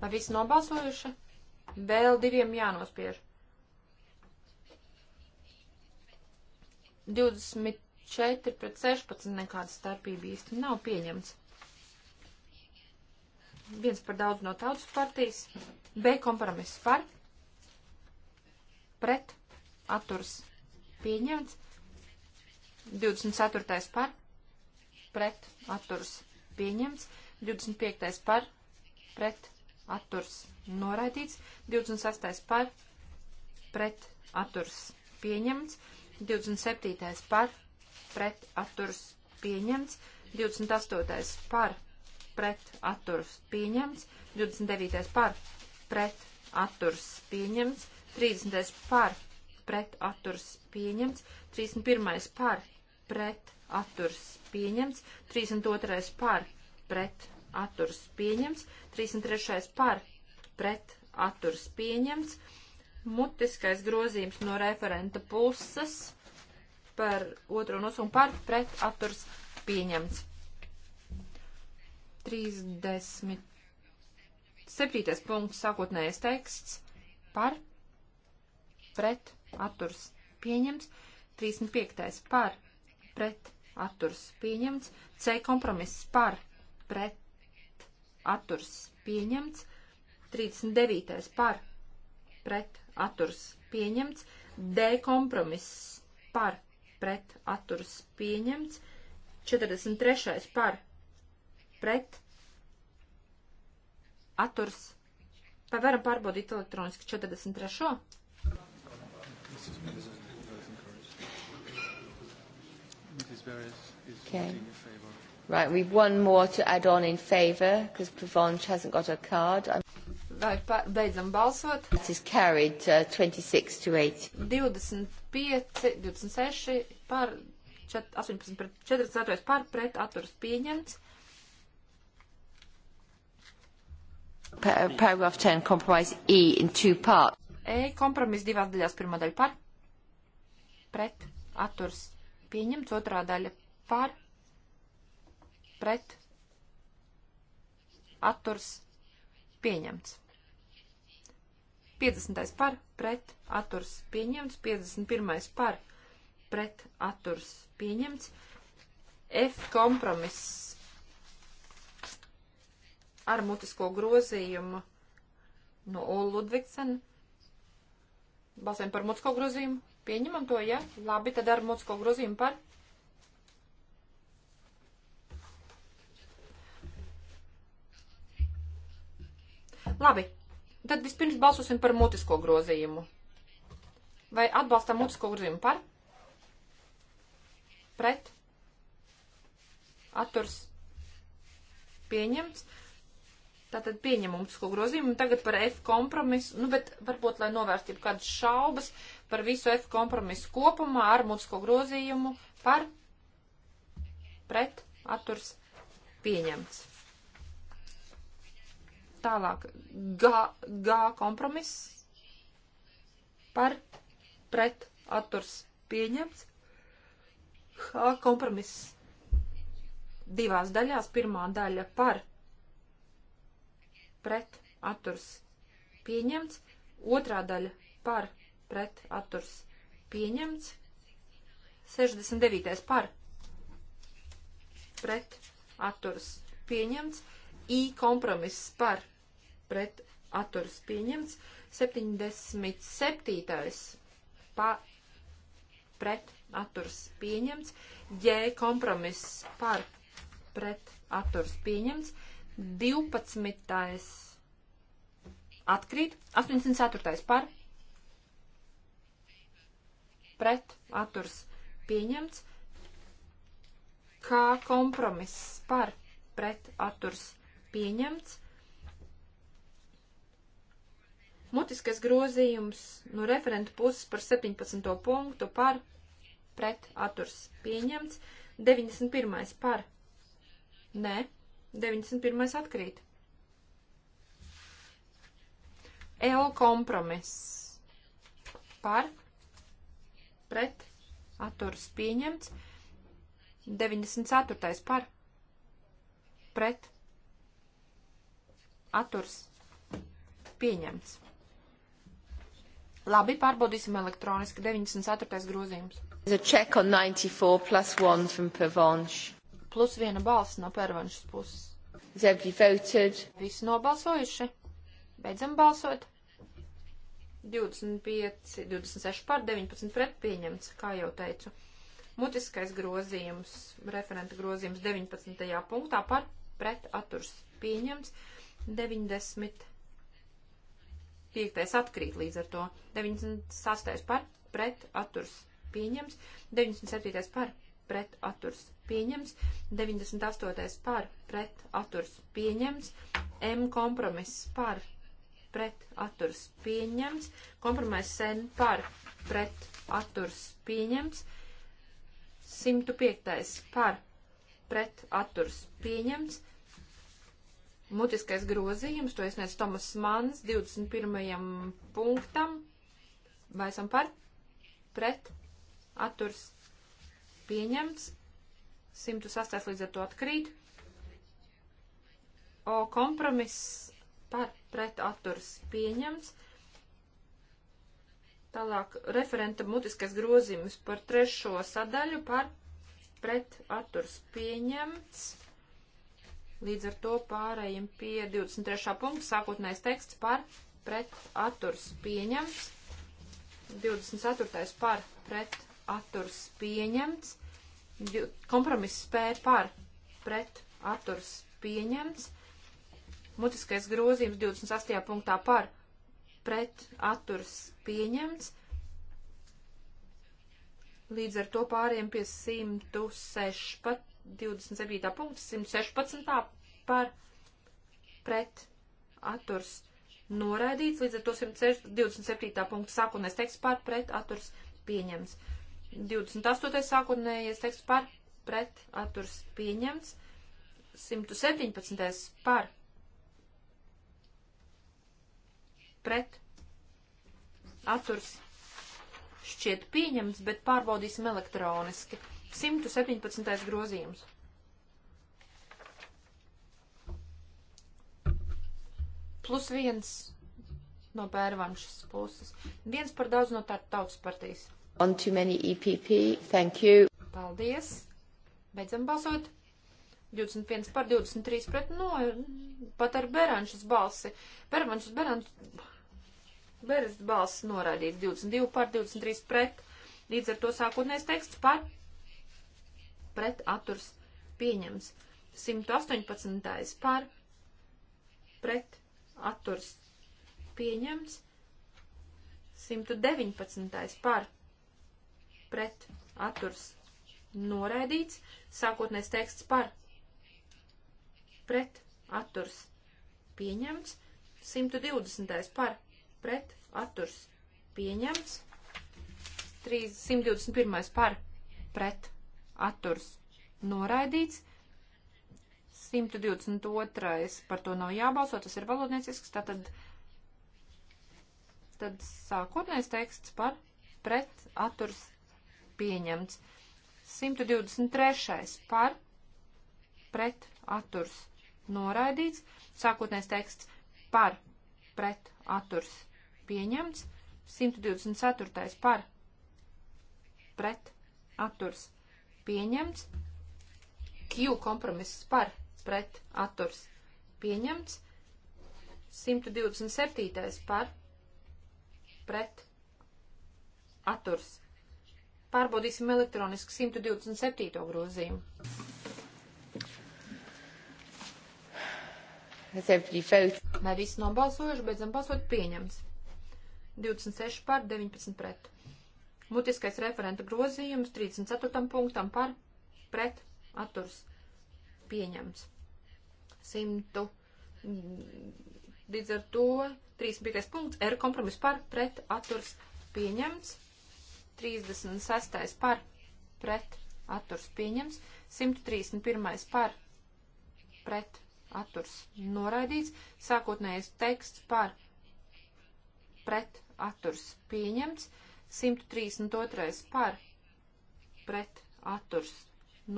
A: Vai visi nobalsojuši? Vēl diviem jānospiež. 24 pret 16 nekāda starpība īsti nav pieņemts viens par daudz no tautas partijas, B kompromiss par, pret, atturs pieņemts, 24. par, pret, atturs pieņemts, 25. par, pret, atturs noraidīts, 26. par, pret, atturs pieņemts, 27. par, pret, atturs pieņemts, 28. par, pret atturs pieņemts, 29. par pret atturs pieņemts, 30. par pret atturs pieņemts, 31. par pret atturs pieņemts, 32. par pret atturs pieņemts, 33. par pret atturs pieņemts, mutiskais grozījums no referenta puses par otro nosaukumu par pret atturs pieņemts. 37. punkts, sākotnējais teksts par, pret, atturs pieņemts, 35. par, pret, atturs pieņemts, C kompromiss par, pret, atturs pieņemts, 39. par, pret, atturs pieņemts, D kompromiss par, pret, atturs pieņemts, 43. par, pret, atturs. Vai varam pārbaudīt elektroniski 43. Okay. Right, we've one more to add on in favour because Provence hasn't got her card. I'm Vai beidzam balsot? It is carried uh, 26 to 8. 25, 26 par 4, 18 pret 44 par pret atturas pieņemts. Paragraph 10, compromise E in two parts. E, kompromiss divās daļās, pirmā daļa par, pret, atturs, pieņemts, otrā daļa par, pret, atturs, pieņemts. 50. par, pret, atturs, pieņemts, 51. par, pret, atturs, pieņemts. F kompromiss ar mutisko grozījumu no Olu Ludvigsen. Balsēm par mutisko grozījumu. Pieņemam to, ja? Labi, tad ar mutisko grozījumu par. Labi, tad vispirms balsosim par mutisko grozījumu. Vai atbalstam mutisko grozījumu par? Pret? Atturs? Pieņemts. Tātad pieņemam šo grozījumu un tagad par F kompromisu, nu, bet varbūt, lai novērstu kādas šaubas par visu F kompromisu kopumā ar mūsu grozījumu par pret atturs pieņemts. Tālāk G, G kompromiss par pret atturs pieņemts. H kompromiss divās daļās. Pirmā daļa par pret pret atturs pieņemts, otrā daļa par pret atturs pieņemts, 69. par pret atturs pieņemts, I kompromiss par pret atturs pieņemts, 77. par pret atturs pieņemts, J kompromiss par pret atturs pieņemts, 12. atkrīt, 84. par, pret, atturs pieņemts, kā kompromiss par, pret, atturs pieņemts. Mutiskais grozījums no referenta puses par 17. punktu par pret atturs pieņemts, 91. par nē, 91. atkrīt. L kompromiss par pret atturas pieņemts. 94. par pret atturas pieņemts. Labi, pārbaudīsim elektroniski 94. grozījums. There's a check on 94 plus 1 from Pavanche plus viena balss no pervanšas puses. Visi nobalsojuši. Beidzam balsot. 25, 26 pār 19 pret pieņemts, kā jau teicu. Mutiskais grozījums, referenta grozījums 19. punktā par pret atturs pieņemts. 95. atkrīt līdz ar to. 96. par pret atturs pieņemts. 97. par pret atturs pieņems, 98. par pret atturs pieņems, M kompromiss par pret atturs pieņems, kompromiss N par pret atturs pieņems, 105. par pret atturs pieņems, mutiskais grozījums, to iesniedz Tomas Mans 21. punktam. Vai esam par? Pret? Atturs pieņemts. 108 līdz ar to atkrīt. O kompromiss par pret atturs pieņemts. Tālāk referenta mutiskais grozījums par trešo sadaļu par pret atturs pieņemts. Līdz ar to pārējiem pie 23. punkta sākotnējais teksts par pret atturs pieņemts. 24. par pret atturs pieņemts. Kompromiss P par pret atturs pieņemts. Mutiskais grozījums 28. punktā par pret atturs pieņemts. Līdz ar to pāriem pie 106, 27. punkta, 116. par pret atturs noraidīts, līdz ar to 127. punkta sākotnēs teksts par pret atturs pieņemts. 28. sākotnējais teksts par pret atturs pieņemts. 117. par pret atturs šķiet pieņemts, bet pārbaudīsim elektroniski. 117. grozījums. Plus viens no pērvanšas puses. Viens par daudz no tautas partijas. On too many EPP. Thank you. Paldies. Beidzam balsot. 21 par 23 pret, no, pat ar Beranšas balsi. Beranšas, Beranšas, Beres balss noraidīts 22 par 23 pret. Līdz ar to sākotnējais teksts par pret atturs pieņems. 118. par pret atturs pieņems. 119. par pret atturs noraidīts, sākotnēs teksts par pret atturs pieņemts, 120. par pret atturs pieņemts, 121. par pret atturs noraidīts, 122. par to nav jābalso, tas ir valodniecisks, tātad tad sākotnējs teksts par pret atturs pieņemts. 123. par pret atturs noraidīts. Sākotnēs teksts par pret atturs pieņemts. 124. par pret atturs pieņemts. Q kompromiss par pret atturs pieņemts. 127. par pret atturs Pārbaudīsim elektroniski 127. grozījumu. Vai visi nobalsojuši, beidzam balsot pieņemts. 26 par, 19 pret. Mutiskais referenta grozījums 34. punktam par, pret, atturs pieņemts. 100. Līdz ar to 35. punkts R kompromis par, pret, atturs pieņemts. 36. par pret atturs pieņems, 131. par pret atturs noraidīts, sākotnējais teksts par pret atturs pieņemts, 132. par pret atturs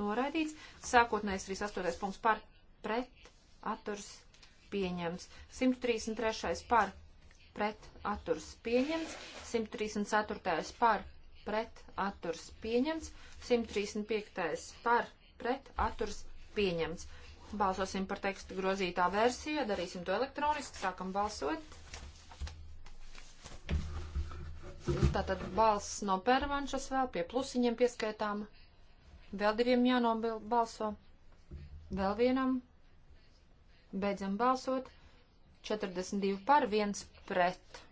A: noraidīts, sākotnējais 38. punkts par pret atturs pieņemts, 133. par pret atturs pieņemts, 134. par pret pret atturs pieņemts, 135. par pret atturs pieņemts. Balsosim par tekstu grozītā versija, darīsim to elektroniski, sākam balsot. Tātad balss no pērvanšas vēl pie plusiņiem pieskaitām. Vēl diviem jānobalso. Vēl vienam. Beidzam balsot. 42 par 1 pret.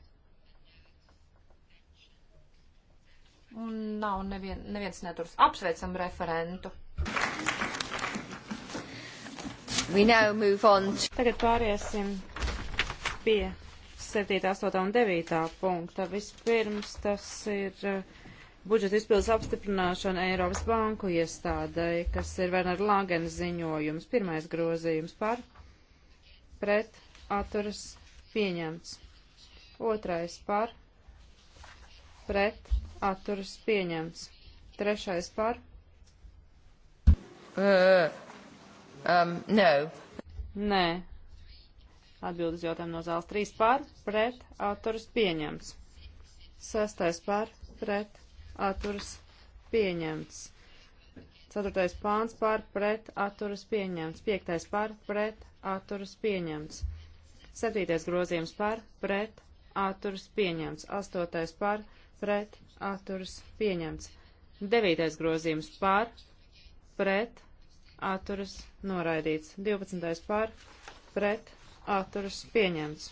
A: Un nav nevien, neviens neturs. Apsveicam referentu.
B: Tagad pāriesim pie 7, 8 un 9 punkta. Vispirms tas ir eh, budžeta izpildes apstiprināšana Eiropas banku iestādai, kas ir Werner Lagen ziņojums. Pirmais grozījums par pret atturas pieņemts. Otrais par pret atturas pieņemts. Trešais par. Uh, um, no. Nē. Atbildes jautājumu no zāles. Trīs par, pret, atturas pieņemts. Sestais par, pret, atturas pieņemts. Ceturtais pāns par pret atturas pieņemts. Piektais par pret atturas pieņemts. Septītais grozījums par pret atturas pieņemts. Astotais par pret atturas pieņemts. Devītais grozījums par, pret, atturas noraidīts. Divpadsmitais par, pret, atturas pieņemts.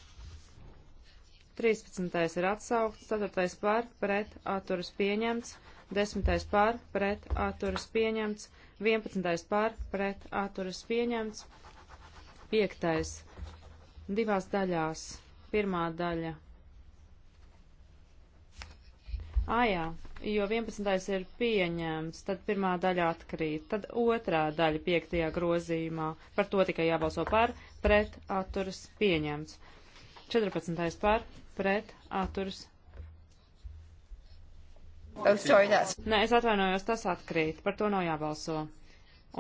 B: Trīspadsmitais ir atsaukts, ceturtais par, pret, atturas pieņemts. Desmitais par, pret, atturas pieņemts. Vienpadsmitais par, pret, atturas pieņemts. Piektais divās daļās. Pirmā daļa Ah, jā, jo 11. ir pieņemts, tad pirmā daļa atkrīt, tad otrā daļa 5. grozījumā. Par to tikai jābalso par, pret, atturas, pieņemts. 14. par, pret, atturas. Oh, sorry, that's... Nē, es atvainojos, tas atkrīt, par to nav jābalso.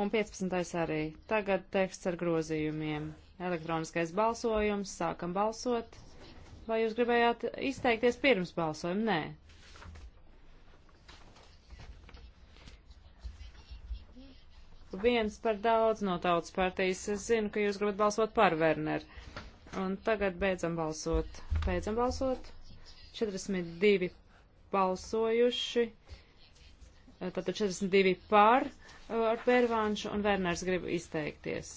B: Un 15. arī. Tagad teksts ar grozījumiem. Elektroniskais balsojums, sākam balsot. Vai jūs gribējāt izteikties pirms balsojuma? Nē, viens par daudz no tautas partijas. Es zinu, ka jūs gribat balsot par Werneru. Un tagad beidzam balsot. Beidzam balsot. 42 balsojuši. Tātad 42 par uh, ar Pērvānšu un Werners grib izteikties.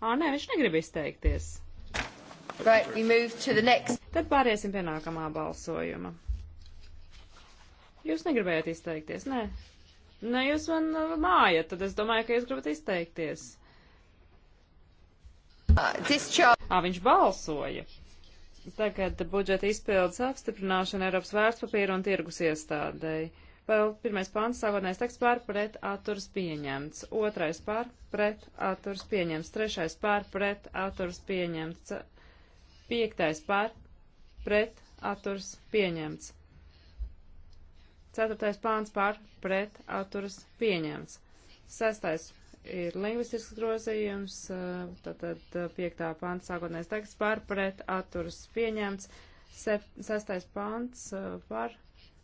B: Ā, nē, viņš negrib izteikties. Right, we move to the next. Tad pāriesim pie nākamā balsojuma. Jūs negribējāt izteikties, nē? Ne? Nu, jūs man uh, mājat, tad es domāju, ka jūs gribat izteikties. Uh, Ā, viņš balsoja. Tagad budžeta izpildes apstiprināšana Eiropas vērtspapīra un tirgus iestādēji. Vēl pirmais pāns, sākotnējais teksts pār pret atturs pieņemts. Otrais pār pret atturs pieņemts. Trešais pār pret atturs pieņemts. Piektais pār pret atturs pieņemts. Ceturtais pāns par pret atturas pieņemts. Sestais ir lingvistisks grozījums, tātad piektā pāns sākotnēs teksts par pret atturas pieņemts. Sep, sestais pāns par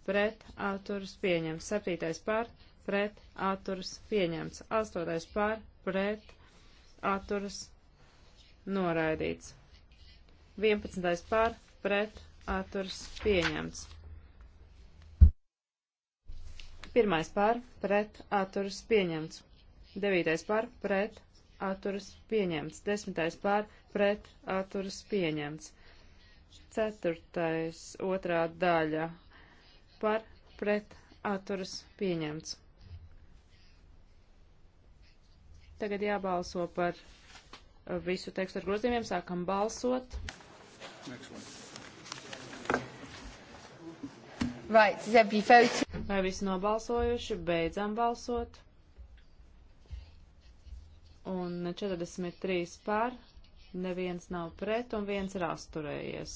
B: pret atturas pieņemts. Septītais par pret atturas pieņemts. Astotais par pret atturas noraidīts. Vienpadsmitais par pret atturas pieņemts. Pirmais par pret atturas pieņemts. Devītais par pret atturas pieņemts. Desmitais par pret atturas pieņemts. Ceturtais otrā daļa par pret atturas pieņemts. Tagad jābalso par uh, visu tekstu ar grozījumiem. Sākam balsot. Right, Vai visi nobalsojuši? Beidzam balsot. Un 43 par, neviens nav pret un viens ir asturējies.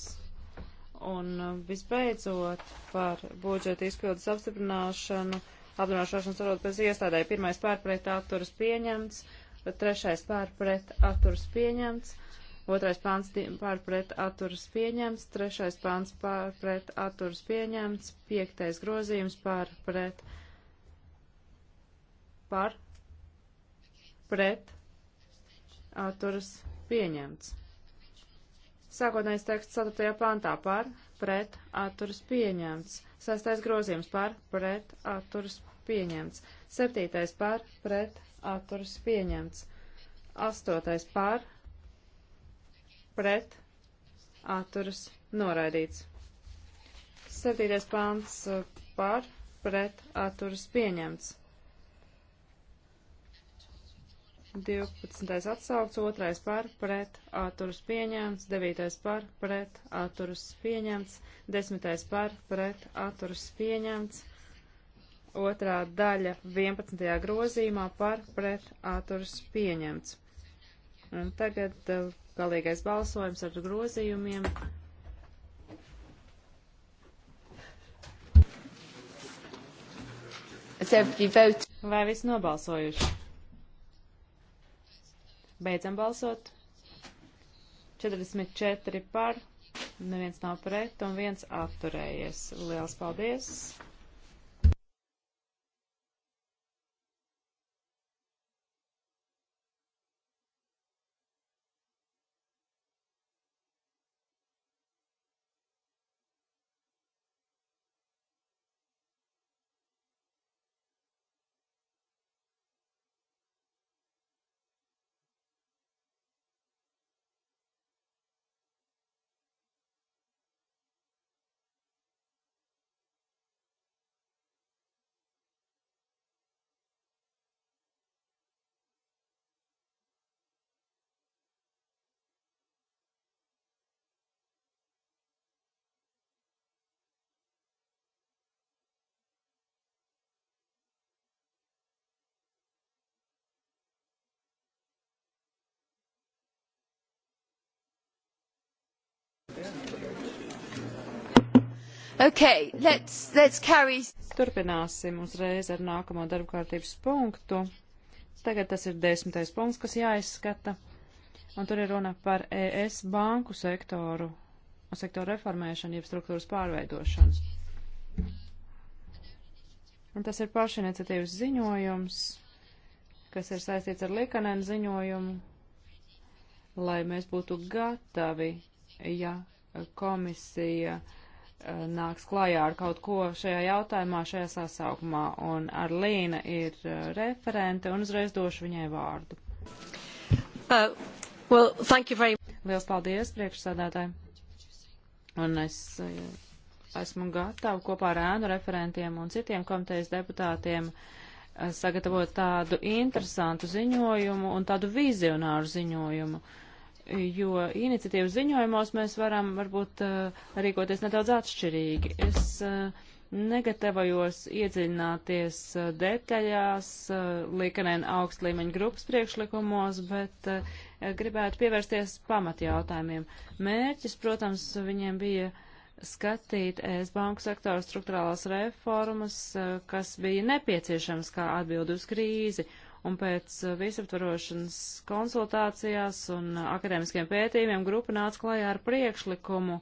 B: Un uh, visbeidzot par budžeta izpildes apstiprināšanu, apdrošināšanas varot bez iestādēja. Pirmais pārpret atturas pieņemts, trešais pārpret atturas pieņemts. Otrais pāns pārpret atturas pieņemts, trešais pāns pārpret atturas pieņemts, piektais grozījums pārpret par pret atturas pieņemts. Sākotnējais teksts 4. pāntā par pret atturas pieņemts. Sastais grozījums par pret atturas pieņemts. Septītais par pret atturas pieņemts. Astotais par pret atturas noraidīts. 7. pāns uh, par pret atturas pieņemts. 12. atsaukts, 2. par pret atturas pieņemts, 9. par pret atturas pieņemts, 10. par pret atturas pieņemts otrā daļa 11. grozījumā par pretaturas pieņemts. Un tagad uh, galīgais balsojums ar grozījumiem. Vai viss nobalsojuši? Beidzam balsot. 44 par, neviens nav pret un viens atturējies. Liels paldies! Okay, let's, let's carry... Turpināsim uzreiz ar nākamo darba kārtības punktu. Tagad tas ir desmitais punkts, kas jāizskata. Un tur ir runa par ES banku sektoru, sektoru reformēšanu, jeb struktūras pārveidošanu. Un tas ir pašiniciatīvas ziņojums, kas ir saistīts ar Likanēnu ziņojumu, lai mēs būtu gatavi, ja komisija uh, Eh, nāks klajā ar kaut ko šajā jautājumā, šajā sasaukumā. Un Arlīna ir eh, referente un uzreiz došu viņai vārdu. Uh, well, thank you very much. Liels paldies priekšsādātāji. Un es eh, esmu gatava kopā ar ēnu referentiem un citiem komitejas deputātiem sagatavot tādu interesantu ziņojumu un tādu vizionāru ziņojumu. Uh, jo iniciatīvas ziņojumos mēs varam varbūt eh, rīkoties nedaudz atšķirīgi. Es eh, negatavojos iedziļināties eh, detaļās Likanēna augstlīmeņa grupas priekšlikumos, bet gribētu pievērsties pamatjautājumiem. Mērķis, protams, viņiem bija skatīt ES banku sektora struktūrālās reformas, kas bija nepieciešams kā atbildi uz krīzi un pēc uh, visaptvarošanas konsultācijās un uh, akadēmiskiem pētījumiem grupa nāca klajā ar priekšlikumu,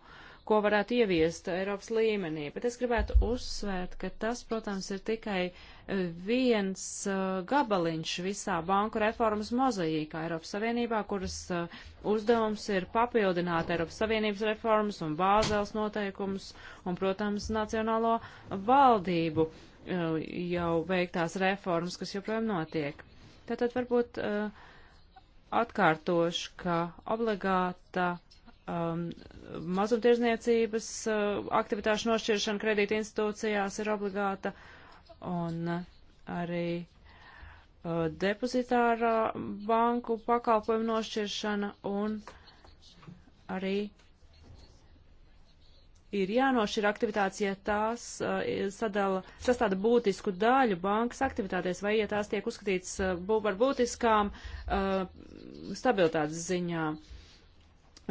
B: ko varētu ieviest Eiropas līmenī. Bet es gribētu uzsvērt, ka tas, protams, ir tikai uh, viens gabaliņš visā banku reformas mozaīkā Eiropas Savienībā, kuras uzdevums ir papildināt Eiropas Savienības reformas un bāzēls noteikumus un, protams, nacionālo valdību Eh, jau veiktās reformas, kas joprojām notiek. Tātad varbūt uh, atkārtošu, ka obligāta um, mazumtirdzniecības uh, aktivitāšu nošķiršana kredīta institūcijās ir obligāta un uh, arī uh, depozitārā banku pakalpojumu nošķiršana un arī ir jānošķir aktivitātes, ja tās eh, sadala, sastāda būtisku daļu bankas aktivitātēs, vai ja tās tiek uzskatītas eh, par būtiskām eh, stabilitātes ziņā.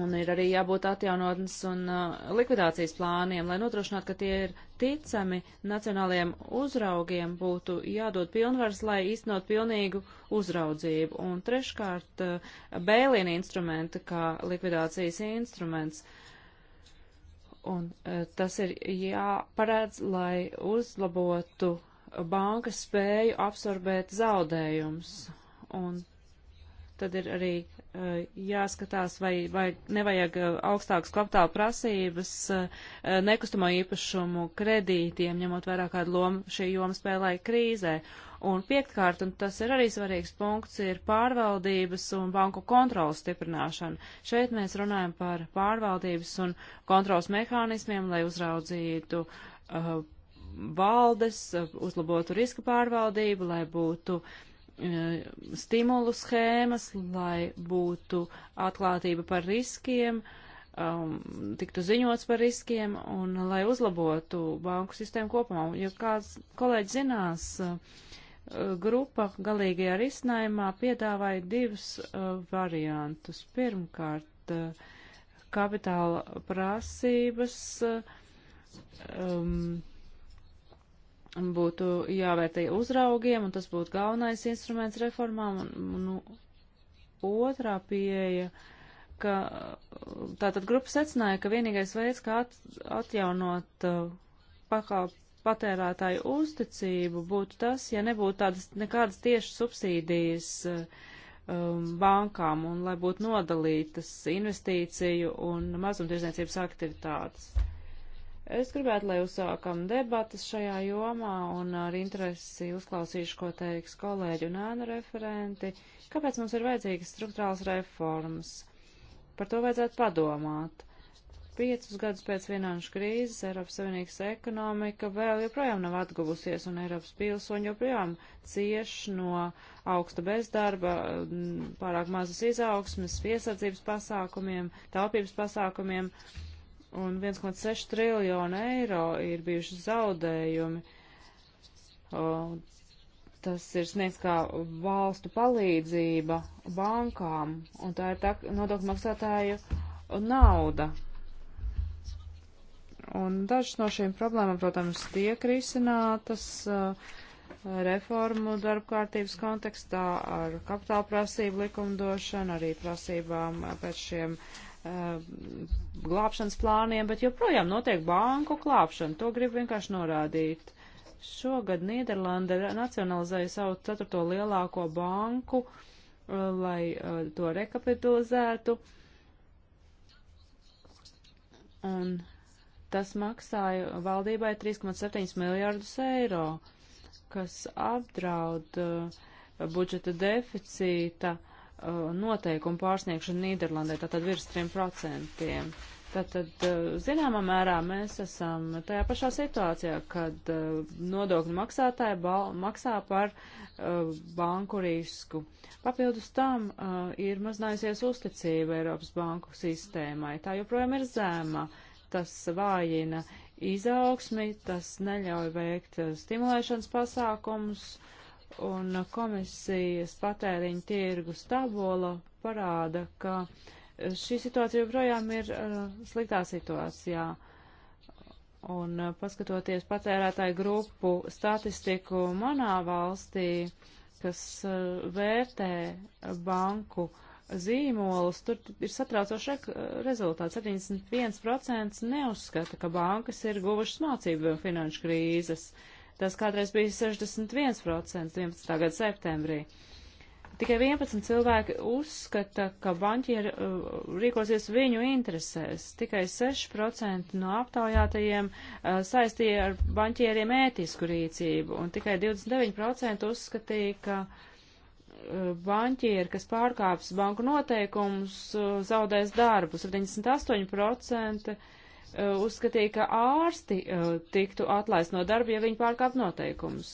B: Un ir arī jābūt atjaunotnes un likvidācijas plāniem, lai nodrošinātu, ka tie ir ticami nacionālajiem uzraugiem, būtu jādod pilnvars, lai īstenot pilnīgu uzraudzību. Un treškārt, bēlīna instrumenta kā likvidācijas instruments. Uh, Un e, tas ir jāparedz, lai uzlabotu bankas spēju absorbēt zaudējumus. Un tad ir arī e, jāskatās, vai, vai nevajag e, augstākas kapitāla prasības nekustamo īpašumu kredītiem, ņemot vērā kādu lomu šī joma spēlēja krīzē. Un piektkārt, un tas ir arī svarīgs punkts, ir pārvaldības un banku kontrolas stiprināšana. Šeit mēs runājam par pārvaldības un kontrolas mehānismiem, lai uzraudzītu uh, valdes, uh, uzlabotu riska pārvaldību, lai būtu uh, stimulu schēmas, lai būtu atklātība par riskiem, um, tiktu ziņots par riskiem un lai uzlabotu banku sistēmu kopumā. Jo kāds kolēģis zinās, uh, grupa galīgajā risinājumā piedāvāja divus uh, variantus. Pirmkārt, uh, kapitāla prasības um, būtu jāvērtē uzraugiem, un tas būtu galvenais instruments reformām. Un, un, nu, otrā pieeja ka tātad grupa secināja, ka vienīgais veids, kā at, atjaunot uh, pakalp, patērētāju uzticību būtu tas, ja nebūtu tādas nekādas tieši subsīdijas eh, um, bankām un lai būtu nodalītas investīciju un mazumtirdzniecības aktivitātes. Es gribētu, lai uzsākam debatas šajā jomā un ar interesi uzklausīšu, ko teiks kolēģi un ēnu referenti, kāpēc mums ir vajadzīgas struktūrāls reformas. Par to vajadzētu padomāt Piecus gadus pēc finanšu krīzes Eiropas Savienības ekonomika vēl joprojām nav atguvusies, un Eiropas pilsoņi joprojām cieš no augsta bezdarba, pārāk mazas izaugsmes, piesardzības pasākumiem, taupības pasākumiem, un 1,6 triljonu eiro ir bijuši zaudējumi. O, tas ir sniegts kā valstu palīdzība bankām, un tā ir tā nodokļu maksātāju nauda. Un dažas no šīm problēmām, protams, tiek risinātas uh, reformu darba kārtības kontekstā ar kapitāla prasību likumdošanu, arī prasībām pēc šiem uh, glābšanas plāniem, bet joprojām notiek banku klāpšana. To grib vienkārši norādīt. Šogad Nīderlanda nacionalizēja savu ceturto lielāko banku, uh, lai to rekapitalizētu. Un Tas maksāja valdībai 3,7 miljārdus eiro, kas apdraud uh, budžeta deficīta uh, noteikumu pārsniegšanu Nīderlandē, tātad virs 3%. Tātad, uh, zināmā mērā, mēs esam tajā pašā situācijā, kad uh, nodokļu maksātāji maksā par uh, banku risku. Papildus tam uh, ir mazinājusies uzticība Eiropas banku sistēmai. Tā joprojām ir zēma tas vājina izaugsmi, tas neļauj veikt eh, stimulēšanas pasākumus, un komisijas patēriņa tirgus tabula parāda, ka eh, šī situācija joprojām ir uh, sliktā situācijā. Un uh, paskatoties patērētāju grupu statistiku manā valstī, kas uh, vērtē banku uh, zīmolus, tur ir satraucoši rezultāti. 71% neuzskata, ka bankas ir guvušas mācību no finanšu krīzes. Tas kādreiz bija 61% 11. gada septembrī. Tikai 11 cilvēki uzskata, ka banķieri uh, rīkosies viņu interesēs. Tikai 6% no aptaujātajiem uh, saistīja ar banķieriem ētisku rīcību, un tikai 29% uzskatīja, ka uh, banķieri, kas pārkāps banku noteikumus, uh, zaudēs darbu. 78% uh, uzskatīja, ka ārsti uh, tiktu atlaist no darba, ja viņi pārkāp noteikumus.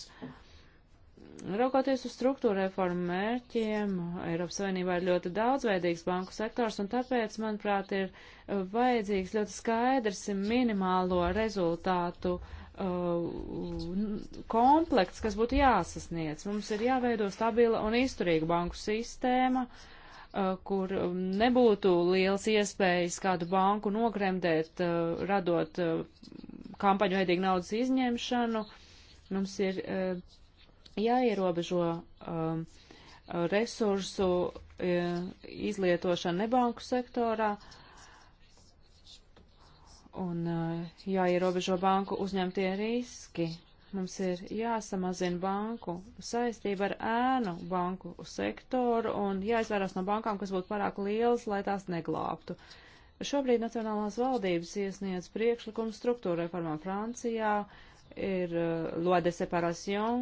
B: Raugoties uz struktūra reformu mērķiem, Eiropas Savienībā ir ļoti daudzveidīgs banku sektors, un tāpēc, manuprāt, ir vajadzīgs ļoti skaidrs minimālo rezultātu uh, Uh, komplekts, kas būtu jāsasniedz. Mums ir jāveido stabila un izturīga banku sistēma, uh, kur nebūtu liels iespējas kādu banku nokremdēt, uh, radot kampaņu veidīgu naudas izņemšanu. Mums ir jāierobežo um, resursu izlietošana nebanku sektorā. Uh, un eh, jāierobežo banku uzņemtie riski. Mums ir jāsamazina banku saistība ar ēnu banku sektoru un jāizvērās no bankām, kas būtu pārāk lielas, lai tās neglābtu. Šobrīd Nacionālās valdības iesniedz priekšlikumu struktūra reformām Francijā, ir uh, loi de separation,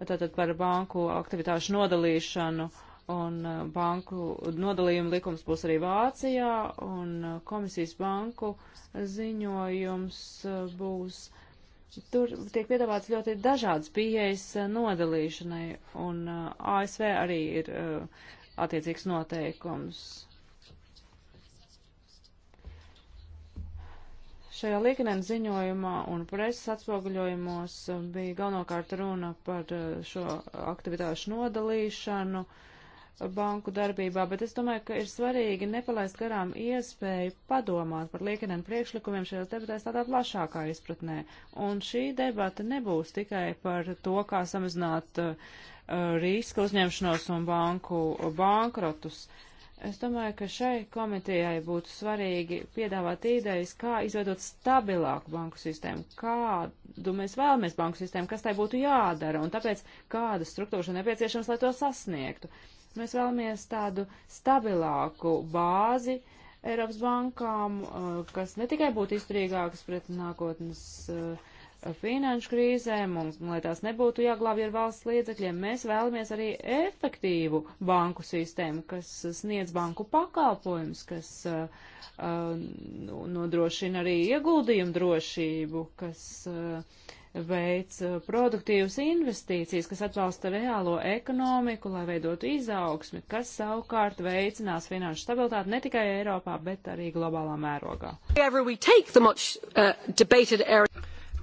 B: tātad par banku aktivitāšu nodalīšanu uh, un uh, banku nodalījuma likums būs arī Vācijā, un uh, komisijas banku ziņojums uh, būs. Tur tiek piedāvāts ļoti dažādas pieejas nodalīšanai, un ASV arī ir attiecīgs noteikums. Šajā Likanēna ziņojumā un preses atspoguļojumos bija galvenokārt runa par šo aktivitāšu nodalīšanu. Uh, banku darbībā, bet es domāju, ka ir svarīgi nepalaist garām iespēju padomāt par liekaniem priekšlikumiem šajās debatēs tādā plašākā izpratnē. Un šī debata nebūs tikai par to, kā samazināt uh, uh riska uzņemšanos un banku uh, bankrotus. Es domāju, ka šai komitejai būtu svarīgi piedāvāt idejas, kā izveidot stabilāku banku sistēmu, kādu mēs vēlamies banku sistēmu, kas tai būtu jādara un tāpēc kādas struktūras ir nepieciešams, lai to sasniegtu. Uh, Mēs vēlamies tādu stabilāku bāzi Eiropas bankām, uh, kas ne tikai būtu izturīgākas pret nākotnes uh, finanšu krīzēm, mums, lai tās nebūtu jāglābj ar valsts līdzekļiem, mēs vēlamies arī efektīvu banku sistēmu, kas sniedz banku pakalpojumus, kas uh, uh nodrošina arī ieguldījumu drošību, kas uh, veic eh, produktīvas investīcijas, kas atbalsta reālo ekonomiku, lai veidotu izaugsmi, kas savukārt veicinās finanšu stabilitāti ne tikai Eiropā, bet arī globālā mērogā.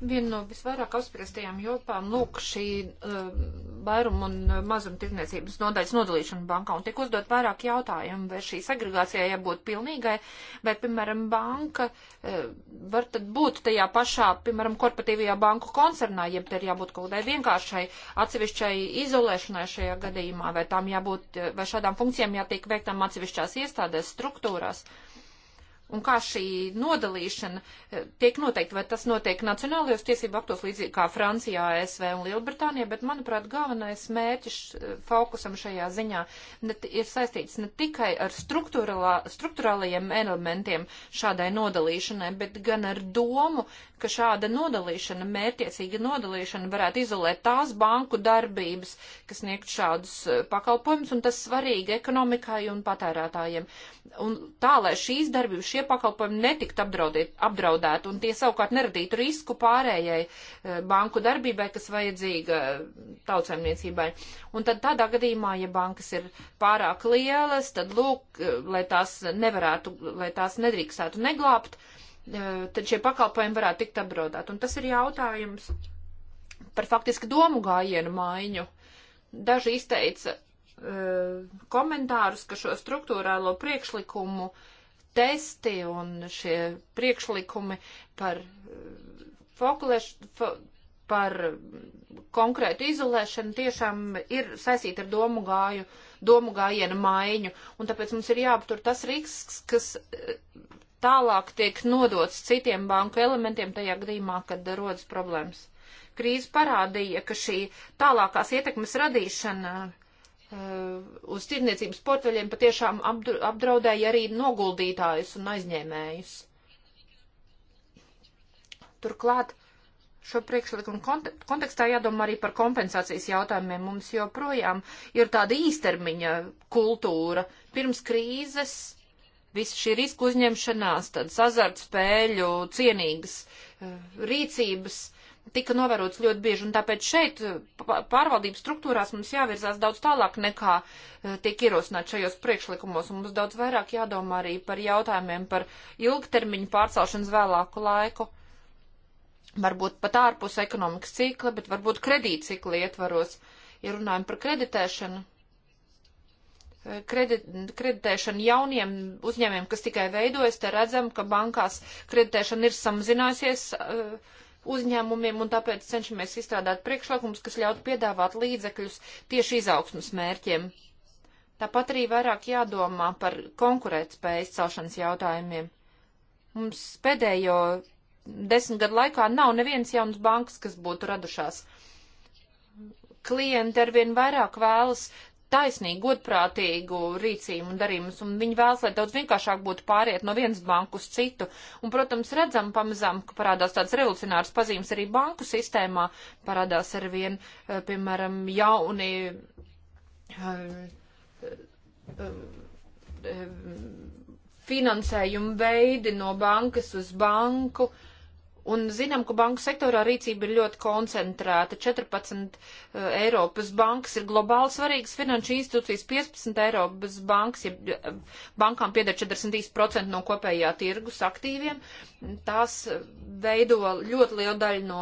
A: Viena no visvairāk apspriestajām jopām, lūk, šī uh, vairuma un eh, mazumtirdzniecības nodaļas nodalīšana bankā. Un tiek uzdot vairāk jautājumu, vai šī segregācija jābūt pilnīgai, vai, piemēram, banka uh, var tad būt tajā pašā, piemēram, korporatīvajā banku koncernā, jeb te ir jābūt kaut kādai vienkāršai atsevišķai izolēšanai šajā gadījumā, vai tām jābūt, vai šādām funkcijām jātiek veiktām atsevišķās iestādēs, struktūrās. Uh, un kā šī nodalīšana eh, tiek noteikta, vai tas notiek nacionālajos tiesību aktos līdzīgi kā Francijā, ASV un Lielbritānija, bet, manuprāt, galvenais mērķis eh, fokusam šajā ziņā ne, ir saistīts ne tikai ar struktūrālajiem elementiem šādai nodalīšanai, bet gan ar domu ka šāda nodalīšana, mērķiecīga nodalīšana varētu izolēt tās banku darbības, kas sniegt šādus e, pakalpojumus, un tas svarīgi ekonomikai un patērētājiem. Un tā, lai šīs darbības, šie pakalpojumi netikt apdraudēti, un tie savukārt neradītu risku pārējai e, banku darbībai, kas vajadzīga e, tautsēmniecībai. Un tad tādā gadījumā, ja bankas ir pārāk lielas, tad lūk, lai tās nevarētu, lai tās nedrīkstētu neglābt, tad šie pakalpojumi varētu tikt apdraudēti. Un tas ir jautājums par faktiski domu gājienu maiņu. Daži izteica uh, komentārus, ka šo struktūrālo priekšlikumu testi un šie priekšlikumi par, e, fokulēš, fo, par konkrētu izolēšanu tiešām ir saistīti ar domu gāju, domu gājienu maiņu. Un tāpēc mums ir jāaptur tas risks, kas uh, tālāk tiek nodots citiem banku elementiem tajā gadījumā, kad rodas problēmas. Krīze parādīja, ka šī tālākās ietekmes radīšana uh, uz tirdzniecības portfeļiem patiešām apdraudēja arī noguldītājus un aizņēmējus. Turklāt šo priekšlikumu kontekstā jādomā arī par kompensācijas jautājumiem. Mums joprojām ir tāda īstermiņa kultūra. Pirms krīzes Visa šī riska uzņemšanās, tad azartspēļu cienīgas eh, rīcības tika novērots ļoti bieži, un tāpēc šeit eh, pārvaldības struktūrās mums jāvirzās daudz tālāk nekā eh, tiek ierosināt šajos priekšlikumos, un mums daudz vairāk jādomā arī par jautājumiem par ilgtermiņu pārcelšanas vēlāku laiku. Varbūt pat ārpus ekonomikas cikla, bet varbūt kredītcikla ietvaros, ja runājam par kreditēšanu kredit, kreditēšanu jauniem uzņēmiem, kas tikai veidojas, te redzam, ka bankās kreditēšana ir samazinājusies uh, uzņēmumiem, un tāpēc cenšamies izstrādāt priekšlikumus, kas ļautu piedāvāt līdzekļus tieši izaugsmas mērķiem. Tāpat arī vairāk jādomā par konkurētspējas celšanas jautājumiem. Mums pēdējo desmit gadu laikā nav nevienas jaunas bankas, kas būtu radušās klienti arvien vairāk vēlas taisnīgu, godprātīgu rīcību un darījumus, un viņi vēlas, lai daudz vienkāršāk būtu pāriet no vienas banku uz citu. Un, protams, redzam pamazām, ka parādās tāds revolucionārs pazīmes arī banku sistēmā, parādās ar vien, eh, piemēram, jauni. Um, um, finansējumu veidi no bankas uz banku, uh, Un zinām, ka banku sektorā rīcība ir ļoti koncentrēta. 14 uh, eh, Eiropas bankas ir globāli svarīgas finanšu institūcijas, 15 Eiropas bankas, ja eh, bankām pieder 43% no kopējā tirgus aktīviem. Tās eh, veido ļoti lielu daļu no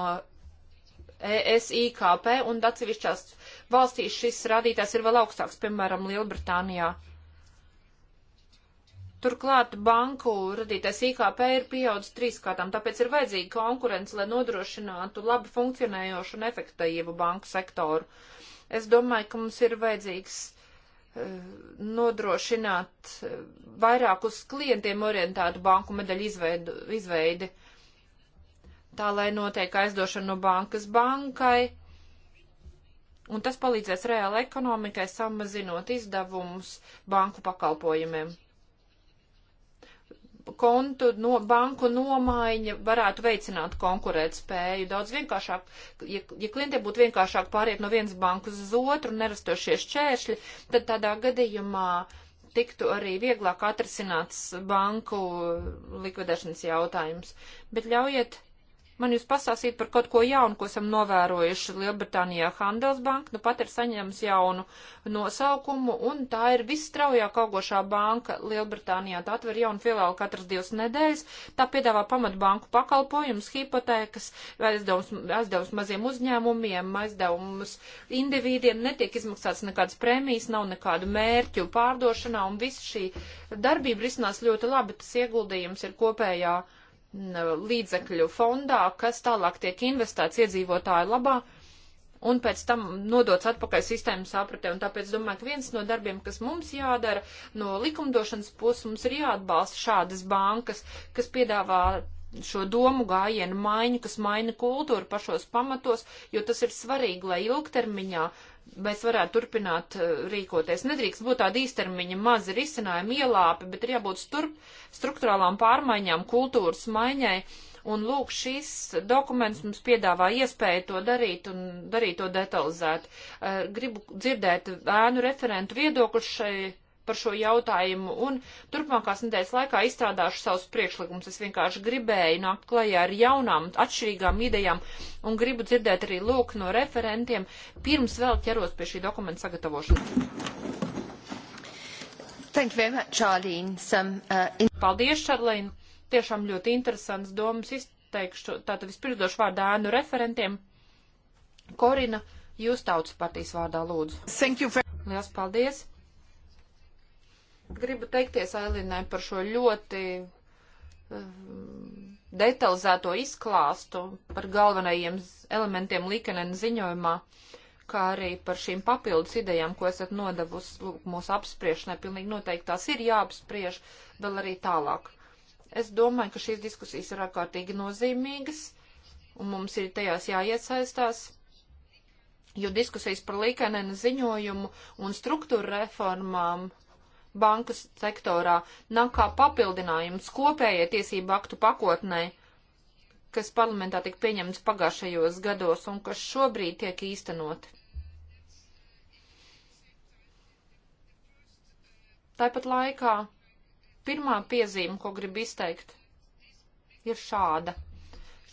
A: ESIKP, un atsevišķās valstīs šis rādītājs ir vēl augstāks, piemēram, Lielbritānijā. Uh, Turklāt banku radītais IKP ir pieaudzis trīskārtām, tāpēc ir vajadzīga konkurence, lai nodrošinātu labi funkcionējošu un efektīvu banku sektoru. Es domāju, ka mums ir vajadzīgs
B: uh,
A: nodrošināt eh, vairāk uz klientiem orientētu banku medaļu izveidu, izveidi, tā lai notiek aizdošana no bankas bankai, un tas palīdzēs reāla ekonomikai samazinot izdevumus banku pakalpojumiem kontu, no, banku nomaiņa varētu veicināt konkurētspēju. Daudz vienkāršāk, ja, ja klientiem būtu vienkāršāk pāriet no vienas bankas uz otru, nerastošie šķēršļi, tad tādā gadījumā tiktu arī vieglāk atrisināts banku likvidēšanas jautājums. Bet ļaujiet Man jūs pasāstīt par kaut ko jaunu, ko esam novērojuši Lielbritānijā Handelsbank, nu pat ir saņēmis jaunu nosaukumu, un tā ir visstraujāk augošā banka Lielbritānijā. Tā atver jaunu filiālu katras divas nedēļas, tā piedāvā pamatbanku pakalpojumus, hipotēkas, aizdevums, aizdevums maziem uzņēmumiem, aizdevums individiem, netiek izmaksāts nekādas prēmijas, nav nekādu mērķu pārdošanā, un visa šī darbība risinās ļoti labi, tas ieguldījums ir kopējā līdzekļu fondā, kas tālāk tiek investēts iedzīvotāju labā un pēc tam nodots atpakaļ sistēmas apritē. Un tāpēc domāju, ka viens no darbiem, kas mums jādara no likumdošanas puses, mums ir jāatbalsta šādas bankas, kas piedāvā šo domu gājienu maiņu, kas maina kultūru pašos pamatos, jo tas ir svarīgi, lai ilgtermiņā uh, vai es varētu turpināt eh, rīkoties. Nedrīkst būt tāda īstermiņa mazi risinājumi ielāpi, bet ir jābūt sturp, struktūrālām pārmaiņām, kultūras maiņai. Un lūk, šīs dokuments mums piedāvā iespēju to darīt un darīt to detalizēt. Eh, gribu dzirdēt ēnu referentu viedokli šai par šo jautājumu un turpmākās nedēļas laikā izstrādāšu savus priekšlikumus. Es vienkārši gribēju nākt klajā ar jaunām, atšķirīgām idejām un gribu dzirdēt arī lūk no referentiem, pirms vēl ķeros pie šī dokumenta sagatavošanas. Thank you very much, Charlene. Some, uh, in... Paldies, Čarlīna. Tiešām ļoti interesants domas izteikšu. Tātad vispirms došu vārdu ēnu referentiem. Korina, jūs tautas partijas vārdā lūdzu. Thank you. For... Liels paldies. Gribu teikties Ailinai par šo ļoti eh, detalizēto izklāstu par galvenajiem elementiem Likanena ziņojumā, kā arī par šīm papildus idejām, ko esat nodavus lūk, mūsu apspriešanai. Pilnīgi noteikti tās ir jāapspriež vēl arī tālāk. Es domāju, ka šīs diskusijas ir ārkārtīgi nozīmīgas, un mums ir tajās jāiesaistās jo diskusijas par Līkanena ziņojumu un struktūra reformām banku sektorā nāk kā papildinājums kopējai tiesību aktu pakotnē, kas parlamentā tika pieņemts pagājušajos gados un kas šobrīd tiek īstenoti. Tāpat laikā pirmā piezīme, ko gribu izteikt, ir šāda.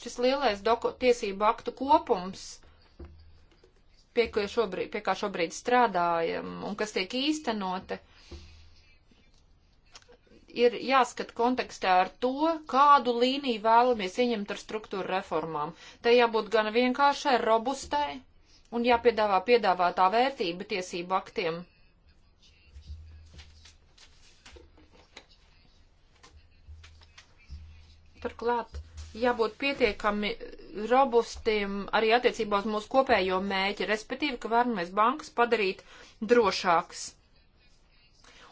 A: Šis lielais doku, tiesību aktu kopums pie, šobrīd, pie kā šobrīd strādājam un kas tiek īstenota, ir jāskat kontekstā ar to, kādu līniju vēlamies ieņemt ar struktūra reformām. Te jābūt gan vienkāršai, robustai un jāpiedāvā piedāvātā vērtība tiesību aktiem. Turklāt jābūt pietiekami robustiem arī attiecībā uz mūsu kopējo mēķi, respektīvi, ka vēlamies bankas padarīt drošākas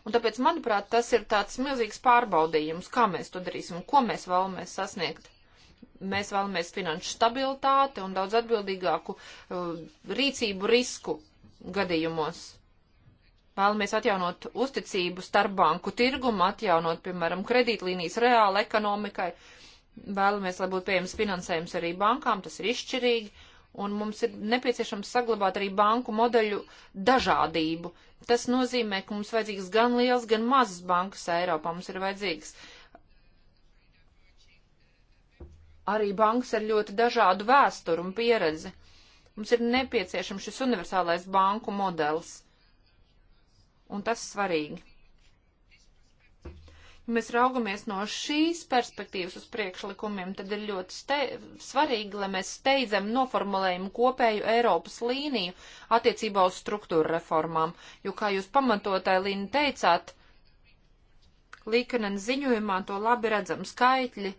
A: Un tāpēc, manuprāt, tas ir tāds milzīgs pārbaudījums, kā mēs to darīsim un ko mēs vēlamies sasniegt. Mēs vēlamies finanšu stabilitāti un daudz atbildīgāku uh, rīcību risku gadījumos. Vēlamies atjaunot uzticību starp banku tirgumu, atjaunot, piemēram, kredītlīnijas reāli ekonomikai. Vēlamies, lai būtu pieejams finansējums arī bankām, tas ir izšķirīgi un mums ir nepieciešams saglabāt arī banku modeļu dažādību. Tas nozīmē, ka mums vajadzīgs gan liels, gan mazas bankas Eiropā. Mums ir vajadzīgs arī bankas ar ļoti dažādu vēsturu un pieredzi. Mums ir nepieciešams šis universālais banku modelis. Un tas svarīgi mēs raugamies no šīs perspektīvas uz priekšlikumiem, tad ir ļoti ste, svarīgi, lai mēs steidzam noformulējam kopēju Eiropas līniju attiecībā uz struktūra reformām, jo, kā jūs pamatotāji Līna teicāt, Līkanen ziņojumā to labi redzam skaitļi.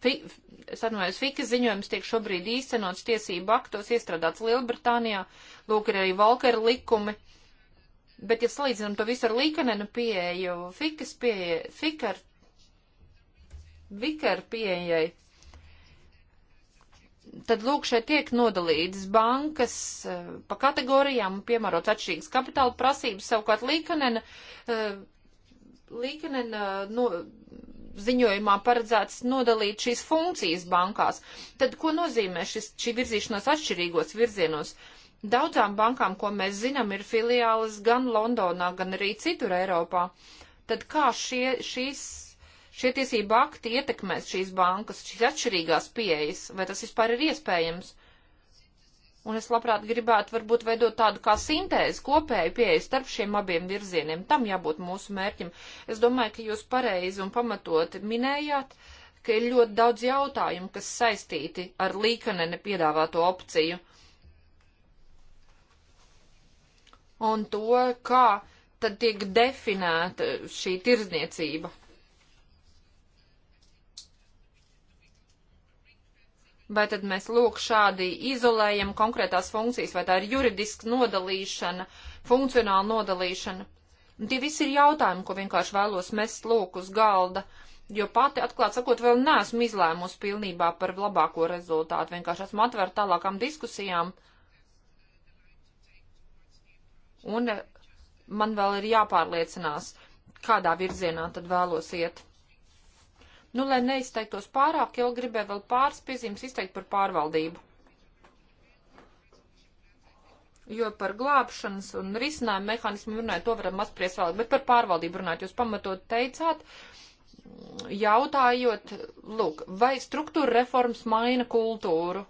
A: Fi, es atvainojos, Fika ziņojums tiek šobrīd īstenots tiesību aktos, iestrādāts Lielbritānijā, lūk ir arī Volkera likumi Bet, ja salīdzinām to visu ar līkanenu pieeju, fikas pieeja, fikar, vikar pieejai, tad lūk šeit tiek nodalītas bankas eh, pa kategorijām, piemērot atšķirīgas kapitāla prasības, savukārt līkanena, eh, līkanena eh, no, ziņojumā paredzēts nodalīt šīs funkcijas bankās. Tad ko nozīmē šis, šī virzīšanās atšķirīgos virzienos? Uh, Daudzām bankām, ko mēs zinām, ir filiālis gan Londonā, gan arī citur Eiropā. Tad kā šie, šīs, šie tiesība akti ietekmēs šīs bankas, šīs atšķirīgās pieejas, vai tas vispār ir iespējams? Un es labprāt gribētu varbūt veidot tādu kā sintēzi, kopēju pieeju starp šiem abiem virzieniem. Tam jābūt mūsu mērķim. Es domāju, ka jūs pareizi un pamatoti minējāt, ka ir ļoti daudz jautājumu, kas saistīti ar līkanene piedāvāto opciju un to, kā tad tiek definēta šī tirdzniecība. Vai tad mēs lūk šādi izolējam konkrētās funkcijas, vai tā ir juridiska nodalīšana, funkcionāla nodalīšana? Un tie visi ir jautājumi, ko vienkārši vēlos mest lūk uz galda, jo pati, atklāt sakot, vēl neesmu izlēmusi pilnībā par labāko rezultātu, vienkārši esmu atvērta tālākām diskusijām. Uh, Un eh, man vēl ir jāpārliecinās, kādā virzienā tad vēlos iet. Nu, lai neizteiktos pārāk, jau gribēju vēl pāris piezīmes izteikt par pārvaldību. Jo par glābšanas un risinājumu mehānismu runājot, to varam apspriest vēlāk, bet par pārvaldību runājot, jūs pamatot teicāt, jautājot, lūk, vai struktūra reformas maina kultūru?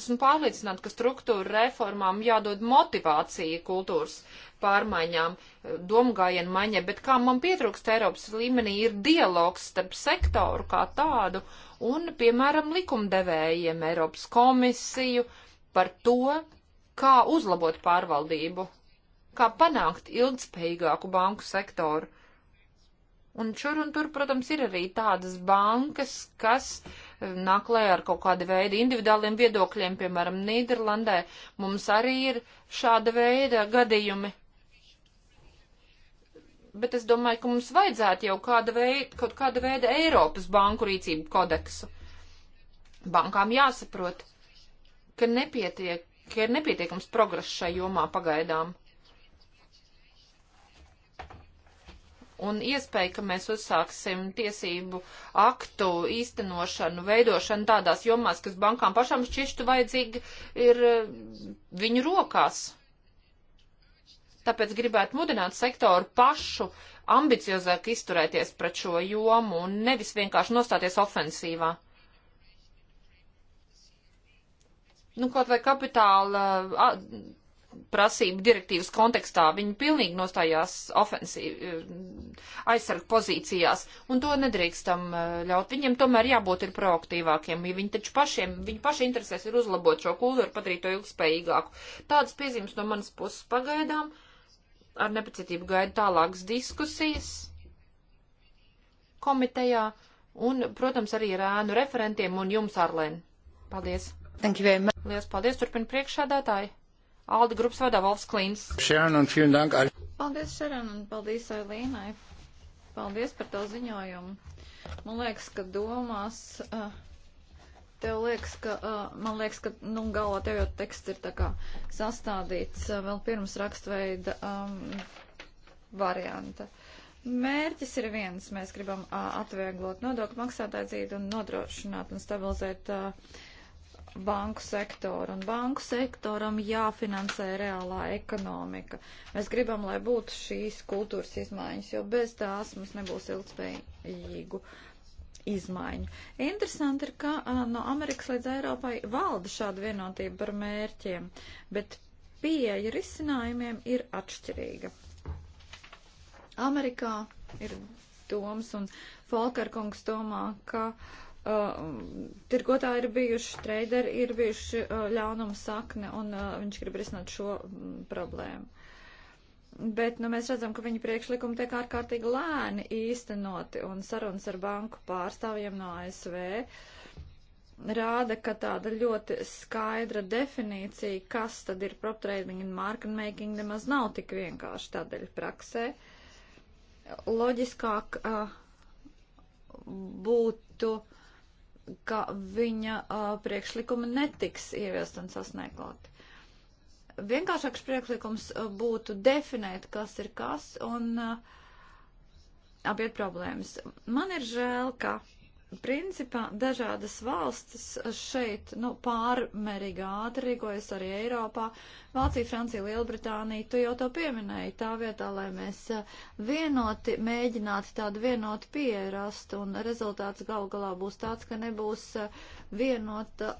A: Esmu pārliecināta, ka struktūra reformām jādod motivācija kultūras pārmaiņām, domgājienu maiņai, bet kā man pietrūkst Eiropas līmenī, ir dialogs starp sektoru kā tādu un, piemēram, likumdevējiem Eiropas komisiju par to, kā uzlabot pārvaldību, kā panākt ilgspējīgāku banku sektoru. Un šur un tur, protams, ir arī tādas bankas, kas uh, nāk lē ar kaut kādu veidu individuāliem viedokļiem, piemēram, Nīderlandē. Mums arī ir šāda veida gadījumi. Bet es domāju, ka mums vajadzētu jau kāda veida, kaut kāda veida Eiropas banku rīcību kodeksu. Bankām jāsaprot, ka, nepietiek, ka ir nepietiekams progress šai jomā pagaidām. un iespēja, ka mēs uzsāksim tiesību aktu īstenošanu, veidošanu tādās jomās, kas bankām pašām šķištu vajadzīgi, ir eh, viņu rokās. Tāpēc gribētu mudināt sektoru pašu ambiciozāk izturēties pret šo jomu un nevis vienkārši nostāties ofensīvā. Nu, kaut vai kapitāla prasību direktīvas kontekstā. Viņi pilnīgi nostājās ofensīvi eh, aizsargu pozīcijās, un to nedrīkstam eh, ļaut. Viņiem tomēr jābūt ir proaktīvākiem, jo viņi taču pašiem, viņi paši interesēs ir uzlabot šo kultūru, padarīt to ilgspējīgāku. Tādas piezīmes no manas puses pagaidām. Ar nepacietību gaidu tālākas diskusijas komitejā un, protams, arī ar ēnu referentiem un jums, Arlēn. Paldies! Thank you very much! Lielas paldies, turpina priekšādātāji! Alda grupas vadā Valfs Klīns.
B: Šeran un vielen dank.
A: Paldies, Šeran, un paldies
C: Ailīnai. Paldies par to ziņojumu. Man liekas, ka domās. Uh, tev liekas, ka, uh, man liekas, ka, nu, galvā tev jau teksts ir tā kā sastādīts uh, vēl pirms rakstveida um, varianta. Mērķis ir viens, mēs gribam uh, atvieglot nodokļu maksātāju dzīvi un nodrošināt un stabilizēt uh, banku sektoru, un banku sektoram jāfinansē reālā ekonomika. Mēs gribam, lai būtu šīs kultūras izmaiņas, jo bez tās mums nebūs ilgspējīgu izmaiņu. Interesanti ir, ka no Amerikas līdz Eiropai valda šāda vienotība par mērķiem, bet pieeja risinājumiem ir atšķirīga. Amerikā ir domas, un Folkerkungs domā, ka uh, Uh, tirgotāji ir bijuši, treideri ir bijuši uh, ļaunuma sakne, un uh, viņš grib risināt šo mm, problēmu. Bet nu, mēs redzam, ka viņa priekšlikumi tiek ārkārtīgi lēni īstenoti, un sarunas ar banku pārstāvjiem no ASV rāda, ka tāda ļoti skaidra definīcija, kas tad ir prop trading un market making, nemaz nav tik vienkārši tādēļ praksē. Loģiskāk uh, būtu uh, ka viņa uh, priekšlikumi netiks ieviest un sasniegt. Vienkāršāks priekšlikums uh, būtu definēt, kas ir kas un uh, apiet problēmas. Man ir žēl, ka Principā dažādas valstis šeit nu, pārmērīgi ātri rīkojas arī Eiropā. Vācija, Francija, Lielbritānija, tu jau to pieminēji, tā vietā, lai mēs vienoti mēģinātu tādu vienotu pierast, un rezultāts gal galā būs tāds, ka nebūs vienota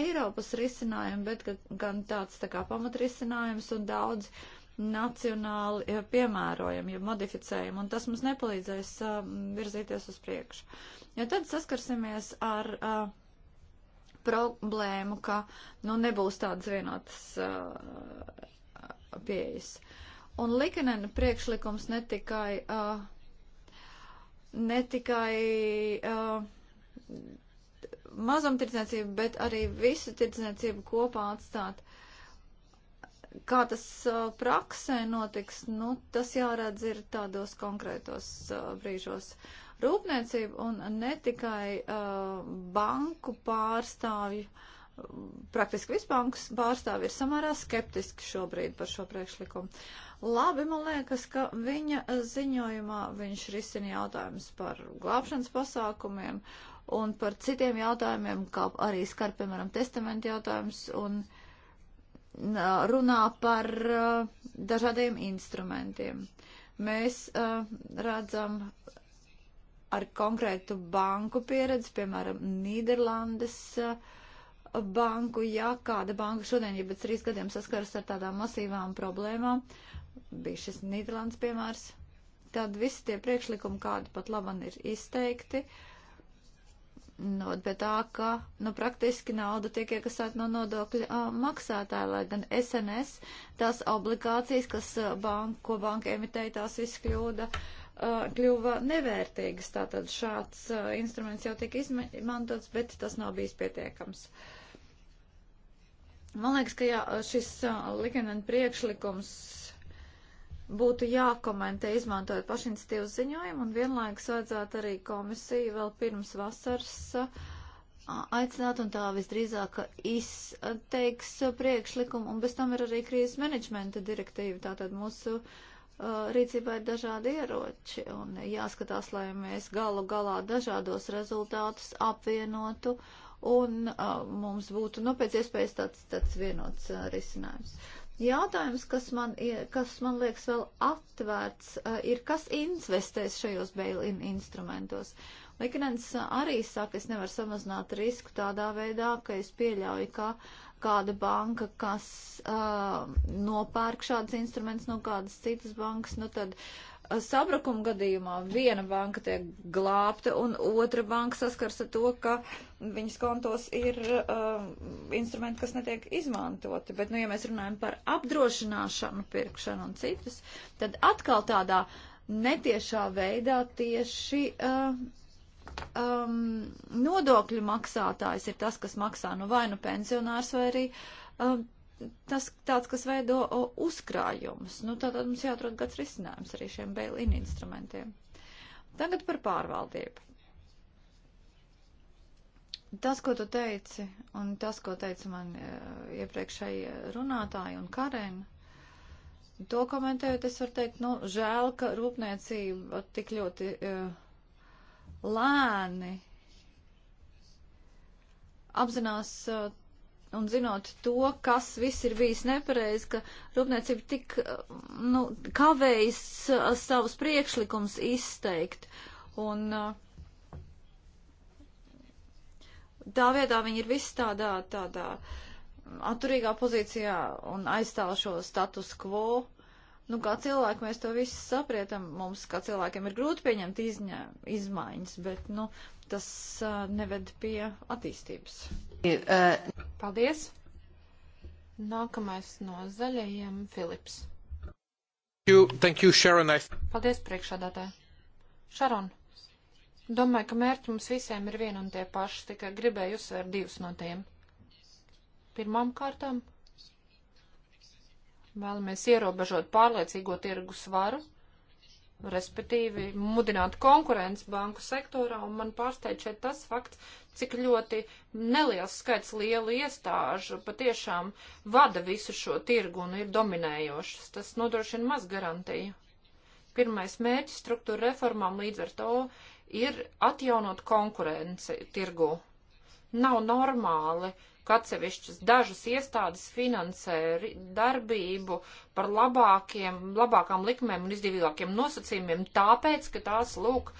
C: Eiropas risinājuma, bet gan tāds tā kā pamatrisinājums un daudz. Uh, nacionāli piemērojam, ja modificējam, un tas mums nepalīdzēs uh, virzīties uz priekšu. Jo ja tad saskarsimies ar uh, problēmu, ka nu, nebūs tādas vienotas uh, pieejas. Un Likanena priekšlikums ne tikai, uh, ne tikai uh, mazumtirdzniecību, bet arī visu tirdzniecību kopā atstāt uh, Kā tas uh, praksē notiks, nu, tas jāredz ir tādos konkrētos uh, brīžos. Rūpniecība un ne tikai uh, banku pārstāvju, praktiski visu banku pārstāvju ir samērā skeptiski šobrīd par šo priekšlikumu. Labi, man liekas, ka viņa ziņojumā viņš risina jautājumus par glābšanas pasākumiem un par citiem jautājumiem, kā arī skar, piemēram, testamentu jautājums un uh, runā par dažādiem instrumentiem. Mēs redzam ar konkrētu banku pieredzi, piemēram, Nīderlandes banku, ja kāda banka šodien, ja pēc trīs gadiem saskaras ar tādām masīvām problēmām, bija šis Nīderlandes piemērs, tad visi tie priekšlikumi, kādi pat laban ir izteikti, uh, noved pie tā, ka nu, praktiski nauda tiek iekasēta no nodokļa uh, maksātāja, lai gan SNS tās obligācijas, kas bank, ko banka emitēja, tās viss kļūda, uh, kļuva nevērtīgas. Tātad šāds uh, instruments jau tika izmantots, bet tas nav bijis pietiekams. Man liekas, ka jā, šis uh, likuma priekšlikums būtu jākomentē izmantojot pašiniciatīvas ziņojumu un vienlaikus vajadzētu arī komisiju vēl pirms vasaras aicināt un tā visdrīzāk izteiks priekšlikumu un bez tam ir arī krīzes menedžmenta direktīva. Tātad mūsu uh, rīcībā ir dažādi ieroči un jāskatās, lai mēs galu galā dažādos rezultātus apvienotu un uh, mums būtu, nu, pēc iespējas tāds, tāds vienots uh, risinājums. Uh, Jautājums, kas man, kas man liekas vēl atvērts, eh, ir, kas investēs šajos bail-in instrumentos. Likinens eh, arī saka, es nevaru samazināt risku tādā veidā, ka es pieļauju, ka kāda banka, kas uh, nopērk šādas instrumentus no kādas citas bankas, nu tad uh, sabrukuma gadījumā viena banka tiek glābta un otra banka saskars ar to, ka viņas kontos ir uh, instrumenti, kas netiek izmantoti. Bet, nu, ja mēs runājam par apdrošināšanu, pirkšanu un citus, tad atkal tādā netiešā veidā tieši uh, um, nodokļu maksātājs ir tas, kas maksā nu vai nu pensionārs vai arī. Uh, tas tāds, kas veido uzkrājumus. Nu, tātad mums jāatrod kāds risinājums arī šiem bail-in instrumentiem. Tagad par pārvaldību. Tas, ko tu teici, un tas, ko teica man e, iepriekšēji runātāji un Karēna, to komentējot, es varu teikt, nu, žēl, ka rūpniecība tik ļoti uh, lēni apzinās uh, un zinot to, kas viss ir bijis nepareizi, ka rūpniecība tik nu, kavējas uh, savus priekšlikums izteikt. Un uh, tā vietā viņi ir viss tādā, tādā atturīgā pozīcijā un aizstāv šo status quo. Nu, kā cilvēki mēs to visu saprietam, mums kā cilvēkiem ir grūti pieņemt izņa, izmaiņas, bet, nu, tas uh, neved
A: pie attīstības. Uh. Paldies! Nākamais no zaļajiem - Filips. Thank you, thank you, Sharon. I... Paldies, priekšādātāji. Sharon, domāju, ka mērķi mums visiem ir vien un tie paši, tikai gribēju uzsvērt divus no tiem. Pirmām kārtām vēlamies ierobežot pārliecīgo tirgu svaru respektīvi mudināt konkurenci banku sektorā, un man pārsteidz šeit tas fakts, cik ļoti neliels skaits lielu iestāžu patiešām vada visu šo tirgu un ir dominējošas. Tas nodrošina maz garantiju. Pirmais mērķis struktūra reformām līdz ar to ir atjaunot konkurenci tirgu. Nav normāli, ka atsevišķas dažas iestādes finansē darbību par labākiem, labākām likmēm un izdevīgākiem nosacījumiem, tāpēc, ka tās, lūk,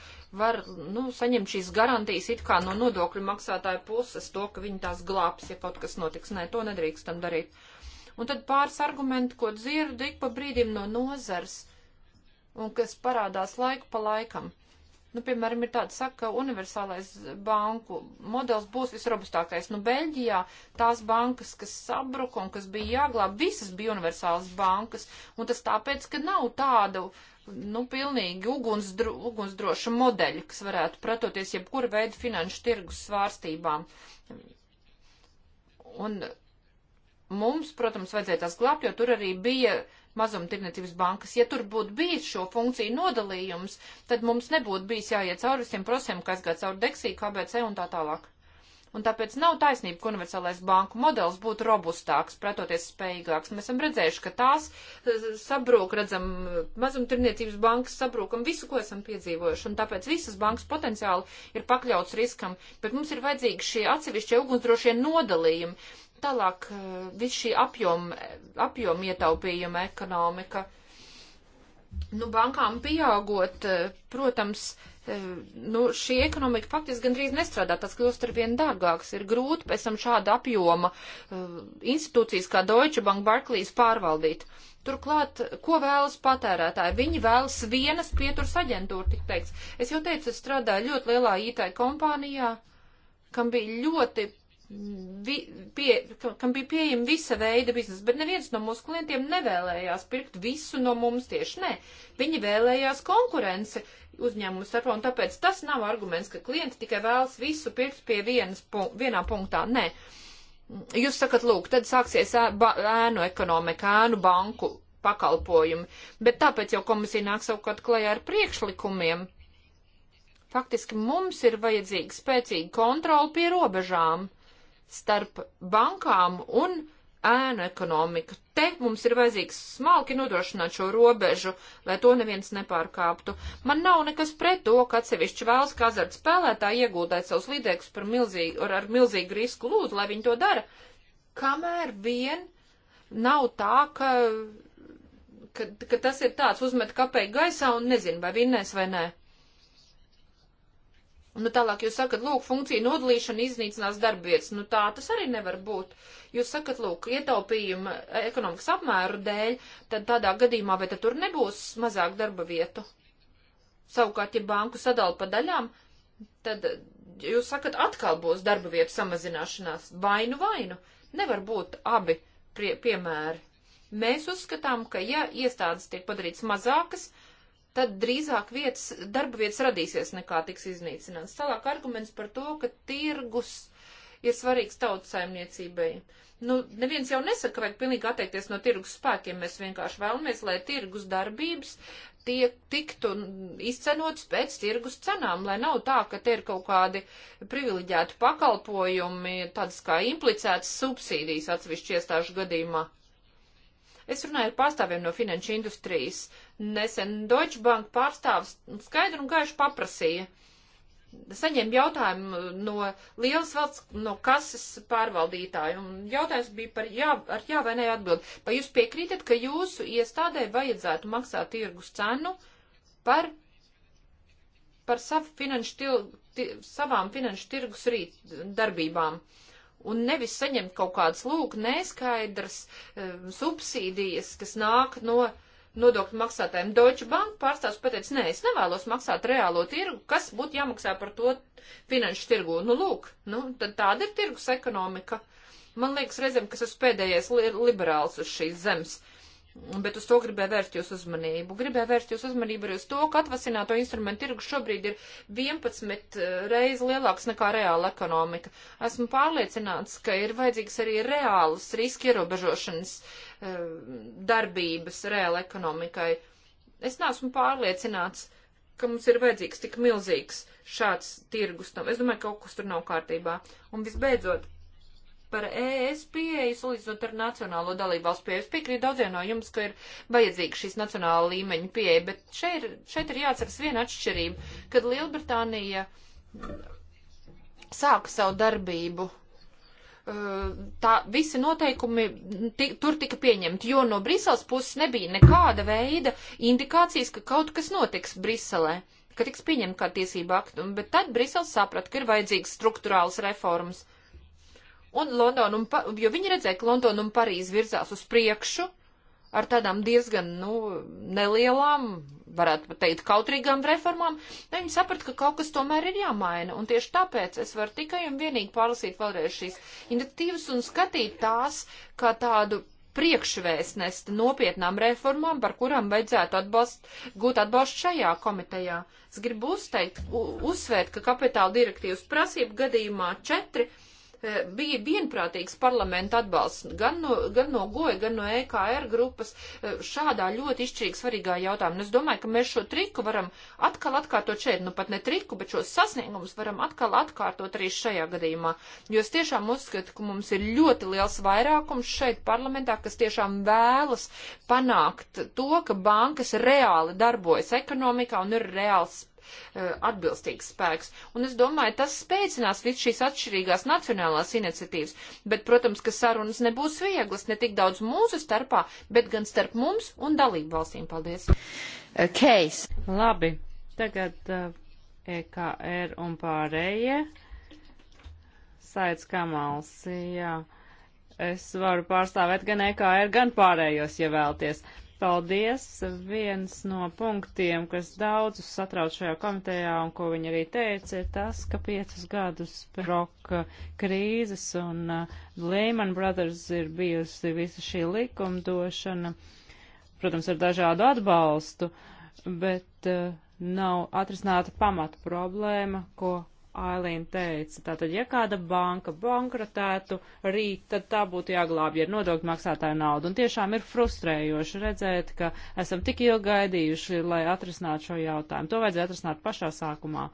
A: var, nu, saņemt šīs garantijas it kā no nodokļu maksātāja puses to, ka viņi tās glābs, ja kaut kas notiks. Nē, to nedrīkstam darīt. Un tad pāris argumenti, ko dzirdu ik pa brīdim no nozars un kas parādās laiku pa laikam. Nu, piemēram, ir tāda saka, ka universālais banku modelis būs visrobustākais. Nu, Beļģijā tās bankas, kas sabruka un kas bija jāglāb, visas bija universālas bankas. Un tas tāpēc, ka nav tādu, nu, pilnīgi ugunsdro, ugunsdroša modeļa, kas varētu pretoties jebkura veida finanšu tirgus svārstībām. Un mums, protams, vajadzēja tās glābt, jo tur arī bija mazumtirniecības bankas. Ja tur būtu bijis šo funkciju nodalījums, tad mums nebūtu bijis jāiet cauri visiem prosiem, kas gāja cauri Deksiju, KBC un tā tālāk. Un tāpēc nav taisnība, ka universālais banku modelis būtu robustāks, pretoties spējīgāks. Mēs esam redzējuši, ka tās eh, sabrūk, redzam, mazumtirniecības bankas sabrūkam visu, ko esam piedzīvojuši, un tāpēc visas bankas potenciāli ir pakļauts riskam, bet mums ir vajadzīgi šie atsevišķie ugunsdrošie nodalījumi, Tālāk eh, viss šī apjoma, apjoma ietaupījuma ekonomika. Nu, bankām pieaugot, eh, protams, eh, nu, šī ekonomika faktiski gandrīz nestrādā, tas kļūst ar vien dārgāks. Ir grūti pēc tam šāda apjoma institūcijas kā Deutsche Bank Barclays pārvaldīt. Turklāt, ko vēlas patērētāji? Viņi vēlas vienas pieturas aģentūru, tik teiks. Es jau teicu, es strādāju ļoti lielā IT kompānijā, kam bija ļoti vi, pie, kam bija pieejama visa veida biznesa, bet neviens no mūsu klientiem nevēlējās pirkt visu no mums tieši nē. Viņi vēlējās konkurenci uzņēmumu starpā, un tāpēc tas nav arguments, ka klienti tikai vēlas visu pirkt pie vienas, pu, vienā punktā. Nē. Jūs sakat, lūk, tad sāksies ēnu ekonomika, ēnu banku pakalpojumi, bet tāpēc jau komisija nāk savukārt klajā ar priekšlikumiem. Faktiski mums ir vajadzīga spēcīga kontrola pie robežām starp bankām un ēnu ekonomiku. Te mums ir vajadzīgs smalki nodrošināt šo robežu, lai to neviens nepārkāptu. Man nav nekas pret to, ka atsevišķi vēlas, ka azart spēlētāji ieguldēt savus līdzekļus par milzīgu, ar, ar milzīgu risku lūdzu, lai viņi to dara. Kamēr vien nav tā, ka, ka, ka tas ir tāds uzmet kapēju gaisā un nezin, vai vinnēs vai nē. Ne. Nu, tālāk jūs sakat, lūk, funkcija nodalīšana iznīcinās darbvietas. Nu, tā tas arī nevar būt. Jūs sakat, lūk, ietaupījuma e, ekonomikas apmēru dēļ, tad tādā gadījumā vai tad tur nebūs mazāk darba vietu? Savukārt, ja banku sadala pa daļām, tad jūs sakat, atkal būs darba vietu samazināšanās. Vainu, vainu. Nevar būt abi prie, piemēri. Mēs uzskatām, ka ja iestādes tiek padarīts mazākas, uh, tad drīzāk vietas, darba vietas radīsies nekā tiks iznīcināts. Tālāk arguments par to, ka tirgus ir svarīgs tautsaimniecībai. Nu, neviens jau nesaka, ka vajag pilnīgi atteikties no tirgus spēkiem. Mēs vienkārši vēlamies, lai tirgus darbības tie tiktu izcenots pēc tirgus cenām, lai nav tā, ka te ir kaut kādi privileģēti pakalpojumi, tādas kā implicētas subsīdijas atsevišķi iestāžu gadījumā. Es runāju ar pārstāvjiem no finanšu industrijas. Nesen Deutsche Bank pārstāvs skaidru un gaišu paprasīja. Saņēma jautājumu no lielas valsts, no kases pārvaldītāja, un jautājums bija par jā, ar jā vai nē atbild. Vai jūs piekrītat, ka jūsu iestādē vajadzētu maksāt tirgus cenu par, par savu finanšu til, ti, savām finanšu tirgus rīt darbībām? Uh, un nevis saņemt kaut kādas lūk neskaidras um, subsīdijas, kas nāk no nodokļu maksātājiem. Deutsche Bank pārstāvs pateica, nē, es nevēlos maksāt reālo tirgu, kas būtu jāmaksā par to finanšu tirgu. Nu, lūk, nu, tad tāda ir tirgus ekonomika. Man liekas, reizēm, kas esmu pēdējais liberāls uz šīs zemes. Uh, bet uz to gribēju vērst jūs uzmanību. Gribēju vērst jūs uzmanību arī uz to, ka atvasināto instrumentu tirgus šobrīd ir 11 reizes lielāks nekā reāla ekonomika. Esmu pārliecināts, ka ir vajadzīgs arī reālas riska ierobežošanas eh, darbības reāla ekonomikai. Es neesmu pārliecināts, ka mums ir vajadzīgs tik milzīgs šāds tirgus. Es domāju, ka kaut kas tur nav kārtībā. Un visbeidzot, par ES pieeju salīdzinot ar nacionālo dalībvalstu pieeju. Es piekrītu daudziem no jums, ka ir vajadzīga šīs nacionāla līmeņa pieeja, bet šeit, šeit ir jāatceras viena atšķirība, kad Lielbritānija sāka savu darbību. Uh, tā visi noteikumi tur tika pieņemti, jo no Briseles puses nebija nekāda veida indikācijas, ka kaut kas notiks Briselē ka tiks pieņemta kā tiesība aktu, bet tad Brisels saprata, ka ir vajadzīgas struktūrāls reformas. Uh, un Londonu, un pa, jo viņi redzēja, ka Londona un Parīze virzās uz priekšu ar tādām diezgan, nu, nelielām, varētu teikt, kautrīgām reformām, ne viņi saprata, ka kaut kas tomēr ir jāmaina, un tieši tāpēc es varu tikai un vienīgi pārlasīt vēlreiz šīs iniciatīvas un skatīt tās kā tādu priekšvēstnest nopietnām reformām, par kurām vajadzētu atbalst, gūt atbalstu šajā komitejā. Es gribu uzteikt, uzsvērt, ka kapitāla direktīvas prasību gadījumā četri Eh, bija vienprātīgs parlamenta atbalsts gan no, gan no GOE, gan no EKR grupas eh, šādā ļoti izšķirīgi svarīgā jautājumā. Un es domāju, ka mēs šo triku varam atkal atkārtot šeit, nu pat ne triku, bet šos sasniegumus varam atkal atkārtot arī šajā gadījumā. Jo es tiešām uzskatu, ka mums ir ļoti liels vairākums šeit parlamentā, kas tiešām vēlas panākt to, ka bankas reāli darbojas ekonomikā un ir reāls Eh, atbilstīgs spēks. Un es domāju, tas spēcinās visu šīs atšķirīgās nacionālās iniciatīvas, bet, protams, ka sarunas nebūs vieglas ne tik daudz mūsu starpā, bet gan starp mums un dalību valstīm. Paldies!
B: Keis. Okay. Labi, tagad uh, eh, EKR un pārējie. Saits Kamals, jā. Es varu pārstāvēt gan EKR, gan pārējos, ja vēlties. Uh, Paldies! Viens no punktiem, kas daudzus satrauc šajā komitejā un ko viņi arī teica, ir tas, ka piecus gadus proka krīzes un uh, Lehman Brothers ir bijusi visa šī likumdošana, protams, ar dažādu atbalstu, bet uh, nav atrisināta pamata problēma, ko Ailīna teica. Tātad, ja kāda banka bankrotētu rīt, tad tā būtu jāglābj ar nodokļu maksātāju naudu. Un tiešām ir frustrējoši redzēt, ka esam tik ilgi gaidījuši, lai atrisinātu šo jautājumu. To vajadzēja atrisināt pašā sākumā.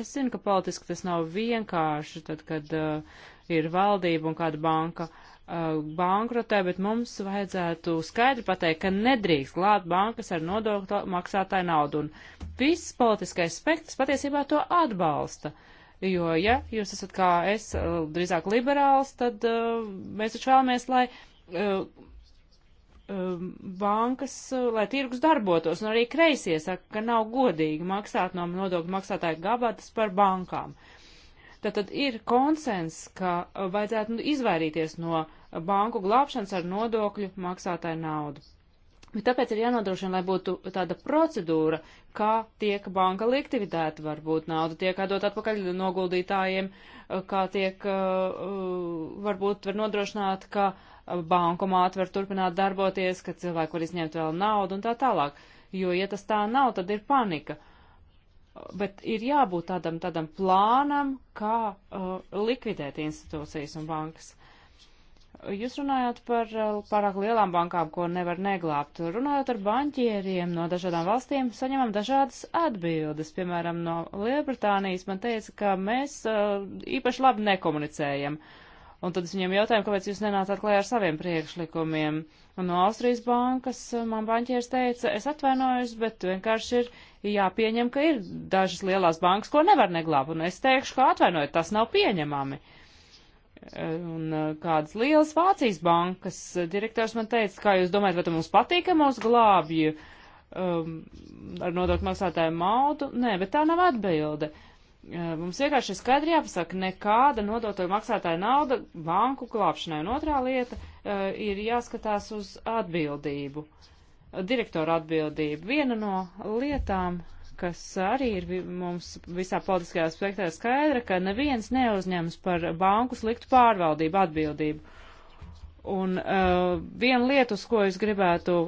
B: Es zinu, ka politiski tas nav vienkārši, tad, kad uh, ir valdība un kāda banka uh, bankrotē, bet mums vajadzētu skaidri pateikt, ka nedrīkst glābt bankas ar nodokļu maksātāju naudu. Un viss politiskais spektrs patiesībā to atbalsta. Jo, ja jūs esat kā es, uh, drīzāk liberāls, tad uh, mēs taču vēlamies, lai uh, um, bankas, uh, lai tirgus darbotos, un arī kreisie saka, ka nav godīgi maksāt no nodokļu maksātāju gabatas par bankām. Uh, Tad, tad ir konsens, ka uh, vajadzētu nu, izvairīties no uh, banku glābšanas ar nodokļu maksātāju naudu. Bet tāpēc ir jānodrošina, lai būtu tāda procedūra, kā tiek banka likvidēta, varbūt nauda tiek atdot atpakaļ noguldītājiem, uh, kā tiek, varbūt var nodrošināt, ka bankomāti var turpināt darboties, ka cilvēki var izņemt vēl naudu un tā tālāk. Jo, ja tas tā nav, tad ir panika. Uh, bet ir jābūt tādam, tādam plānam, kā uh, likvidēt institūcijas un bankas. Jūs runājāt par uh, pārāk lielām bankām, ko nevar neglābt. Runājot ar banķieriem no dažādām valstīm, saņemam dažādas atbildes. Piemēram, no Lielbritānijas man teica, ka mēs uh, īpaši labi nekomunicējam. Uh, Un tad es viņiem jautāju, kāpēc jūs nenācāt klajā ar saviem priekšlikumiem. Un no Austrijas bankas eh, man banķieris teica, es atvainojos, bet vienkārši ir jāpieņem, ka ir dažas lielās bankas, ko nevar neglābt. Un es teikšu, ka atvainojiet, tas nav pieņemami. Eh, un eh, kādas lielas Vācijas bankas direktors man teica, kā jūs domājat, vai mums patīk, ka mūs glābju um, ar nodokļu maksātāju maudu? Nē, bet tā nav atbilde. Uh, Mums vienkārši ir skaidri jāpasaka, nekāda nodotoja maksātāja nauda banku glābšanai. Un otrā lieta uh, ir jāskatās uz atbildību, direktora atbildību. Viena no lietām, kas arī ir mums visā politiskajā aspektā skaidra, ka neviens neuzņems par banku sliktu pārvaldību atbildību. Un uh, viena lieta, uz ko es gribētu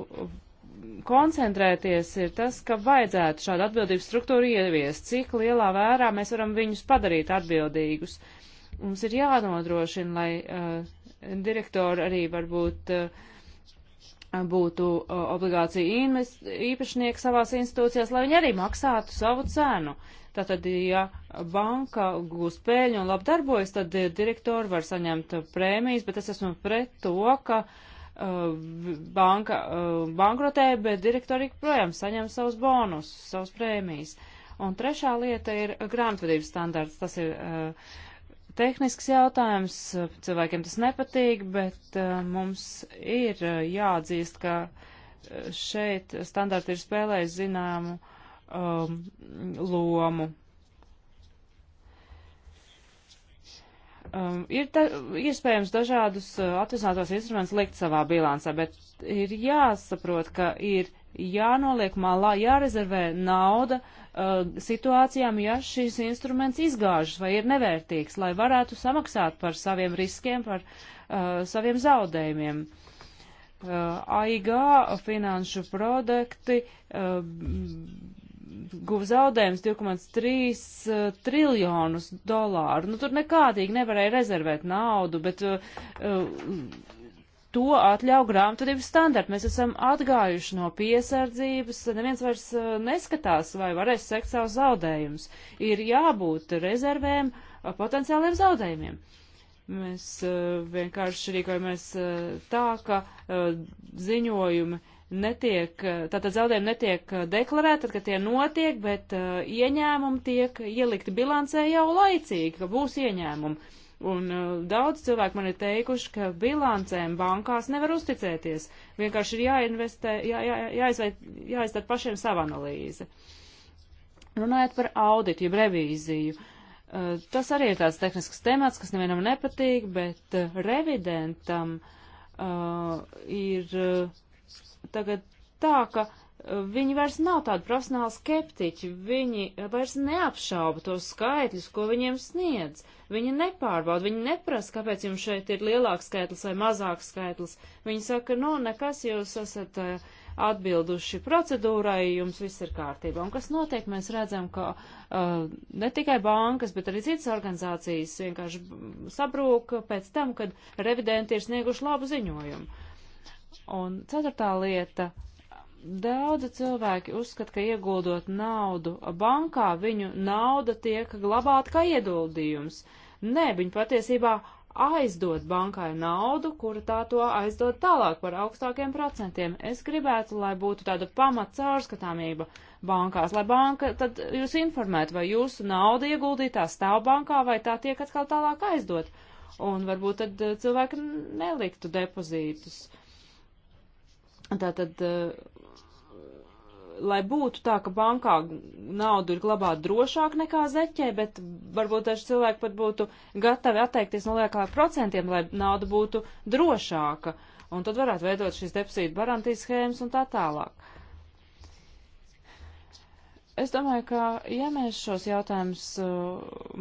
B: koncentrēties, ir tas, ka vajadzētu šādu atbildības struktūru ieviest, cik lielā vērā mēs varam viņus padarīt atbildīgus. Mums ir jānodrošina, lai uh, direktori arī varbūt uh, būtu uh, obligācija īpašnieki savās institūcijās, lai viņi arī maksātu savu cenu. Tātad, ja banka gūs pēļņu un labi darbojas, tad uh, direktori var saņemt uh, prēmijas, bet es esmu pret to, ka uh, Uh, banka uh, bankrotē, bet direktori projām saņem savus bonusus, savus prēmijas. Un trešā lieta ir grāmatvedības standarts. Tas ir uh, tehnisks jautājums, cilvēkiem tas nepatīk, bet uh, mums ir uh, jāatzīst, ka uh, šeit standarti ir spēlējis zināmu um, lomu. um, ir da, iespējams dažādus uh, atvesinātos instrumentus likt savā bilancē, bet ir jāsaprot, ka ir jānoliek malā, jārezervē nauda uh, situācijām, ja šis instruments izgāžas vai ir nevērtīgs, lai varētu samaksāt par saviem riskiem, par uh, saviem zaudējumiem. Uh, AIG finanšu produkti uh, guva zaudējums 2,3 eh, triljonus dolāru. Nu, tur nekādīgi nevarēja rezervēt naudu, bet uh, to atļauj grāmatvedības standarti. Mēs esam atgājuši no piesardzības, neviens vairs neskatās, vai varēs sekt savus zaudējumus. Ir jābūt rezervēm potenciāliem zaudējumiem. Mēs uh, vienkārši rīkojamies uh, tā, ka uh, ziņojumi uh, netiek, eh, tātad zaudējumi netiek eh, deklarēti, tad, kad tie notiek, bet uh, ieņēmumi tiek ielikti bilancē jau laicīgi, ka būs ieņēmumi. Un uh, daudz cilvēku man ir teikuši, ka bilancēm bankās nevar uzticēties. Vienkārši ir jāinvestē, jā, jā, jāizveid, jāizdara pašiem sava analīze. Runājot par auditu, jeb revīziju. Uh, tas arī ir tāds tehnisks temats, kas nevienam nepatīk, bet revidentam uh, ir uh, tagad tā, ka e, viņi vairs nav tādi profesionāli skeptiķi, viņi vairs neapšauba tos skaitļus, ko viņiem sniedz. Viņi nepārbauda, viņi neprasa, kāpēc jums šeit ir lielāks skaitlis vai mazāks skaitlis. Viņi saka, nu, nekas jūs esat e, atbilduši procedūrai, jums viss ir kārtībā. Un kas notiek, mēs redzam, ka uh, ne tikai bankas, bet arī citas organizācijas vienkārši sabrūk pēc tam, kad revidenti ir snieguši labu ziņojumu. Un ceturtā lieta. Daudzi cilvēki uzskata, ka ieguldot naudu bankā, viņu nauda tiek glabāta kā ieguldījums. Nē, viņi patiesībā aizdod bankai naudu, kura tā to aizdod tālāk par augstākiem procentiem. Es gribētu, lai būtu tāda pamats caurskatāmība bankās, lai banka tad jūs informētu, vai jūsu nauda ieguldītā stāv bankā, vai tā tiek atkal tālāk aizdot. Un varbūt tad eh, cilvēki neliktu depozītus. Uh, Tātad, eh, lai būtu tā, ka bankā naudu ir glabāt drošāk nekā zeķē, bet varbūt daži cilvēki pat būtu gatavi atteikties no liekā procentiem, lai nauda būtu drošāka. Un tad varētu veidot šīs depozīta garantijas schēmas un tā tālāk. Es domāju, ka ja mēs šos jautājumus uh,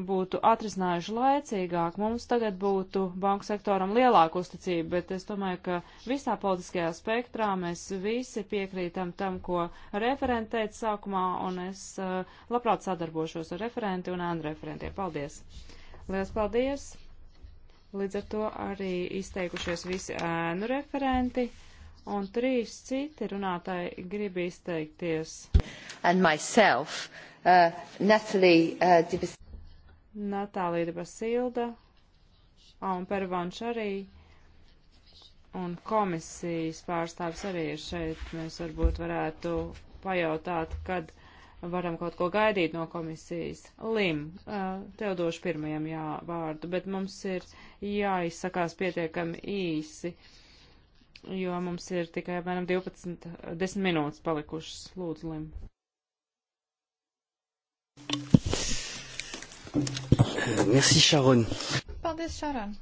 B: būtu atrisinājuši laicīgāk, mums tagad būtu banku sektoram lielāka uzticība, bet es domāju, ka visā politiskajā spektrā mēs visi piekrītam tam, ko referenti teica sākumā, un es uh, labprāt sadarbošos ar referenti un ēnu referentiem. Paldies! Lielas paldies! Līdz ar to arī izteikušies visi ēnu referenti un trīs citi runātāji grib izteikties. And myself,
A: uh, Natalie, uh, Dibas...
B: Natālija Basilda un Pervanš arī un komisijas pārstāvs arī ir šeit. Mēs varbūt varētu pajautāt, kad varam kaut ko gaidīt no komisijas. Lim, uh, tev došu pirmajam jā vārdu, bet mums ir jāizsakās pietiekami īsi. Uh, jo mums ir tikai apmēram 12, 10 minūtes palikušas. Lūdzu, Lim.
C: Merci, Sharon. Paldies, Sharon.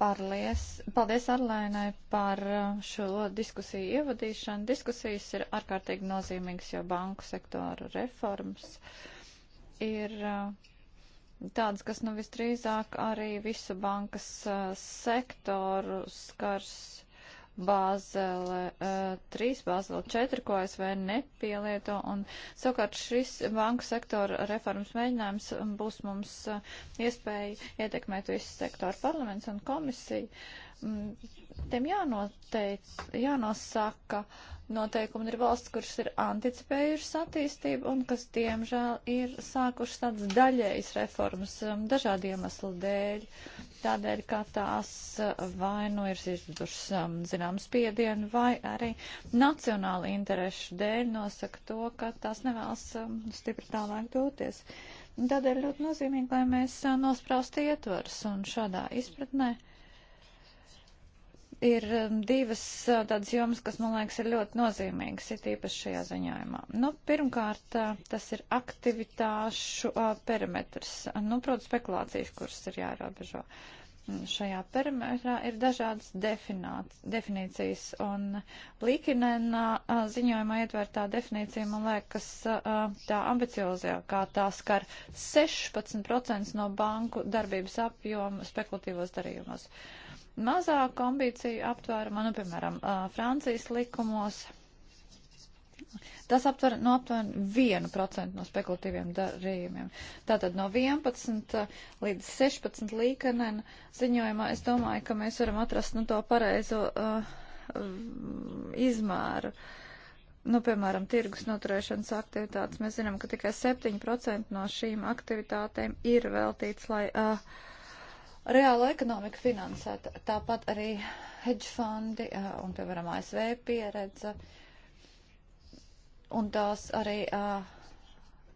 C: Parlies, paldies Arlēnai par uh, šo diskusiju ievadīšanu. Diskusijas ir ārkārtīgi nozīmīgas, jo banku sektora reformas ir uh, tādas, kas nu visdrīzāk arī visu bankas uh, sektoru skars Bāzele uh, 3, Bāzele 4, ko ASV nepielieto, un savukārt šis banku sektora reformas mēģinājums būs mums uh, iespēja ietekmēt visu sektoru parlaments un komisiju. Uh, Mm, tiem jānoteic, jānosaka noteikumi ir valsts, kuras ir anticipējušas attīstību un kas, diemžēl, ir sākušas tādas daļējas reformas um, dažādu iemeslu dēļ. Tādēļ, kā tās uh, vai nu ir izdušas um, zināms spiedienu, vai arī nacionāli interešu dēļ nosaka to, ka tās nevēlas um, stipri tālāk doties. Tādēļ ļoti nozīmīgi, lai mēs uh, nospraustu ietvarus un šādā izpratnē ir um, divas uh, tādas jomas, kas, man liekas, ir ļoti nozīmīgas, ir īpaši šajā ziņojumā. Nu, pirmkārt, uh, tas ir aktivitāšu uh, perimetrs, nu, protams, spekulācijas, kuras ir jāierobežo. Uh, šajā perimetrā ir dažādas definīcijas, un Līkinenā ziņojumā ietvērtā definīcija, man liekas, tā ambiciozākā tā skar 16% no banku darbības apjoma spekulatīvos darījumos. Mazāku ambīciju aptvērumu, nu, piemēram, Francijas likumos Tas aptver no nu, aptuveni 1% no spekulatīviem darījumiem. Tātad no 11 eh, līdz 16 līkenen ziņojumā es domāju, ka mēs varam atrast nu, to pareizo uh, izmēru. Nu, piemēram, tirgus noturēšanas aktivitātes. Mēs zinām, ka tikai 7% no šīm aktivitātēm ir veltīts, lai uh, reāla ekonomika finansētu. Tāpat arī hedge fondi uh, un, piemēram, ASV pieredze. Uh, un tās arī uh,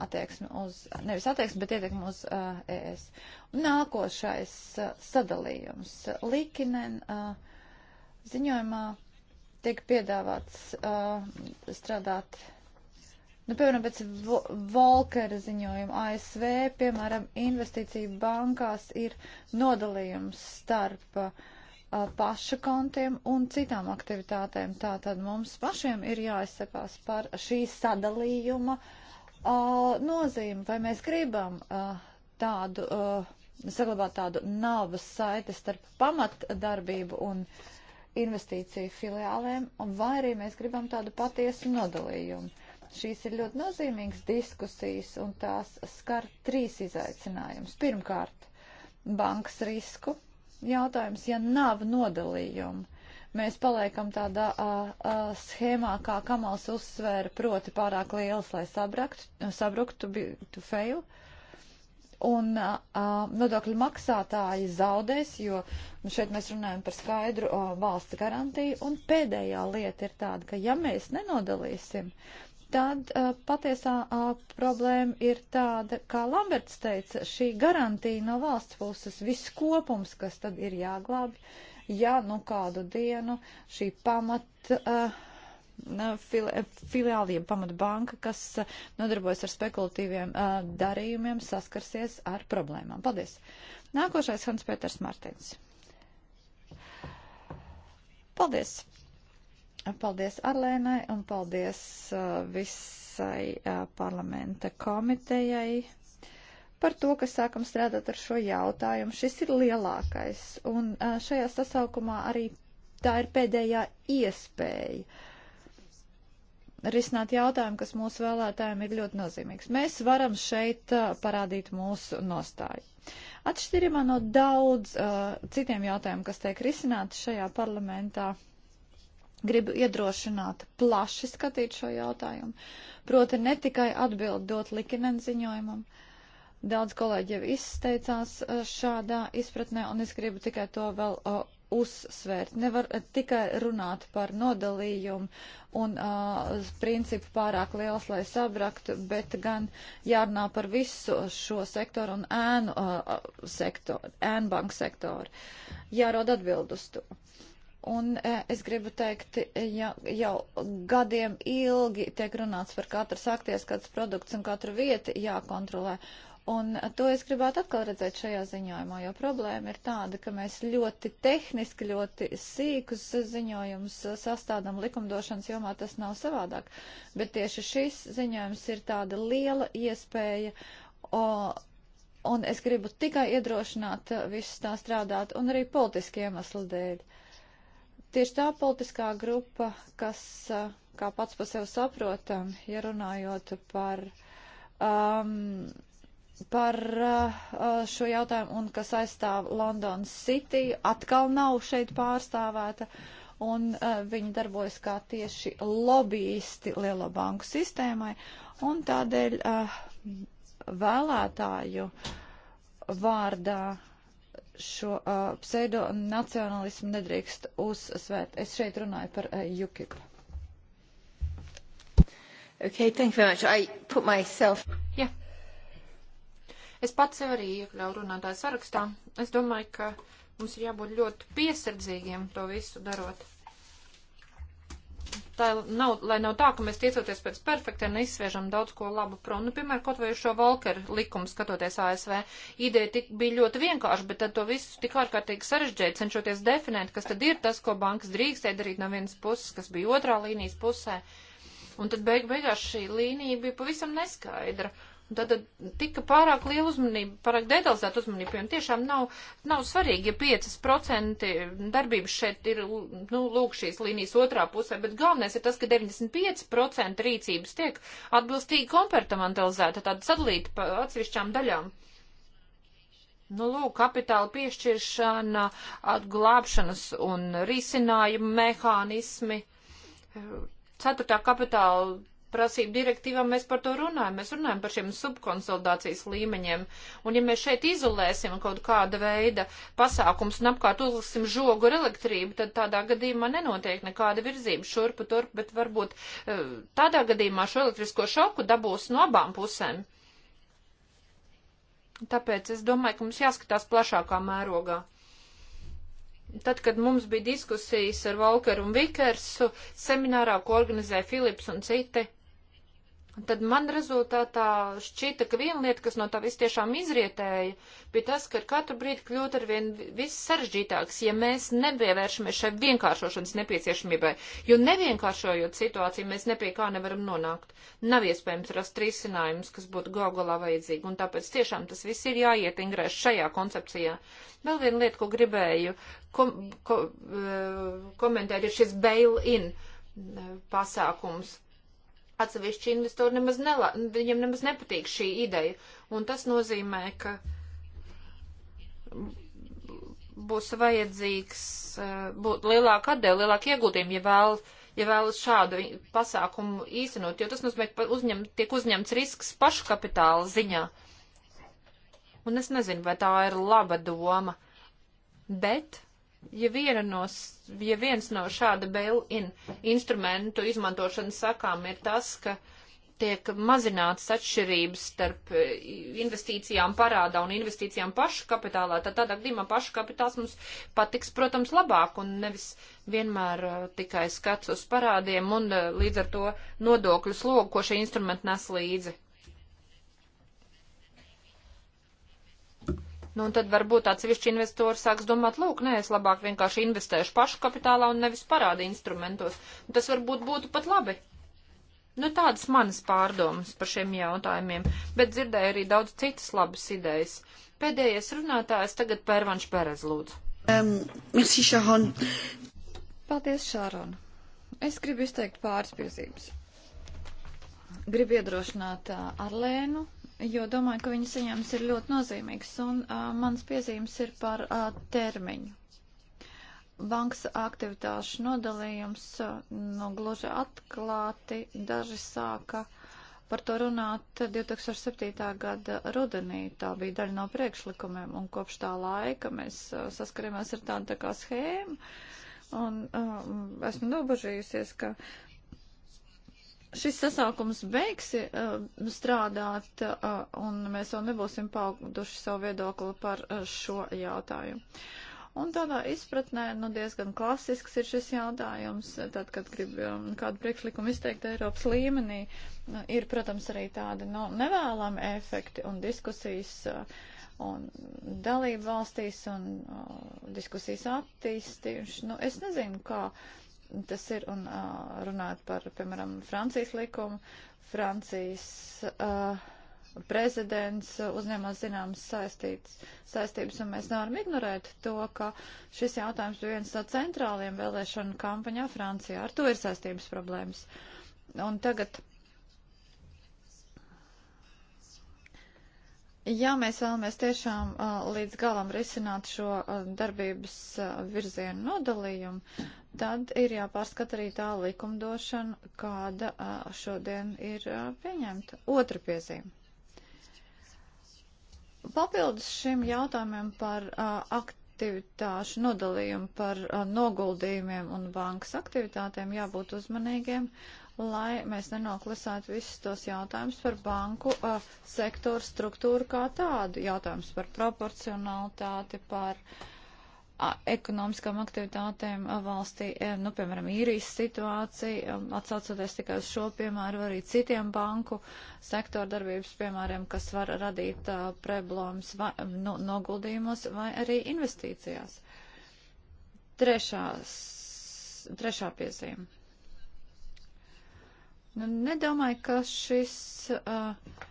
C: attieksmi uz, nevis attieksmi, bet ietekmi uz uh, ES. Nākošais uh, sadalījums. Likinen uh, ziņojumā tiek piedāvāts uh, strādāt, nu, piemēram, pēc vo Volkera ziņojuma ASV, piemēram, investīciju bankās ir nodalījums starp uh, pašu kontiem un citām aktivitātēm. Tātad mums pašiem ir jāizsakās par šī sadalījuma uh, nozīmi, vai mēs gribam uh, tādu, uh, saglabāt tādu navas saiti starp pamatdarbību un investīciju filiālēm, vai arī mēs gribam tādu patiesu nodalījumu. Šīs ir ļoti nozīmīgas diskusijas, un tās skar trīs izaicinājumus. Pirmkārt, bankas risku, jautājums, ja nav nodalījuma. Mēs paliekam tādā a, a, schēmā, kā Kamals uzsvēra, proti pārāk liels, lai sabraktu, sabruktu, to fail. Un a, nodokļu maksātāji zaudēs, jo šeit mēs runājam par skaidru a, valsts garantiju. Un pēdējā lieta ir tāda, ka ja mēs nenodalīsim, tad uh, patiesā uh, problēma ir tāda, kā Lamberts teica, šī garantija no valsts puses, viss kopums, kas tad ir jāglābj, ja nu kādu dienu šī pamat. Uh, fil filiāli, jeb pamatbanka, kas uh, nodarbojas ar spekulatīviem uh, darījumiem, saskarsies ar problēmām. Paldies! Nākošais Hans Pēters Martins. Paldies! Paldies Arlēnai un paldies uh, visai uh, parlamenta komitejai par to, ka sākam strādāt ar šo jautājumu. Šis ir lielākais, un uh, šajā sasaukumā arī tā ir pēdējā iespēja risināt jautājumu, kas mūsu vēlētājiem ir ļoti nozīmīgs. Mēs varam šeit parādīt mūsu nostāju. Atšķirībā no daudz uh, citiem jautājumiem, kas tiek risināti šajā parlamentā, uh, gribu iedrošināt plaši skatīt šo jautājumu. Proti ne tikai atbild dot likinen ziņojumam. Daudz kolēģi jau izteicās eh, šādā izpratnē, un es gribu tikai to vēl uh, uzsvērt. Nevar uh, tikai runāt par nodalījumu un uh, principu pārāk liels, lai sabraktu, bet gan jārunā par visu šo sektoru un ēnu uh, sektoru, ēnbanku sektoru. Jārod atbild uz to. Un e, es gribu teikt, e, ja jau gadiem ilgi tiek runāts par katru sakties, kāds produkts un katru vietu jākontrolē. Un to es gribētu atkal redzēt šajā ziņojumā, jo problēma ir tāda, ka mēs ļoti tehniski, ļoti sīkus ziņojumus sastādām likumdošanas jomā, tas nav savādāk. Bet tieši šis ziņojums ir tāda liela iespēja. O, Un es gribu tikai iedrošināt e, visus tā strādāt, un arī politiski iemeslu dēļ. Uh, Tieši tā politiskā grupa, kas, kā pats par sevi saprotam, ja runājot par, um, par uh, šo jautājumu un kas aizstāv Londonas City, atkal nav šeit pārstāvēta. Un uh, viņi darbojas kā tieši lobbyisti lielo banku sistēmai, un tādēļ uh, vēlētāju vārdā uh, šo uh, pseidonacionalismu nedrīkst uzsvērt. Es šeit runāju par uh, UKIP. Okay,
A: thank you very much. I put myself. Yeah. Es pats sev arī iekļauju runātāju sarakstā. Es domāju, ka mums ir jābūt ļoti piesardzīgiem to visu darot tā nav, lai nav tā, ka mēs tiecoties pēc perfektiem izsviežam daudz ko labu prom. Nu, piemēram, kaut vai šo Volkeru likumu skatoties ASV, ideja tik, bija ļoti vienkārša, bet tad to visu tik ārkārtīgi sarežģēja, cenšoties definēt, kas tad ir tas, ko bankas drīkstēja darīt no vienas puses, kas bija otrā līnijas pusē. Un tad beig beigās šī līnija bija pavisam neskaidra. Uh, Tad, tad tika pārāk liela uzmanība, pārāk detalizēta uzmanība, piemēram, tiešām nav, nav svarīgi, ja 5% darbības šeit ir, nu, lūk, šīs līnijas otrā pusē, bet galvenais ir tas, ka 95% rīcības tiek atbilstīgi kompartamentalizēta, tāda sadalīta pa atsevišķām daļām. Nu, lūk, kapitāla piešķiršana, glābšanas un risinājuma mehānismi, ceturtā kapitāla prasību direktīvām mēs par to runājam. Mēs runājam par šiem subkonsolidācijas līmeņiem. Un ja mēs šeit izolēsim kaut kāda veida pasākums un apkārt uzliksim žogu ar elektrību, tad tādā gadījumā nenotiek nekāda virzība šurpu turp, bet varbūt eh, tādā gadījumā šo elektrisko šoku dabūs no abām pusēm. Tāpēc es domāju, ka mums jāskatās plašākā mērogā tad, kad mums bija diskusijas ar Valkaru un Vikersu seminārā, ko organizēja Filips un citi, tad man rezultātā šķita, ka viena lieta, kas no tā viss tiešām izrietēja, bija tas, ka katru brīdi kļūt ar vien viss sarežģītāks, ja mēs nepievēršamies šai vienkāršošanas nepieciešamībai, jo nevienkāršojot situāciju, mēs nepie kā nevaram nonākt. Nav iespējams rast risinājumus, kas būtu gogolā vajadzīgi, un tāpēc tiešām tas viss ir jāietingrē šajā koncepcijā. Vēl viena lieta, ko gribēju kom ko eh, komentēt, ir šis bail-in eh, pasākums Atsevišķi investori nemaz, nela, viņam nemaz nepatīk šī ideja, un tas nozīmē, ka būs vajadzīgs eh, būt lielāka atdeva, lielāka iegūtījuma, ja vēl ja vēlas šādu pasākumu īstenot, jo tas nozīmē, ka uzņem, tiek uzņemts risks paškapitāla ziņā. Un es nezinu, vai tā ir laba doma, bet ja, viena no, ja viens no šāda bail-in instrumentu izmantošanas sakām ir tas, ka tiek mazināts atšķirības starp e, investīcijām parādā un investīcijām pašu kapitālā, tad tādā gadījumā pašu kapitāls mums patiks, protams, labāk un nevis vienmēr e, tikai skats uz parādiem un e, līdz ar to nodokļu slogu, ko šie instrumenti nes līdzi. Nu, un tad varbūt atsevišķi investori sāks domāt, lūk, nē, es labāk vienkārši investēšu pašu kapitālā un nevis parādi instrumentos. Un tas varbūt būtu pat labi. Nu, tādas manas pārdomas par šiem jautājumiem, bet dzirdēju arī daudz citas labas idejas. Pēdējais runātājs tagad Pērvanš Perez lūdzu.
C: Um, merci, Šaron. Paldies, Šārona. Es gribu izteikt pāris piezīmes. Gribu iedrošināt uh, Arlēnu jo domāju, ka viņa saņēmums ir ļoti nozīmīgs, un uh, mans piezīmes ir par uh, termiņu. Bankas aktivitāšu nodalījums, uh, nu, gluži atklāti, daži sāka par to runāt 2007. gada rudenī. Tā bija daļa no priekšlikumiem, un kopš tā laika mēs uh, saskaramies ar tādu tā kā schēmu, un uh, esmu nobažījusies, ka šis sasaukums beigs eh, strādāt, eh, un mēs vēl nebūsim pauduši savu viedokli par eh, šo jautājumu. Un tādā izpratnē, nu, diezgan klasisks ir šis jautājums, tad, kad grib kādu priekšlikumu izteikt Eiropas līmenī, ir, protams, arī tādi, nu, nevēlami efekti un diskusijas uh, un dalību valstīs un uh, diskusijas attīstījuši. Nu, es nezinu, kā tas ir un uh, runāt par, piemēram, Francijas likumu. Francijas uh, prezidents uzņēmās zināmas saistītas, saistības, un mēs nevaram ignorēt to, ka šis jautājums bija viens no centrāliem vēlēšanu kampaņā Francijā. Ar to ir saistības problēmas. Un tagad. Ja mēs vēlamies tiešām uh, līdz galam risināt šo uh, darbības uh, virzienu nodalījumu, tad ir jāpārskata arī tā likumdošana, kāda šodien ir pieņemta. Otra piezīme. Papildus šiem jautājumiem par aktivitāšu nodalījumu, par noguldījumiem un bankas aktivitātēm jābūt uzmanīgiem, lai mēs nenoklisētu visus tos jautājumus par banku a, sektoru struktūru kā tādu, jautājums par proporcionalitāti, par a, ekonomiskām aktivitātēm valstī, e, nu, piemēram, īrijas situācija, atsaucoties tikai uz šo piemēru, arī citiem banku sektoru darbības piemēriem, kas var radīt uh, problēmas vai, nu, noguldījumos vai arī investīcijās. Trešās, trešā piezīme. Nu, nedomāju, ka šis. Uh,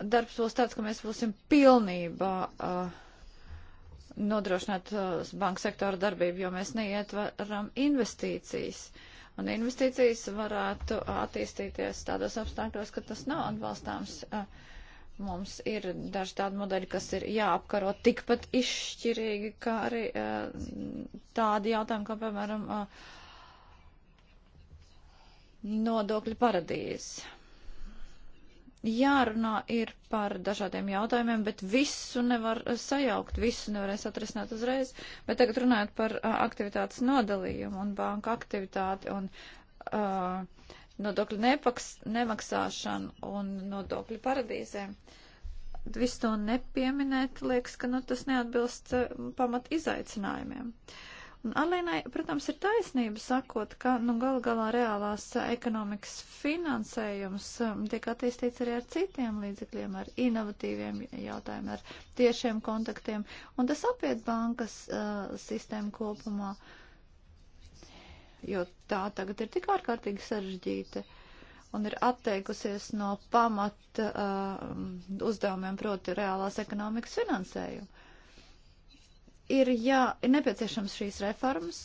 C: Darbs būs tāds, ka mēs būsim pilnībā uh, nodrošināt uh, banku sektora darbību, jo mēs neietveram investīcijas. Un investīcijas varētu attīstīties tādos apstākļos, ka tas nav atbalstāms. Uh, mums ir daži tādi modeļi, kas ir jāapkaro tikpat izšķirīgi, kā arī uh, tādi jautājumi, kā piemēram uh, nodokļu paradīzes jārunā ir par dažādiem jautājumiem, bet visu nevar sajaukt, visu nevarēs atrisināt uzreiz. Bet tagad runājot par aktivitātes nodalījumu un banka aktivitāti un uh, nodokļu nepaks, nemaksāšanu un nodokļu paradīzēm. Visu to nepieminēt, liekas, ka nu, tas neatbilst uh, pamat izaicinājumiem. Uh, Un Alīnai, protams, ir taisnība sakot, ka, nu, gal galā reālās eh, ekonomikas finansējums eh, tiek attīstīts arī ar citiem līdzekļiem, ar inovatīviem jautājumiem, ar tiešiem kontaktiem, un tas apiet bankas uh, sistēmu kopumā, jo tā tagad ir tik ārkārtīgi sarežģīta un ir atteikusies no pamata uh, uzdevumiem, proti reālās ekonomikas finansējumu ir, jā, ir nepieciešams šīs reformas.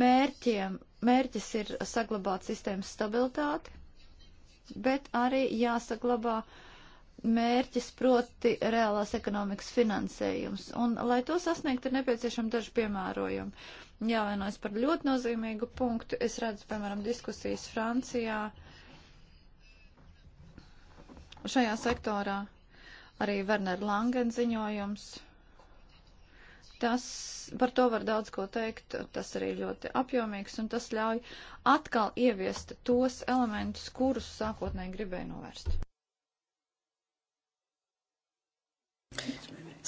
C: Mērķiem, mērķis ir saglabāt sistēmas stabilitāti, bet arī jāsaglabā mērķis proti reālās ekonomikas finansējums. Un, lai to sasniegt, ir nepieciešama daži piemērojumi. Jāvienojas par ļoti nozīmīgu punktu. Es redzu, piemēram, diskusijas Francijā šajā sektorā. Arī Werner Langen ziņojums Tas, par to var daudz ko teikt, tas arī ļoti apjomīgs, un tas ļauj atkal ieviest tos elementus, kurus sākotnēji gribēja novērst.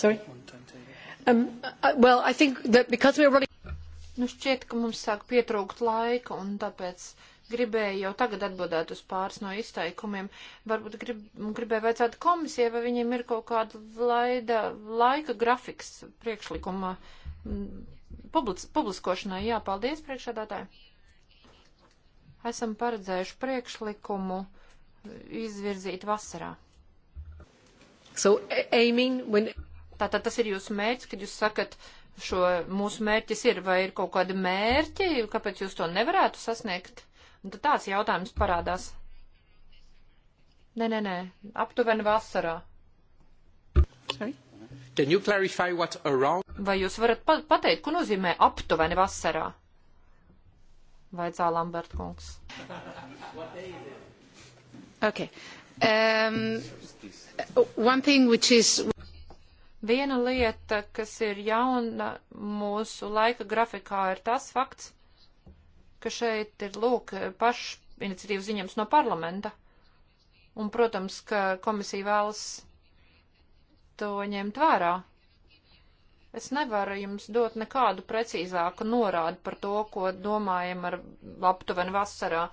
B: Sorry?
A: Um, uh, well, I think that because we are running... Nu šķiet, ka mums sāk pietrūkt laika, un tāpēc gribēju jau tagad atbildēt uz pāris no izteikumiem. Varbūt grib, gribēju vajadzētu komisijai, vai viņiem ir kaut kāda laida, laika grafiks priekšlikuma public, publiskošanai. Jā, paldies priekšādātāji. Esam paredzējuši priekšlikumu izvirzīt vasarā. So, aiming when... Tātad tas ir jūsu mērķis, kad jūs sakat, šo mūsu mērķis ir, vai ir kaut kādi mērķi, kāpēc jūs to nevarētu sasniegt? Un tad tāds jautājums parādās. Nē, nē, nē, aptuveni vasarā. Sorry? Can you clarify what around? Vai jūs varat pa pateikt, ko nozīmē aptuveni vasarā? Vaicā Lambert kungs. Okay. Um, one thing which is... Viena lieta, kas ir jauna mūsu laika grafikā, ir tas fakts, ka šeit ir lūk pašu iniciatīvu ziņams no parlamenta. Un, protams, ka komisija vēlas to ņemt vērā. Es nevaru jums dot nekādu precīzāku norādi par to, ko domājam ar aptuveni vasarā.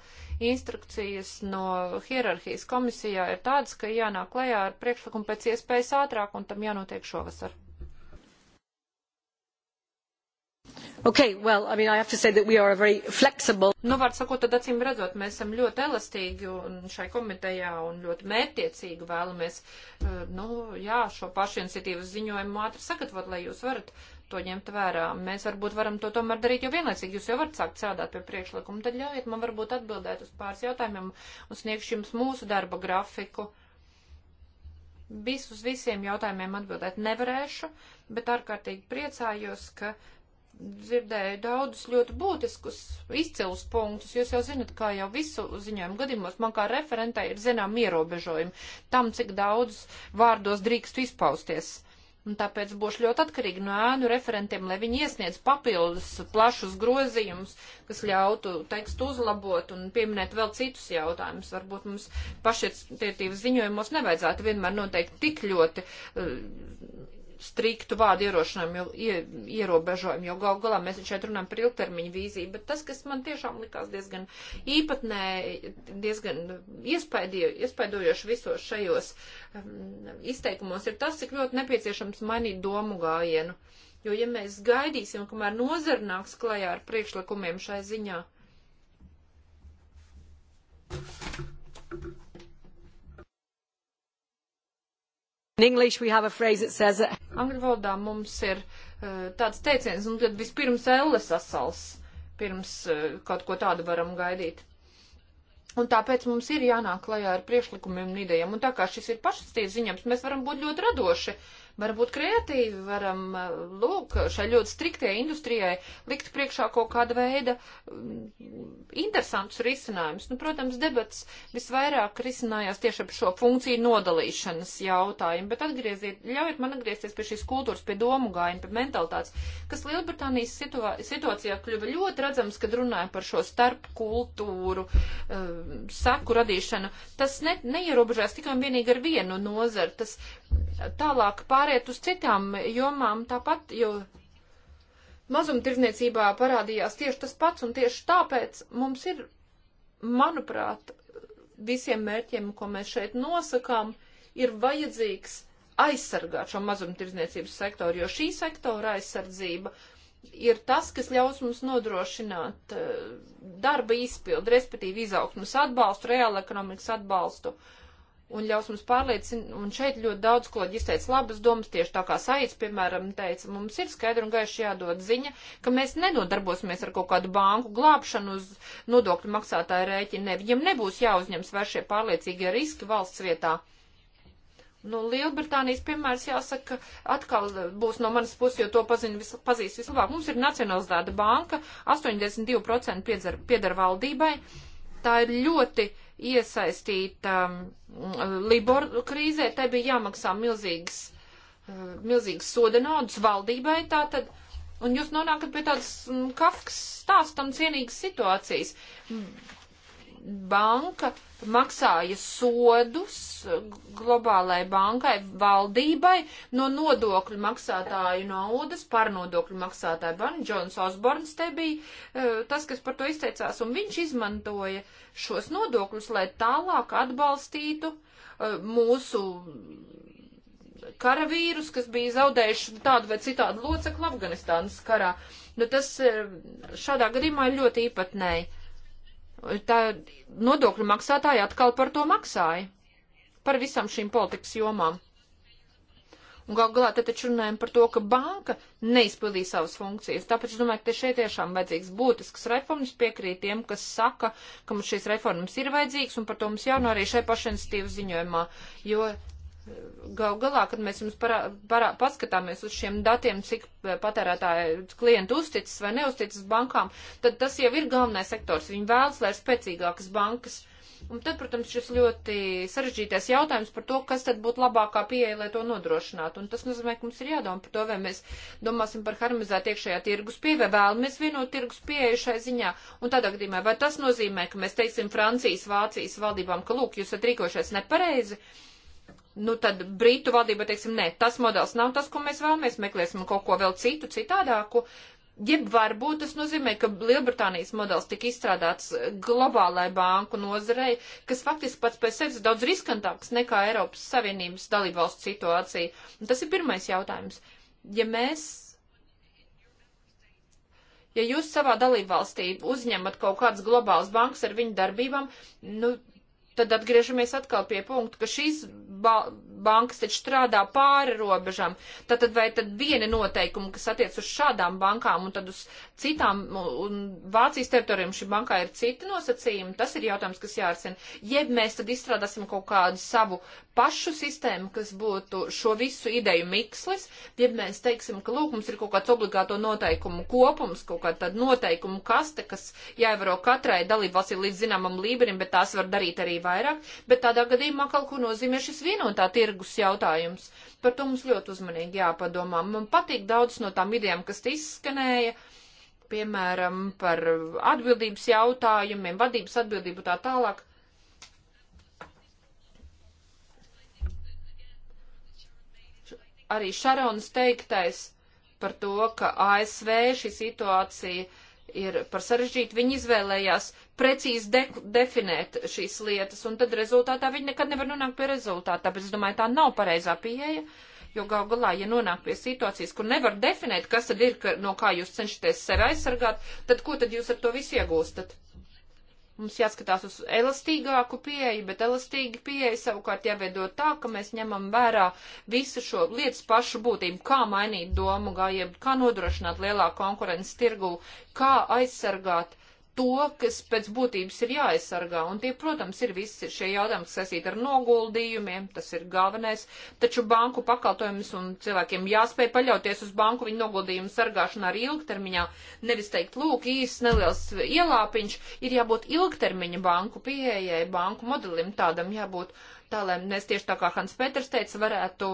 A: Instrukcijas no hierarhijas komisijā ir tādas, ka jānāk lejā ar priekšlikumu pēc iespējas ātrāk un tam jānotiek šovasar. Okay, well, I mean, I have to say that we are very flexible. Nu, var sakot, tad acīm redzot, mēs esam ļoti elastīgi un šai komitejā un ļoti mērtiecīgi vēlamies, eh, nu, jā, šo pašu iniciatīvas ziņojumu ātri sagatavot, lai jūs varat to ņemt vērā. Mēs varbūt varam to tomēr darīt, jo vienlaicīgi jūs jau varat sākt strādāt pie priekšlikuma. Tad ļaujiet man varbūt atbildēt uz pāris jautājumiem un sniegšu jums mūsu darba grafiku. Visus visiem jautājumiem atbildēt nevarēšu, bet ārkārtīgi priecājos, ka uh, dzirdēju daudzus ļoti būtiskus, izcilus punktus. Jūs jau zinat, kā jau visu ziņojumu gadījumos man kā referentai ir zinām ierobežojumi tam, cik daudz vārdos drīkstu izpausties. Un tāpēc būšu ļoti atkarīgi no ēnu referentiem, lai viņi iesniedz papildus plašus grozījumus, kas ļautu tekstu uzlabot un pieminēt vēl citus jautājumus. Varbūt mums pašietietības ziņojumos nevajadzētu vienmēr noteikt tik ļoti uh, striktu vārdu ierošinājumu, ierobežojumu, jo gal galā mēs šeit runājam par ilgtermiņu vīziju, bet tas, kas man tiešām likās diezgan īpatnē, diezgan iespaidojoši visos šajos um, izteikumos, ir tas, cik ļoti nepieciešams mainīt domu gājienu. Jo, ja mēs gaidīsim, kamēr nozara nāks klajā ar priekšlikumiem šai ziņā. Thank you. Says... Angļu valodā mums ir uh, tāds teiciens, un tad vispirms elle sasals, pirms uh, kaut ko tādu varam gaidīt. Un tāpēc mums ir jānāk klajā ar priešlikumiem un idejām, un tā kā šis ir pašas ziņams, mēs varam būt ļoti radoši Varbūt kreatīvi varam, eh, lūk, šai ļoti striktajai industrijai likt priekšā kaut kāda veida mm, interesantus risinājumus. Nu, protams, debats visvairāk risinājās tieši ap šo funkciju nodalīšanas jautājumu, bet atgrieziet, ļaujiet man atgriezties pie šīs kultūras, pie domu gājiņa, pie mentalitātes, kas Lielbritānijas situā situācijā kļuva ļoti redzams, kad runāja par šo starpkultūru uh, saku radīšanu. Tas ne neierobežās tikai un vienīgi ar vienu nozaru. Tas tālāk pāriet uz citām jomām tāpat, jo mazumtirdzniecībā parādījās tieši tas pats, un tieši tāpēc mums ir, manuprāt, visiem mērķiem, ko mēs šeit nosakām, ir vajadzīgs aizsargāt šo mazumtirdzniecības sektoru, jo šī sektora aizsardzība ir tas, kas ļaus mums nodrošināt eh, darba izpildu, respektīvi izaugsmas atbalstu, reāla ekonomikas atbalstu. Uh, un ļaus mums pārliecināt, un šeit ļoti daudz ko izteica labas domas, tieši tā kā Saits, piemēram, teica, mums ir skaidri un gaiši jādod ziņa, ka mēs nenodarbosimies ar kaut kādu banku glābšanu uz nodokļu maksātāju rēķinu, ne, viņam nebūs jāuzņems vairs šie pārliecīgie riski valsts vietā. Nu, Lielbritānijas piemērs jāsaka, atkal būs no manas puses, jo to pazin, vis, pazīst vislabāk. Mums ir Nacionalizēta banka, 82% piedara valdībai. Tā ir ļoti uh, iesaistīta um, Libor krīzē, tai bija jāmaksā milzīgas, uh, milzīgas soda naudas valdībai tātad. Un jūs nonākat pie tādas mm, kafkas stāstam cienīgas situācijas banka maksāja sodus globālai bankai, valdībai no nodokļu maksātāju naudas, par nodokļu maksātāju banku. Džons Osborns te bija e, tas, kas par to izteicās, un viņš izmantoja šos nodokļus, lai tālāk atbalstītu e, mūsu karavīrus, kas bija zaudējuši tādu vai citādu locekli Afganistānas karā. Nu, tas e, šādā gadījumā ir ļoti īpatnēji tā nodokļu maksātāji atkal par to maksāja, par visām šīm politikas jomām. Un gal galā te taču runājam par to, ka banka neizpildīja savas funkcijas. Tāpēc es domāju, ka te šeit tiešām vajadzīgs būtisks reformas piekrīt tiem, kas saka, ka mums šīs reformas ir vajadzīgas, un par to mums jārunā arī šai pašinstīvas ziņojumā, jo Gau galā, kad mēs jums parā, parā, paskatāmies uz šiem datiem, cik eh, patērētāji klienti uzticas vai neuzticas bankām, tad tas jau ir galvenais sektors. Viņi vēlas, lai ir spēcīgākas bankas. Un tad, protams, šis ļoti sarežģītais jautājums par to, kas tad būtu labākā pieeja, lai to nodrošinātu. Un tas nozīmē, ka mums ir jādomā par to, vai mēs domāsim par harmonizētu iekšējā tirgus pieeja, vai vēlamies vienot tirgus pieeju šai ziņā. Un tādā gadījumā, vai tas nozīmē, ka mēs teiksim Francijas, Vācijas valdībām, ka lūk, jūs esat rīkojušies nepareizi, uh, nu tad Brītu valdība teiksim, nē, tas modelis nav tas, ko mēs vēlamies, meklēsim kaut ko vēl citu, citādāku. Jeb varbūt tas nozīmē, ka Lielbritānijas modelis tika izstrādāts globālai banku nozarei, kas faktiski pats pēc sevis daudz riskantāks nekā Eiropas Savienības dalībvalstu situācija. Un tas ir pirmais jautājums. Ja mēs ja jūs savā dalībvalstī uzņemat kaut kādas globālas bankas ar viņu darbībām, nu, tad atgriežamies atkal pie punkta, ka šīs ba bankas taču strādā pāri robežām. Tātad vai tad viena noteikuma, kas attiec uz šādām bankām un tad uz citām, un Vācijas teritorijām šī bankā ir citi nosacījumi, tas ir jautājums, kas jārisina. Jeb mēs tad izstrādāsim kaut kādu savu pašu sistēmu, kas būtu šo visu ideju mikslis, ja mēs teiksim, ka lūk, mums ir kaut kāds obligāto noteikumu kopums, kaut kāda tāda noteikumu kaste, kas jāievaro katrai dalībvalstī līdz zināmam līmenim, bet tās var darīt arī vairāk, bet tādā gadījumā kaut ko nozīmē šis vienotā tirgus jautājums. Par to mums ļoti uzmanīgi jāpadomā. Man patīk daudz no tām idejām, kas izskanēja piemēram, par atbildības jautājumiem, vadības atbildību tā tālāk. arī Šarons teiktais par to, ka ASV šī situācija ir par sarežģītu, viņi izvēlējās precīzi de definēt šīs lietas, un tad rezultātā viņi nekad nevar nonākt pie rezultāta. Tāpēc es domāju, tā nav pareizā pieeja, jo gal galā, ja nonāk pie situācijas, kur nevar definēt, kas tad ir, ka, no kā jūs cenšaties sevi aizsargāt, tad ko tad jūs ar to visu iegūstat? Mums jāskatās uz elastīgāku pieeju, bet elastīgi pieeja savukārt jāveido tā, ka mēs ņemam vērā visu šo lietas pašu būtību, kā mainīt domu gājiem, kā nodrošināt lielāku konkurences tirgu, kā aizsargāt uh, to, kas pēc būtības ir jāaizsargā. Un tie, protams, ir visi šie jautājumi, kas saistīti ar noguldījumiem, tas ir galvenais. Taču banku pakalpojumus un cilvēkiem jāspēj paļauties uz banku viņu noguldījumu sargāšanu arī ilgtermiņā. Nevis teikt, lūk, īsts neliels ielāpiņš, ir jābūt ilgtermiņa banku pieejai, banku modelim tādam jābūt. Uh, tā lai mēs tieši tā kā Hans Peters teica, varētu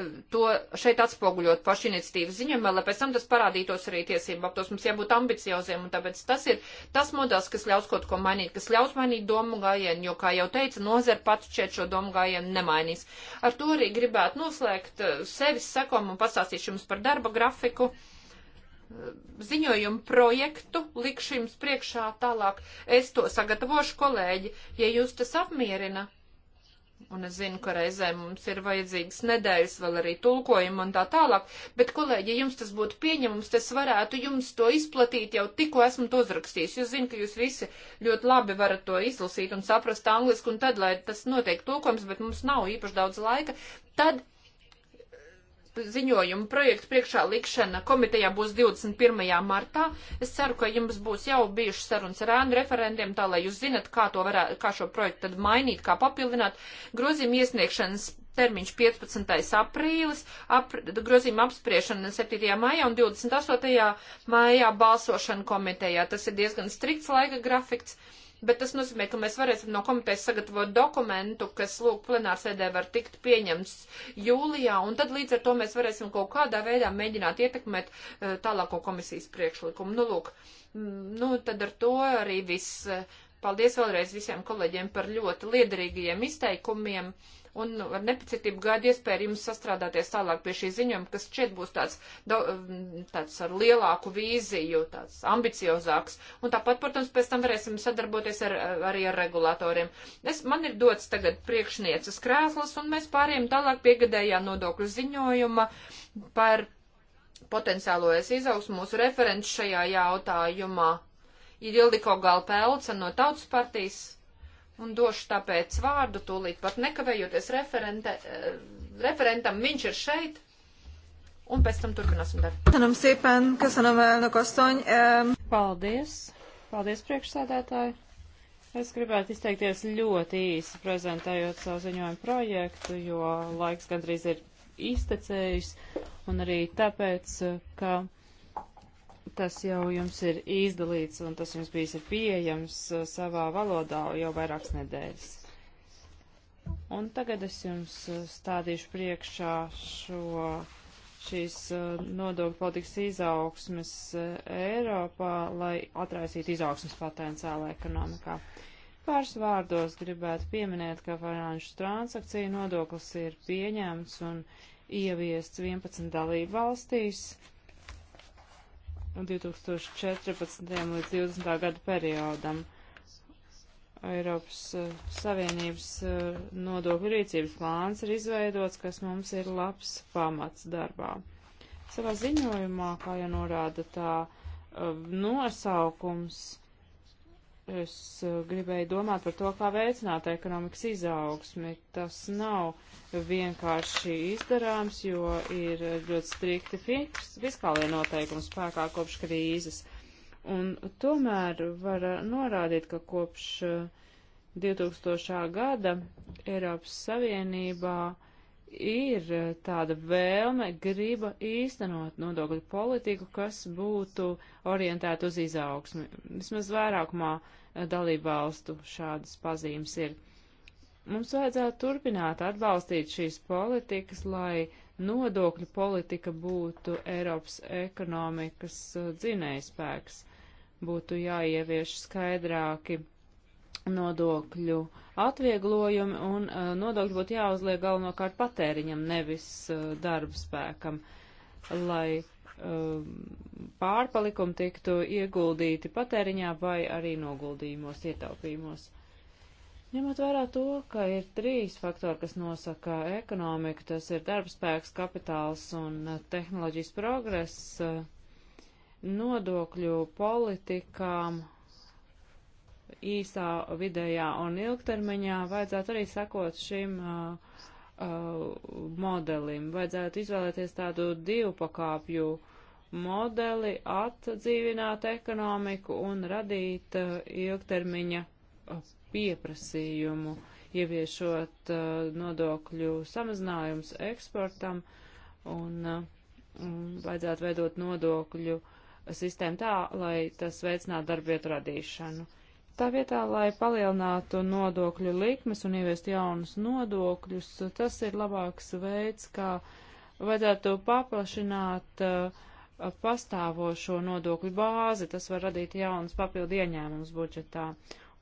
A: eh, to šeit atspoguļot pašu iniciatīvas ziņojumā, lai pēc tam tas parādītos arī tiesību aptos. Mums jābūt ambicioziem, un tāpēc tas ir tas modelis, kas ļaus kaut ko mainīt, kas ļaus mainīt domu gājienu, jo, kā jau teica, nozara pats šķiet šo domu gājienu nemainīs. Ar to arī gribētu noslēgt eh, sevis sekom un pastāstīšu jums par darba grafiku eh, ziņojumu projektu, likšu jums priekšā tālāk. Es to sagatavošu, kolēģi, ja jūs tas apmierina un es zinu, ka reizē mums ir vajadzīgas nedēļas, vēl arī tulkojuma un tā tālāk, bet, kolēģi, ja jums tas būtu pieņemums, es varētu jums to izplatīt jau tikko esmu to uzrakstījis. Jūs zinu, ka jūs visi ļoti labi varat to izlasīt un saprast angliski, un tad, lai tas notiek tulkojums, bet mums nav īpaši daudz laika, tad ziņojumu projektu priekšā likšana komitejā būs 21. martā. Es ceru, ka jums būs jau bijušas sarunas ar ēnu referendiem, tā lai jūs zinat, kā, varē, kā šo projektu tad mainīt, kā papildināt. Grozījuma iesniegšanas termiņš 15. aprīlis, ap, grozījuma apspriešana 7. maijā un 28. maijā balsošana komitejā. Tas ir diezgan strikts laika grafiks. Uh, bet tas nozīmē, ka mēs varēsim no komitejas sagatavot dokumentu, kas, lūk, plenārsēdē var tikt pieņemts jūlijā, un tad līdz ar to mēs varēsim kaut kādā veidā mēģināt ietekmēt uh, tālāko komisijas priekšlikumu. Nu, lūk, mm, nu, tad ar to arī viss. Paldies vēlreiz visiem kolēģiem par ļoti liederīgajiem izteikumiem. Uh, un ar nepacietību gaidu iespēju jums sastrādāties tālāk pie šī ziņojuma, kas šķiet būs tāds, mm, tāds ar lielāku vīziju, tāds ambiciozāks. Un tāpat, protams, pēc tam varēsim sadarboties ar, arī ar regulātoriem. Es, man ir dots tagad priekšnieces krēslas, un mēs pārējām tālāk piegadējā nodokļu ziņojuma par potenciālo es izaugsmu mūsu referents šajā jautājumā. Ir Ildiko Galpēlca no Tautas partijas un došu tāpēc vārdu tūlīt pat nekavējoties referente, eh, referentam. Viņš
B: ir šeit, un pēc tam turpināsim darbu.
C: Köszönöm szépen, köszönöm elnök asszony.
B: Paldies, paldies priekšsēdētāji. Es gribētu izteikties ļoti īsi prezentējot savu ziņojumu projektu, jo laiks gandrīz ir iztecējis, un arī tāpēc, ka Tas jau jums ir izdalīts un tas jums bijis ir pieejams uh, savā valodā jau vairākas nedēļas. Un tagad es jums uh, stādīšu priekšā šo šīs uh, nodokļu politikas izaugsmes Eiropā, lai atraisītu izaugsmes potenciālu ekonomikā. Pāris vārdos gribētu pieminēt, ka finanšu transakciju nodoklis ir pieņemts un ieviests 11 dalību valstīs. 2014. līdz 2020. gada periodam Eiropas eh, Savienības eh, nodokļu rīcības plāns ir izveidots, kas mums ir labs pamats darbā. Savā ziņojumā, kā jau norāda tā eh, nosaukums, es uh, gribēju domāt par to, kā veicināt ekonomikas izaugsmi. Tas nav vienkārši izdarāms, jo ir ļoti strikti fiskālie noteikumi spēkā kopš krīzes. Un tomēr var norādīt, ka kopš 2000. Uh, gada Eiropas Savienībā uh, ir eh, tāda vēlme, griba īstenot nodokļu politiku, kas būtu orientēta uz izaugsmi. Vismaz vairākumā eh, dalībvalstu šādas pazīmes ir. Mums vajadzētu turpināt atbalstīt šīs politikas, lai nodokļu politika būtu Eiropas ekonomikas eh, dzinējspēks. Būtu jāievieš skaidrāki nodokļu atvieglojumi un uh, nodokļi būtu jāuzliek galvenokārt patēriņam, nevis uh, darbspēkam, lai uh, pārpalikumi tiktu ieguldīti patēriņā vai arī noguldījumos, ietaupījumos. Ņemot vērā to, ka ir trīs faktori, kas nosaka ekonomiku, tas ir darbspēks, kapitāls un tehnoloģijas progress, nodokļu politikām īsā, vidējā un ilgtermiņā vajadzētu arī sakot šim uh, uh, modelim. Vajadzētu izvēlēties tādu divu pakāpju modeli, atdzīvināt ekonomiku un radīt uh, ilgtermiņa pieprasījumu, ieviešot nodokļu samazinājums eksportam un vajadzētu veidot nodokļu sistēmu tā, lai tas veicinātu darbvietu radīšanu. Tā vietā, lai palielinātu nodokļu likmes un ieviestu jaunus nodokļus, tas ir labāks veids, kā vajadzētu paplašināt uh, pastāvošo nodokļu bāzi. Tas var radīt jaunas papildu ieņēmumus budžetā.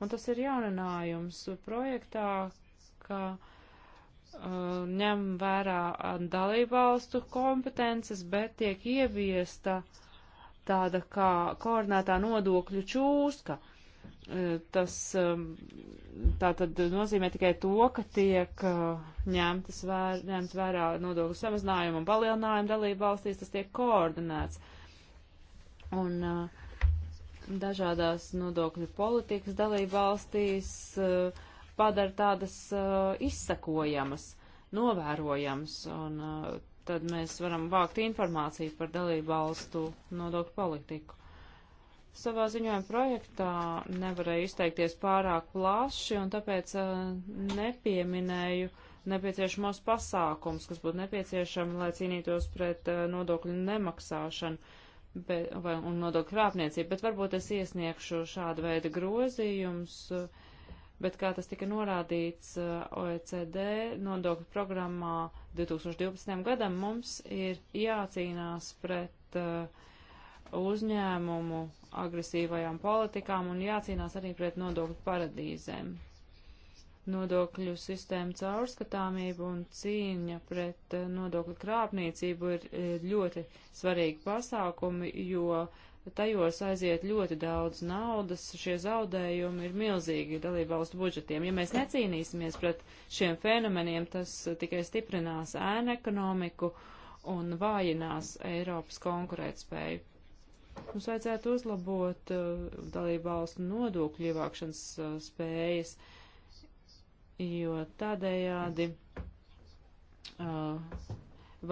B: Un tas ir jauninājums projektā, ka uh, ņem vērā dalībvalstu kompetences, bet tiek ieviesta tāda kā koordinētā nodokļu čūska. Uh, tas um, tā tad nozīmē tikai to, ka tiek uh, ņemtas vēr, ņemt vērā nodokļu samazinājumu un palielinājumu dalību valstīs, tas tiek koordinēts. Un uh, dažādās nodokļu politikas dalību valstīs uh, padara tādas izsakojamas, novērojamas, un tad mēs varam vākt informāciju par dalību valstu nodokļu politiku savā ziņojuma projektā nevarēju izteikties pārāk plaši un tāpēc uh, nepieminēju nepieciešamos pasākums, kas būtu nepieciešami, lai cīnītos pret uh, nodokļu nemaksāšanu bet, vai, un nodokļu krāpniecību, bet varbūt es iesniegšu šādu veidu grozījumus, eh, bet kā tas tika norādīts OECD nodokļu programmā 2012. gadam, mums ir jācīnās pret uh, uzņēmumu agresīvajām politikām un jācīnās arī pret nodokļu paradīzēm. Nodokļu sistēma caurskatāmība un cīņa pret eh, nodokļu krāpniecību ir eh, ļoti svarīgi pasākumi, jo tajos aiziet ļoti daudz naudas, šie zaudējumi ir milzīgi dalībvalstu budžetiem. Ja mēs necīnīsimies pret šiem fenomeniem, tas eh, tikai stiprinās ēnu ekonomiku un vājinās Eiropas konkurētspēju. Mums vajadzētu uzlabot uh, dalību valstu nodokļu ievākšanas uh, spējas, jo tādējādi uh,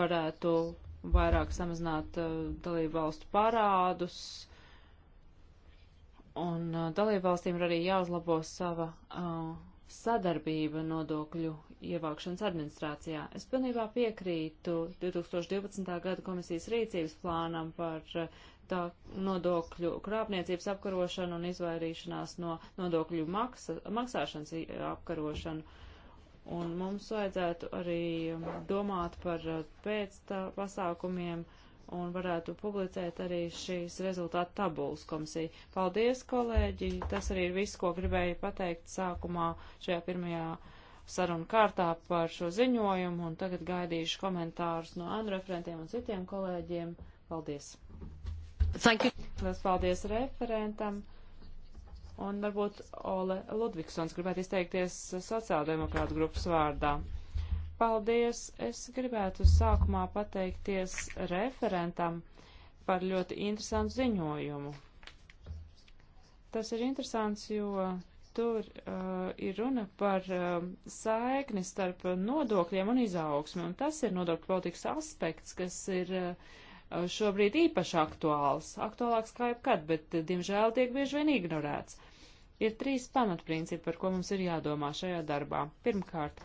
B: varētu vairāk samazināt uh, dalību valstu parādus, un uh, dalību valstīm ir arī jāuzlabo sava uh, sadarbība nodokļu ievākšanas administrācijā. Es pilnībā piekrītu 2012. gada komisijas rīcības plānam par eh, tā nodokļu krāpniecības apkarošanu un izvairīšanās no nodokļu maksa, maksāšanas apkarošanu. Un mums vajadzētu arī um, domāt par eh, pēc tā pasākumiem, uh, un varētu publicēt arī šīs rezultātu tabulas komisija. Paldies, kolēģi! Tas arī ir viss, ko gribēju pateikt sākumā šajā pirmajā sarunu kārtā par šo ziņojumu, un tagad gaidīšu komentārus no ANU referentiem un citiem kolēģiem. Paldies! Thank you. Lielas paldies referentam! Un varbūt Ole Ludvigsons gribētu izteikties sociāldemokrātu grupas vārdā. Paldies! Es gribētu sākumā pateikties referentam par ļoti interesantu ziņojumu. Tas ir interesants, jo tur uh, ir runa par uh, saikni starp nodokļiem un izaugsmi, un tas ir nodokļu politikas aspekts, kas ir uh, šobrīd īpaši aktuāls, aktuālāks kā jebkad, bet, uh, diemžēl, tiek bieži vien ignorēts. Ir trīs pamatprincipi, par ko mums ir jādomā šajā darbā. Pirmkārt,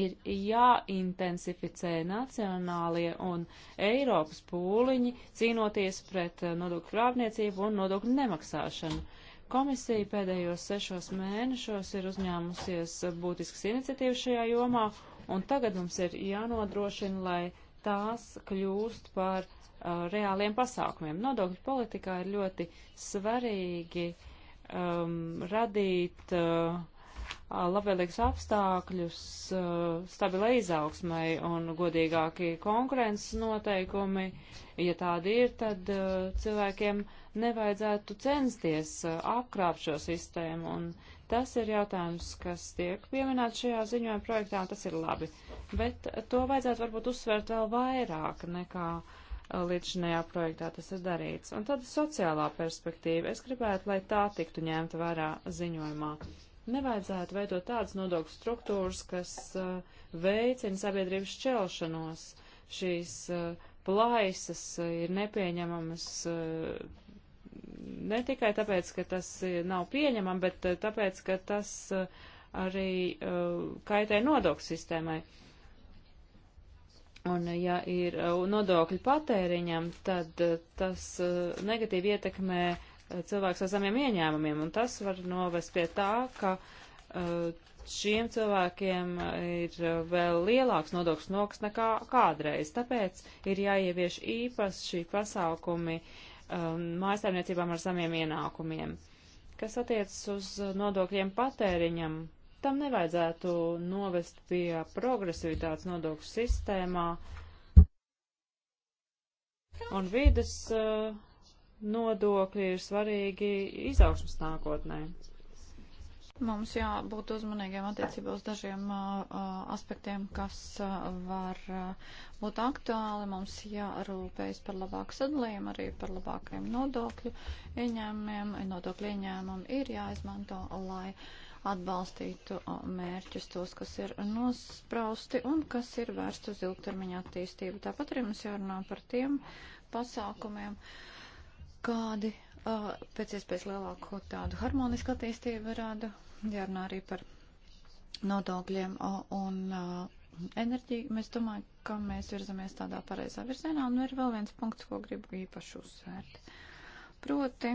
B: ir jāintensificē nacionālie un Eiropas pūliņi cīnoties pret eh, nodokļu krāpniecību un nodokļu nemaksāšanu. Komisija pēdējos sešos mēnešos ir uzņēmusies būtiskas iniciatīvas šajā jomā, un tagad mums ir jānodrošina, lai tās kļūst par uh, reāliem pasākumiem. Nodokļu politikā ir ļoti svarīgi um, radīt uh, labvēlīgus apstākļus stabilai izaugsmai un godīgāki konkurences noteikumi. Ja tādi ir, tad cilvēkiem nevajadzētu censties apkrāpt šo sistēmu. Un tas ir jautājums, kas tiek pieminēts šajā ziņojuma projektā, un tas ir labi. Bet to vajadzētu varbūt uzsvērt vēl vairāk nekā līdz šajā projektā tas ir darīts. Un tad sociālā perspektīva. Es gribētu, lai tā tiktu ņemta vērā ziņojumā. Nevajadzētu veidot tādas nodokļu struktūras, kas uh, veicina sabiedrības šķelšanos. Šīs uh, plaisas uh, ir nepieņemamas uh, ne tikai tāpēc, ka tas uh, nav pieņemam, bet tāpēc, ka tas arī kaitē nodokļu sistēmai. Un ja ir nodokļi patēriņam, tad tas negatīvi ietekmē cilvēkus ar zemiem ieņēmumiem, un tas var novest pie tā, ka uh, šiem cilvēkiem ir uh, vēl lielāks nodokļu noks nekā kādreiz. Tāpēc ir jāievieš īpaši pasākumi um, mājasēmniecībām ar zemiem ienākumiem. Kas attiecas uz nodokļiem patēriņam, tam nevajadzētu novest pie progresivitātes nodokļu sistēmā un vidas uh, nodokļi ir svarīgi izaugsmas nākotnē.
C: Mums jābūt uzmanīgiem attiecībā uz dažiem uh, aspektiem, kas uh, var uh, būt aktuāli. Mums jārūpējas par labāku sadalījumu, arī par labākiem nodokļu ieņēmumiem. Nodokļu ieņēmumi ir jāizmanto, lai atbalstītu mērķus tos, kas ir nosprausti un kas ir vērsti uz ilgtermiņa attīstību. Tāpat arī mums jārunā par tiem pasākumiem. Uh, kādi uh, pēc iespējas lielāku tādu harmonisku attīstību varētu, jārunā arī par nodokļiem uh, un uh, enerģiju. Mēs domājam, ka mēs virzamies tādā pareizā virzienā, un ir vēl viens punkts, ko gribu īpaši uzsvērt. Proti,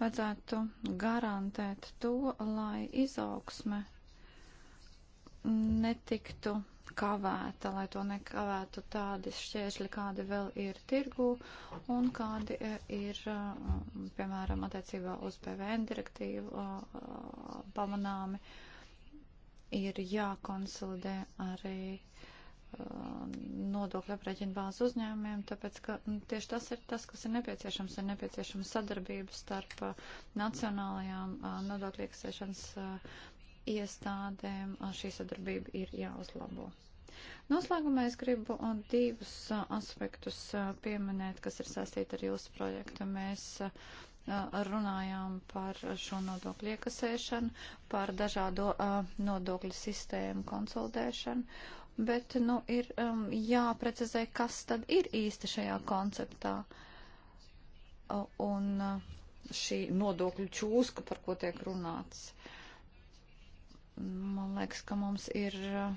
C: vajadzētu garantēt to, lai izaugsme netiktu kavēta, lai to nekavētu tādi šķēršļi, kādi vēl ir tirgū un kādi e, ir, e, piemēram, attiecībā uz PVN direktīvu pamanāmi, ir jākonsolidē arī e, nodokļu aprēķinu bāzu uzņēmumiem, tāpēc, ka tieši tas ir tas, kas ir nepieciešams, ir nepieciešama sadarbība starp nacionālajām nodokļu iekasēšanas iestādēm šī sadarbība ir jāuzlabo. Noslēgumā es gribu divus aspektus pieminēt, kas ir saistīti ar jūsu projektu. Mēs runājām par šo nodokļu iekasēšanu, par dažādo nodokļu sistēmu konsolidēšanu, bet nu, ir jāprecizē, kas tad ir īsti šajā konceptā. Un šī nodokļu čūska, par ko tiek runāts. Uh, Man liekas, ka mums ir uh,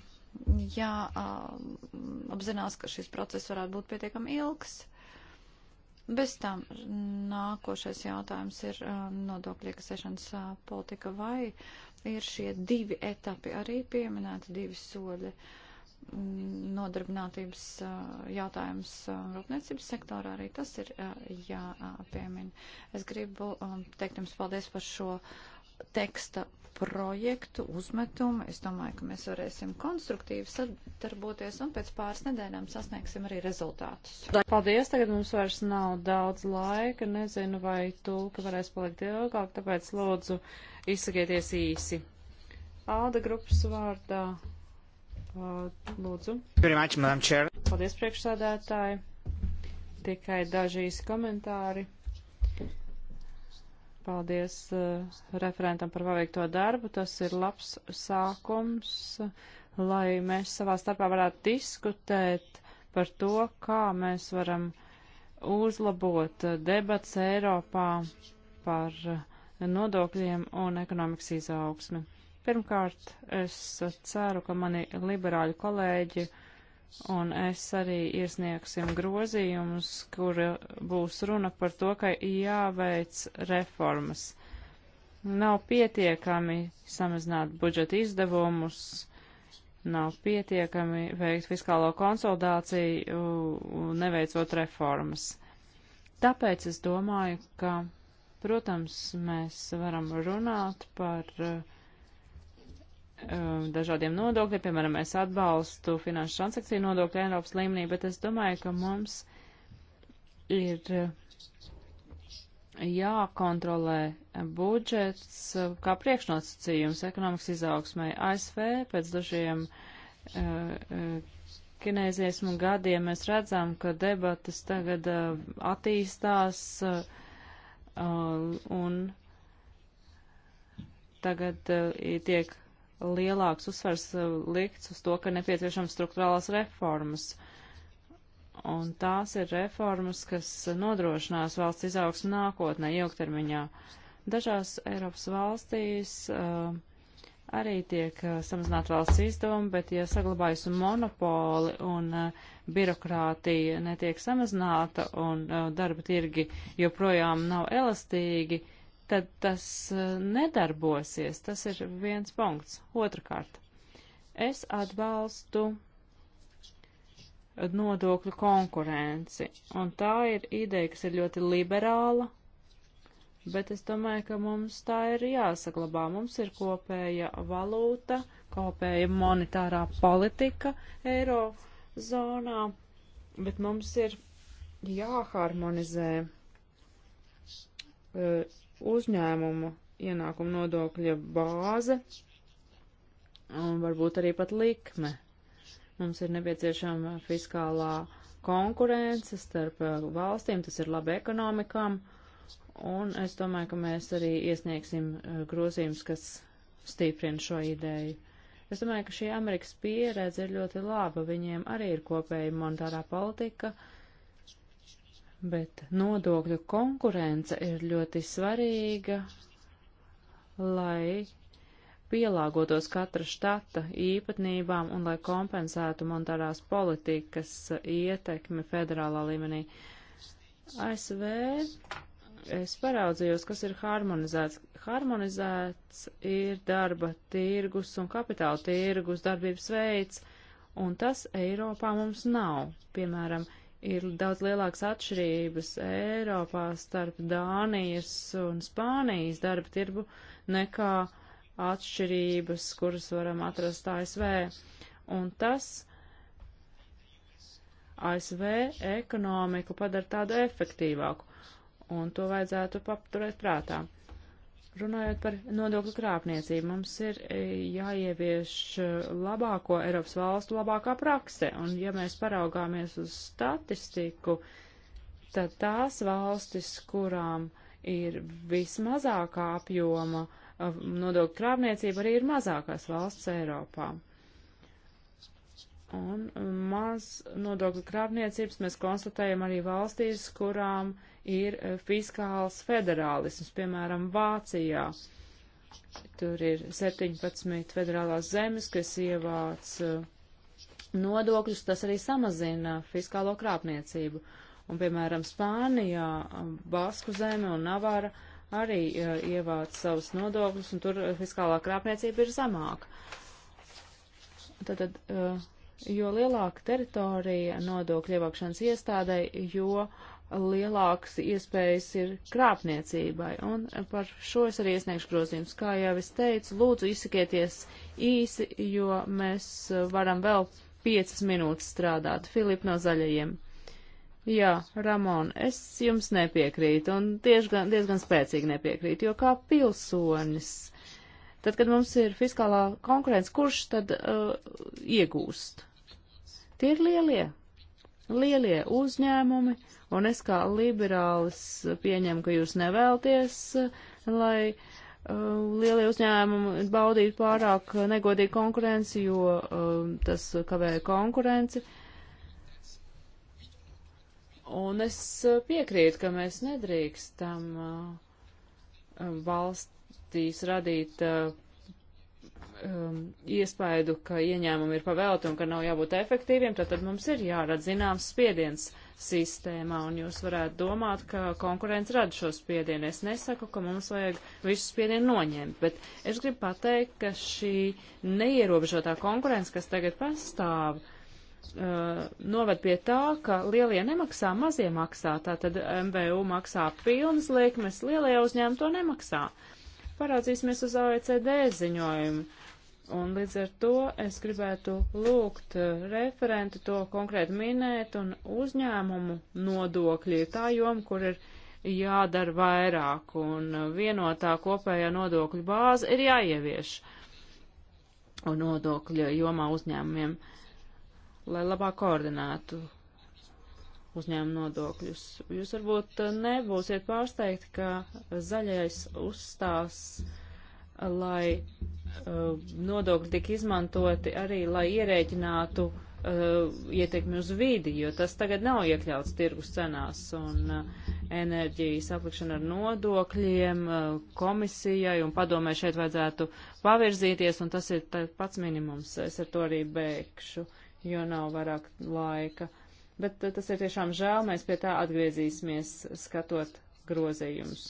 C: jāapzinās, uh, ka šis process varētu būt pietiekami ilgs. Bez tam nākošais jautājums ir uh, nodokļu iekasēšanas politika vai ir šie divi etapi arī pieminēti, divi soļi nodarbinātības jautājums rūpniecības sektorā arī tas ir jāpiemina. Es gribu um, teikt jums paldies par šo teksta projektu, uzmetumu. Es domāju, ka mēs varēsim konstruktīvi sadarboties un pēc pāris nedēļām sasniegsim arī
B: rezultātus. Paldies, tagad mums vairs nav daudz laika. Nezinu, vai tulka varēs palikt ilgāk, tāpēc lūdzu izsakieties īsi. Āda grupas vārdā. Uh, lūdzu. Paldies, priekšsādātāji. Tikai daži īsi komentāri Paldies uh, referentam par paveikto darbu. Tas ir labs sākums, eh, lai mēs savā starpā varētu diskutēt par to, kā mēs varam uzlabot eh, debats Eiropā par nodokļiem un ekonomikas izaugsmi. Pirmkārt, es ceru, ka mani liberāļu kolēģi uh, un es arī iesniegsim grozījumus, kur būs runa par to, ka jāveic reformas. Nav pietiekami samazināt budžeta izdevumus, nav pietiekami veikt fiskālo konsolidāciju, neveicot reformas. Tāpēc es domāju, ka, protams, mēs varam runāt par uh, Um, dažādiem nodokļiem, piemēram, es atbalstu finanšu transakciju nodokļu Eiropas līmenī, bet es domāju, ka mums ir uh, jākontrolē budžets uh, kā priekšnosacījums ekonomikas izaugsmai. ASV pēc dažiem uh, uh kinēziesmu gadiem mēs redzam, ka debatas tagad uh, attīstās uh, un tagad tiek lielāks uzsvars eh, likts uz to, ka nepieciešams struktūrālās reformas. Un tās ir reformas, kas nodrošinās valsts izaugsmu nākotnē ilgtermiņā. Dažās Eiropas valstīs uh, arī tiek uh, eh, samazināt valsts izdevumi, bet ja saglabājas monopoli un uh, birokrātija netiek samazināta un uh, darba tirgi joprojām nav elastīgi, uh, tad tas eh, nedarbosies. Tas ir viens punkts. Otrakārt, es atbalstu nodokļu konkurenci, un tā ir ideja, kas ir ļoti liberāla, bet es domāju, ka mums tā ir jāsaglabā. Mums ir kopēja valūta, kopēja monetārā politika eiro zonā, bet mums ir jāharmonizē eh, uzņēmuma ienākuma nodokļa bāze un varbūt arī pat likme. Mums ir nepieciešama fiskālā konkurence starp uh, valstīm, tas ir labi ekonomikām, un es domāju, ka mēs arī iesniegsim uh, grozījums, kas stiprina šo ideju. Es domāju, ka šī Amerikas pieredze ir ļoti laba, viņiem arī ir kopēja monetārā politika, uh, bet nodokļu konkurence ir ļoti svarīga, lai pielāgotos katra štata īpatnībām un lai kompensētu monetārās politikas ietekmi federālā līmenī. ASV es paraudzījos, kas ir harmonizēts. Harmonizēts ir darba tirgus un kapitāla tirgus darbības veids, un tas Eiropā mums nav. Piemēram, uh, ir daudz lielākas atšķirības Eiropā starp Dānijas un Spānijas darba tirbu nekā atšķirības, kuras varam atrast ASV. Un tas ASV ekonomiku padara tādu efektīvāku, un to vajadzētu paturēt prātā. Runājot par nodokļu krāpniecību, mums ir e, jāievieš e, labāko Eiropas valstu labākā prakse, un ja mēs paraugāmies uz statistiku, tad tās valstis, kurām ir vismazākā apjoma e, nodokļu krāpniecība, arī ir mazākās valsts Eiropā. Un maz nodokļu krāpniecības mēs konstatējam arī valstīs, kurām uh, ir e, fiskāls federālisms, piemēram, Vācijā. Tur ir 17 federālās zemes, kas ievāc e, nodokļus, tas arī samazina fiskālo krāpniecību. Un, piemēram, Spānijā, e, Basku zeme un Navara arī ievāc savus nodokļus, un tur fiskālā krāpniecība ir zemāka. Tātad, jo lielāka teritorija nodokļu ievākšanas iestādē, jo uh, lielāks iespējas ir krāpniecībai, un par šo es arī iesniegšu grozījumus. Kā jau es teicu, lūdzu izsakieties īsi, jo mēs varam vēl piecas minūtes strādāt. Filip no zaļajiem. Jā, Ramon, es jums nepiekrītu, un diezgan, diezgan spēcīgi nepiekrītu, jo kā pilsonis, tad, kad mums ir fiskālā konkurence, kurš tad uh, iegūst? Tie ir lielie, lielie uzņēmumi, uh, Un es kā liberālis pieņemu, ka jūs nevēlties, lai uh, lielie uzņēmumi baudītu pārāk negodīgu konkurenci, jo uh, tas kavēja konkurenci. Un es piekrītu, ka mēs nedrīkstam uh, valstīs radīt uh, um, iespaidu, ka ieņēmumi ir pavēlti un ka nav jābūt efektīviem, tad, tad mums ir jārada zināms spiediens. Uh, sistēmā, un jūs varētu domāt, ka konkurence rada šo spiedienu. Es nesaku, ka mums vajag visu spiedienu noņemt, bet es gribu pateikt, ka šī neierobežotā konkurence, kas tagad pastāv, uh, noved pie tā, ka lielie nemaksā, mazie maksā. Tātad MVU maksā pilnas liekmes, lielie uzņēmumi to nemaksā. Parādzīsimies uz OECD ziņojumu Un līdz ar to es gribētu lūgt eh, referentu to konkrēti minēt un uzņēmumu nodokļi ir tā joma, kur ir jādara vairāk un eh, vienotā kopējā nodokļu bāze ir jāievieš un nodokļu jomā uzņēmumiem, lai labāk koordinētu uzņēmumu nodokļus. Jūs varbūt eh, nebūsiet pārsteigti, ka zaļais uzstās, lai Uh, nodokļi tiek izmantoti arī, lai ierēķinātu uh, ietekmi uz vidi, jo tas tagad nav iekļauts tirgus cenās un uh, enerģijas aplikšana ar nodokļiem uh, komisijai un padomē šeit vajadzētu pavirzīties un tas ir pats minimums. Es ar to arī bēgšu, jo nav vairāk laika. Bet uh, tas ir tiešām žēl, mēs pie tā atgriezīsimies skatot grozījumus.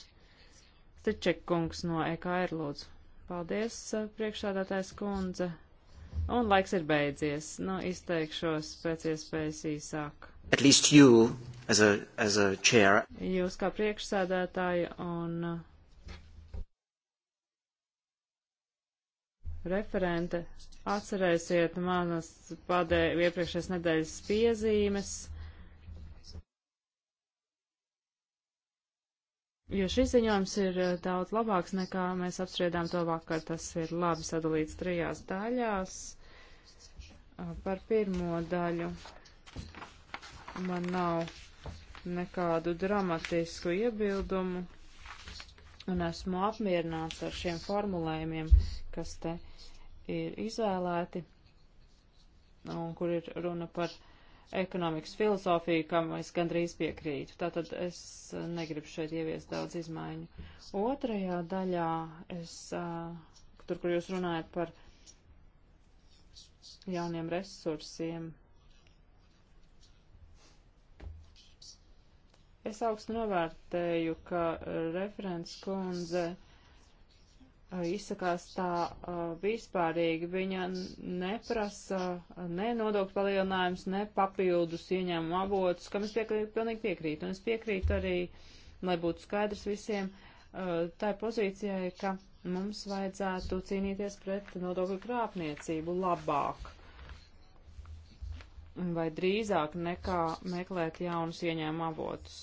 B: Steček kungs no EKR lūdzu. Paldies, eh, priekšādātājs kundze. Un laiks ir beidzies. Nu, izteikšos pēc iespējas īsāk. At least you, as a, as a chair. Jūs kā priekšsēdētāji un eh, referente atcerēsiet manas padē, iepriekšējās nedēļas piezīmes Jo šis ziņojums ir eh, daudz labāks nekā mēs apspriedām to vakar. Tas ir labi sadalīts trijās daļās. Eh, par pirmo daļu man nav nekādu dramatisku iebildumu un esmu apmierināts ar šiem formulējumiem, kas te ir izvēlēti un kur ir runa par ekonomikas filozofiju, kam es gandrīz piekrītu. Tātad es eh, negribu šeit ieviest daudz izmaiņu. Otrajā daļā es, eh, tur, kur jūs runājat par jauniem resursiem, es augstu novērtēju, ka referents kundze izsakās tā vispārīgi. Viņa neprasa ne nodokļu palielinājums, ne papildus ieņēmumu avotus, kam es piekrītu, pilnīgi piekrītu. Un es piekrītu arī, lai būtu skaidrs visiem, tai pozīcijai, ka mums vajadzētu cīnīties pret nodokļu krāpniecību labāk. Vai drīzāk nekā meklēt jaunus ieņēmumu avotus.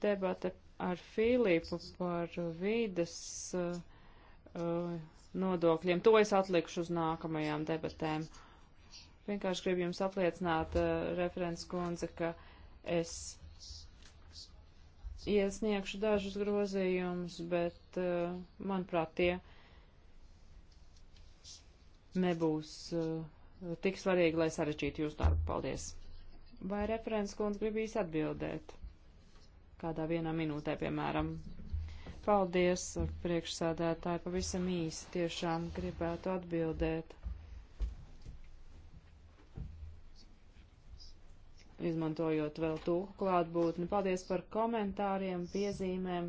B: Debate ar Filipu par vīdas uh, uh, nodokļiem. To es atlikšu uz nākamajām debatēm. Vienkārši gribu jums apliecināt, uh, referents kundze, ka es iesniegšu dažus grozījumus, bet, uh, manuprāt, tie nebūs uh, tik svarīgi, lai sarežģītu jūsu darbu. Paldies! Vai referents kundze grib īsi atbildēt? kādā vienā minūtē, piemēram. Paldies, priekšsādētāji, pavisam īsi tiešām gribētu atbildēt. Izmantojot vēl tūku klātbūtni, paldies par komentāriem, piezīmēm,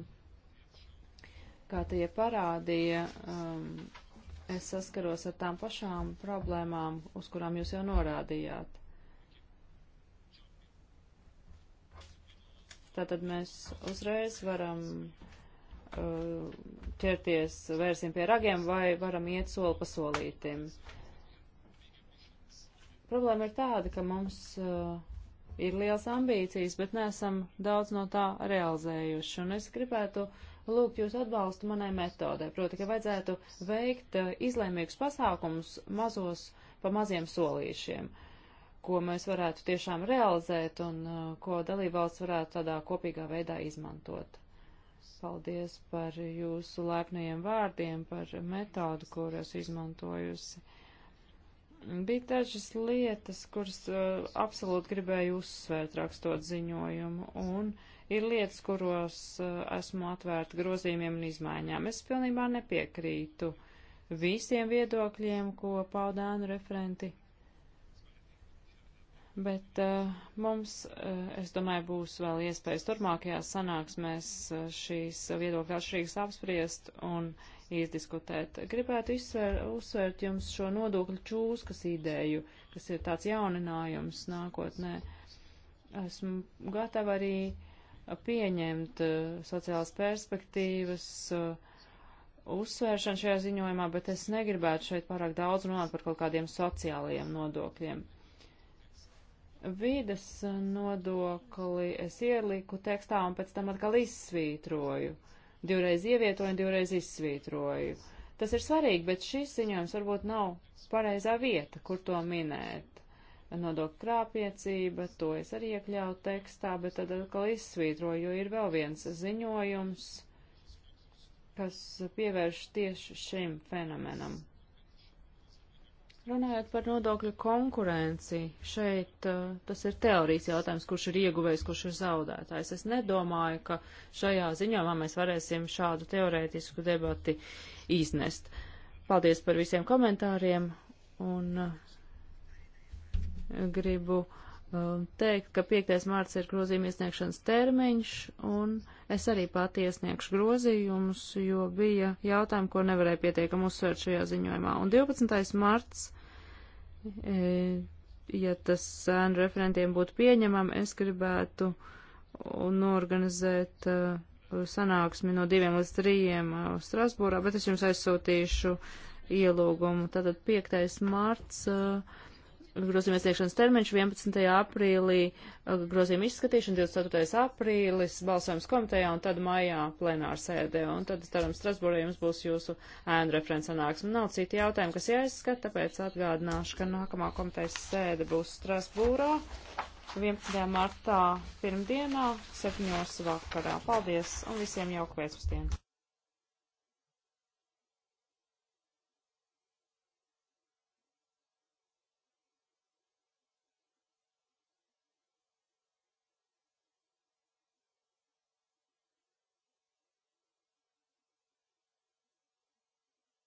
B: kā tie parādīja. Um, es saskaros ar tām pašām problēmām, uz kurām jūs jau norādījāt. Tātad mēs uzreiz varam uh, ķerties, vērsim pie ragiem vai varam iet soli pa solītim. Problēma ir tāda, ka mums uh, ir liels ambīcijas, bet nesam daudz no tā realizējuši. Un es gribētu lūgt jūs atbalstu manai metodē. Proti, ka vajadzētu veikt uh, izlēmīgus pasākumus mazos pa maziem solīšiem. Uh, ko mēs varētu tiešām realizēt un uh, ko dalībvalsts varētu tādā kopīgā veidā izmantot. Paldies par jūsu laipnajiem vārdiem, par metodu, kur esmu izmantojusi. Bija dažas lietas, kuras uh, absolūti gribēju uzsvērt rakstot ziņojumu, un ir lietas, kuros uh, esmu atvērta grozījumiem un izmaiņām. Es pilnībā nepiekrītu visiem viedokļiem, ko paudānu referenti Bet uh, mums, uh, es domāju, būs vēl iespējas turpmākajās sanāksmēs uh, šīs viedokļa atšķirīgas apspriest un izdiskutēt. Gribētu izsver, uzsvērt jums šo nodokļu čūskas ideju, kas ir tāds jauninājums nākotnē. Esmu gatava arī pieņemt uh, sociālas perspektīvas. Uh, Uzsvēršana šajā ziņojumā, bet es negribētu šeit pārāk daudz runāt par kaut kādiem sociālajiem nodokļiem. Uh, Vīdes nodokli es ieliku tekstā un pēc tam atkal izsvītroju. Divreiz ievietoju un divreiz izsvītroju. Tas ir svarīgi, bet šis ziņojums varbūt nav pareizā vieta, kur to minēt. Nodokļu krāpniecība, to es arī iekļauju tekstā, bet tad atkal izsvītroju, jo ir vēl viens ziņojums, kas pievērš tieši šim fenomenam. Runājot par nodokļu konkurenci, šeit uh, tas ir teorijas jautājums, kurš ir ieguvējs, kurš ir zaudētājs. Es nedomāju, ka šajā ziņojumā mēs varēsim šādu teorētisku debati iznest. Paldies par visiem komentāriem un uh, gribu uh, Um, teikt, ka 5. mārts ir grozījuma iesniegšanas termiņš, un es arī pati iesniegšu grozījumus, jo bija jautājumi, ko nevarēja pietiekam uzsvērt šajā ziņojumā. Un 12. marts, e, ja tas sēnu referentiem būtu pieņemam, es gribētu norganizēt e, sanāksmi no 2 līdz 3 e, Strasbūrā, bet es jums aizsūtīšu ielūgumu. Tātad 5. marts. Uh, grozījuma iesniegšanas termiņš 11. aprīlī, uh, grozījuma izskatīšana 24. aprīlis, balsojums komitejā un tad maijā plenāra sēdē. Un tad, starām, Strasbūrē jums būs jūsu ēnu referents sanāksme. Nav citi jautājumi, kas jāizskata, tāpēc atgādināšu, ka nākamā komitejas sēde būs Strasbūrā. 11. martā pirmdienā, 7. vakarā. Paldies un visiem jauku pēcpusdienu!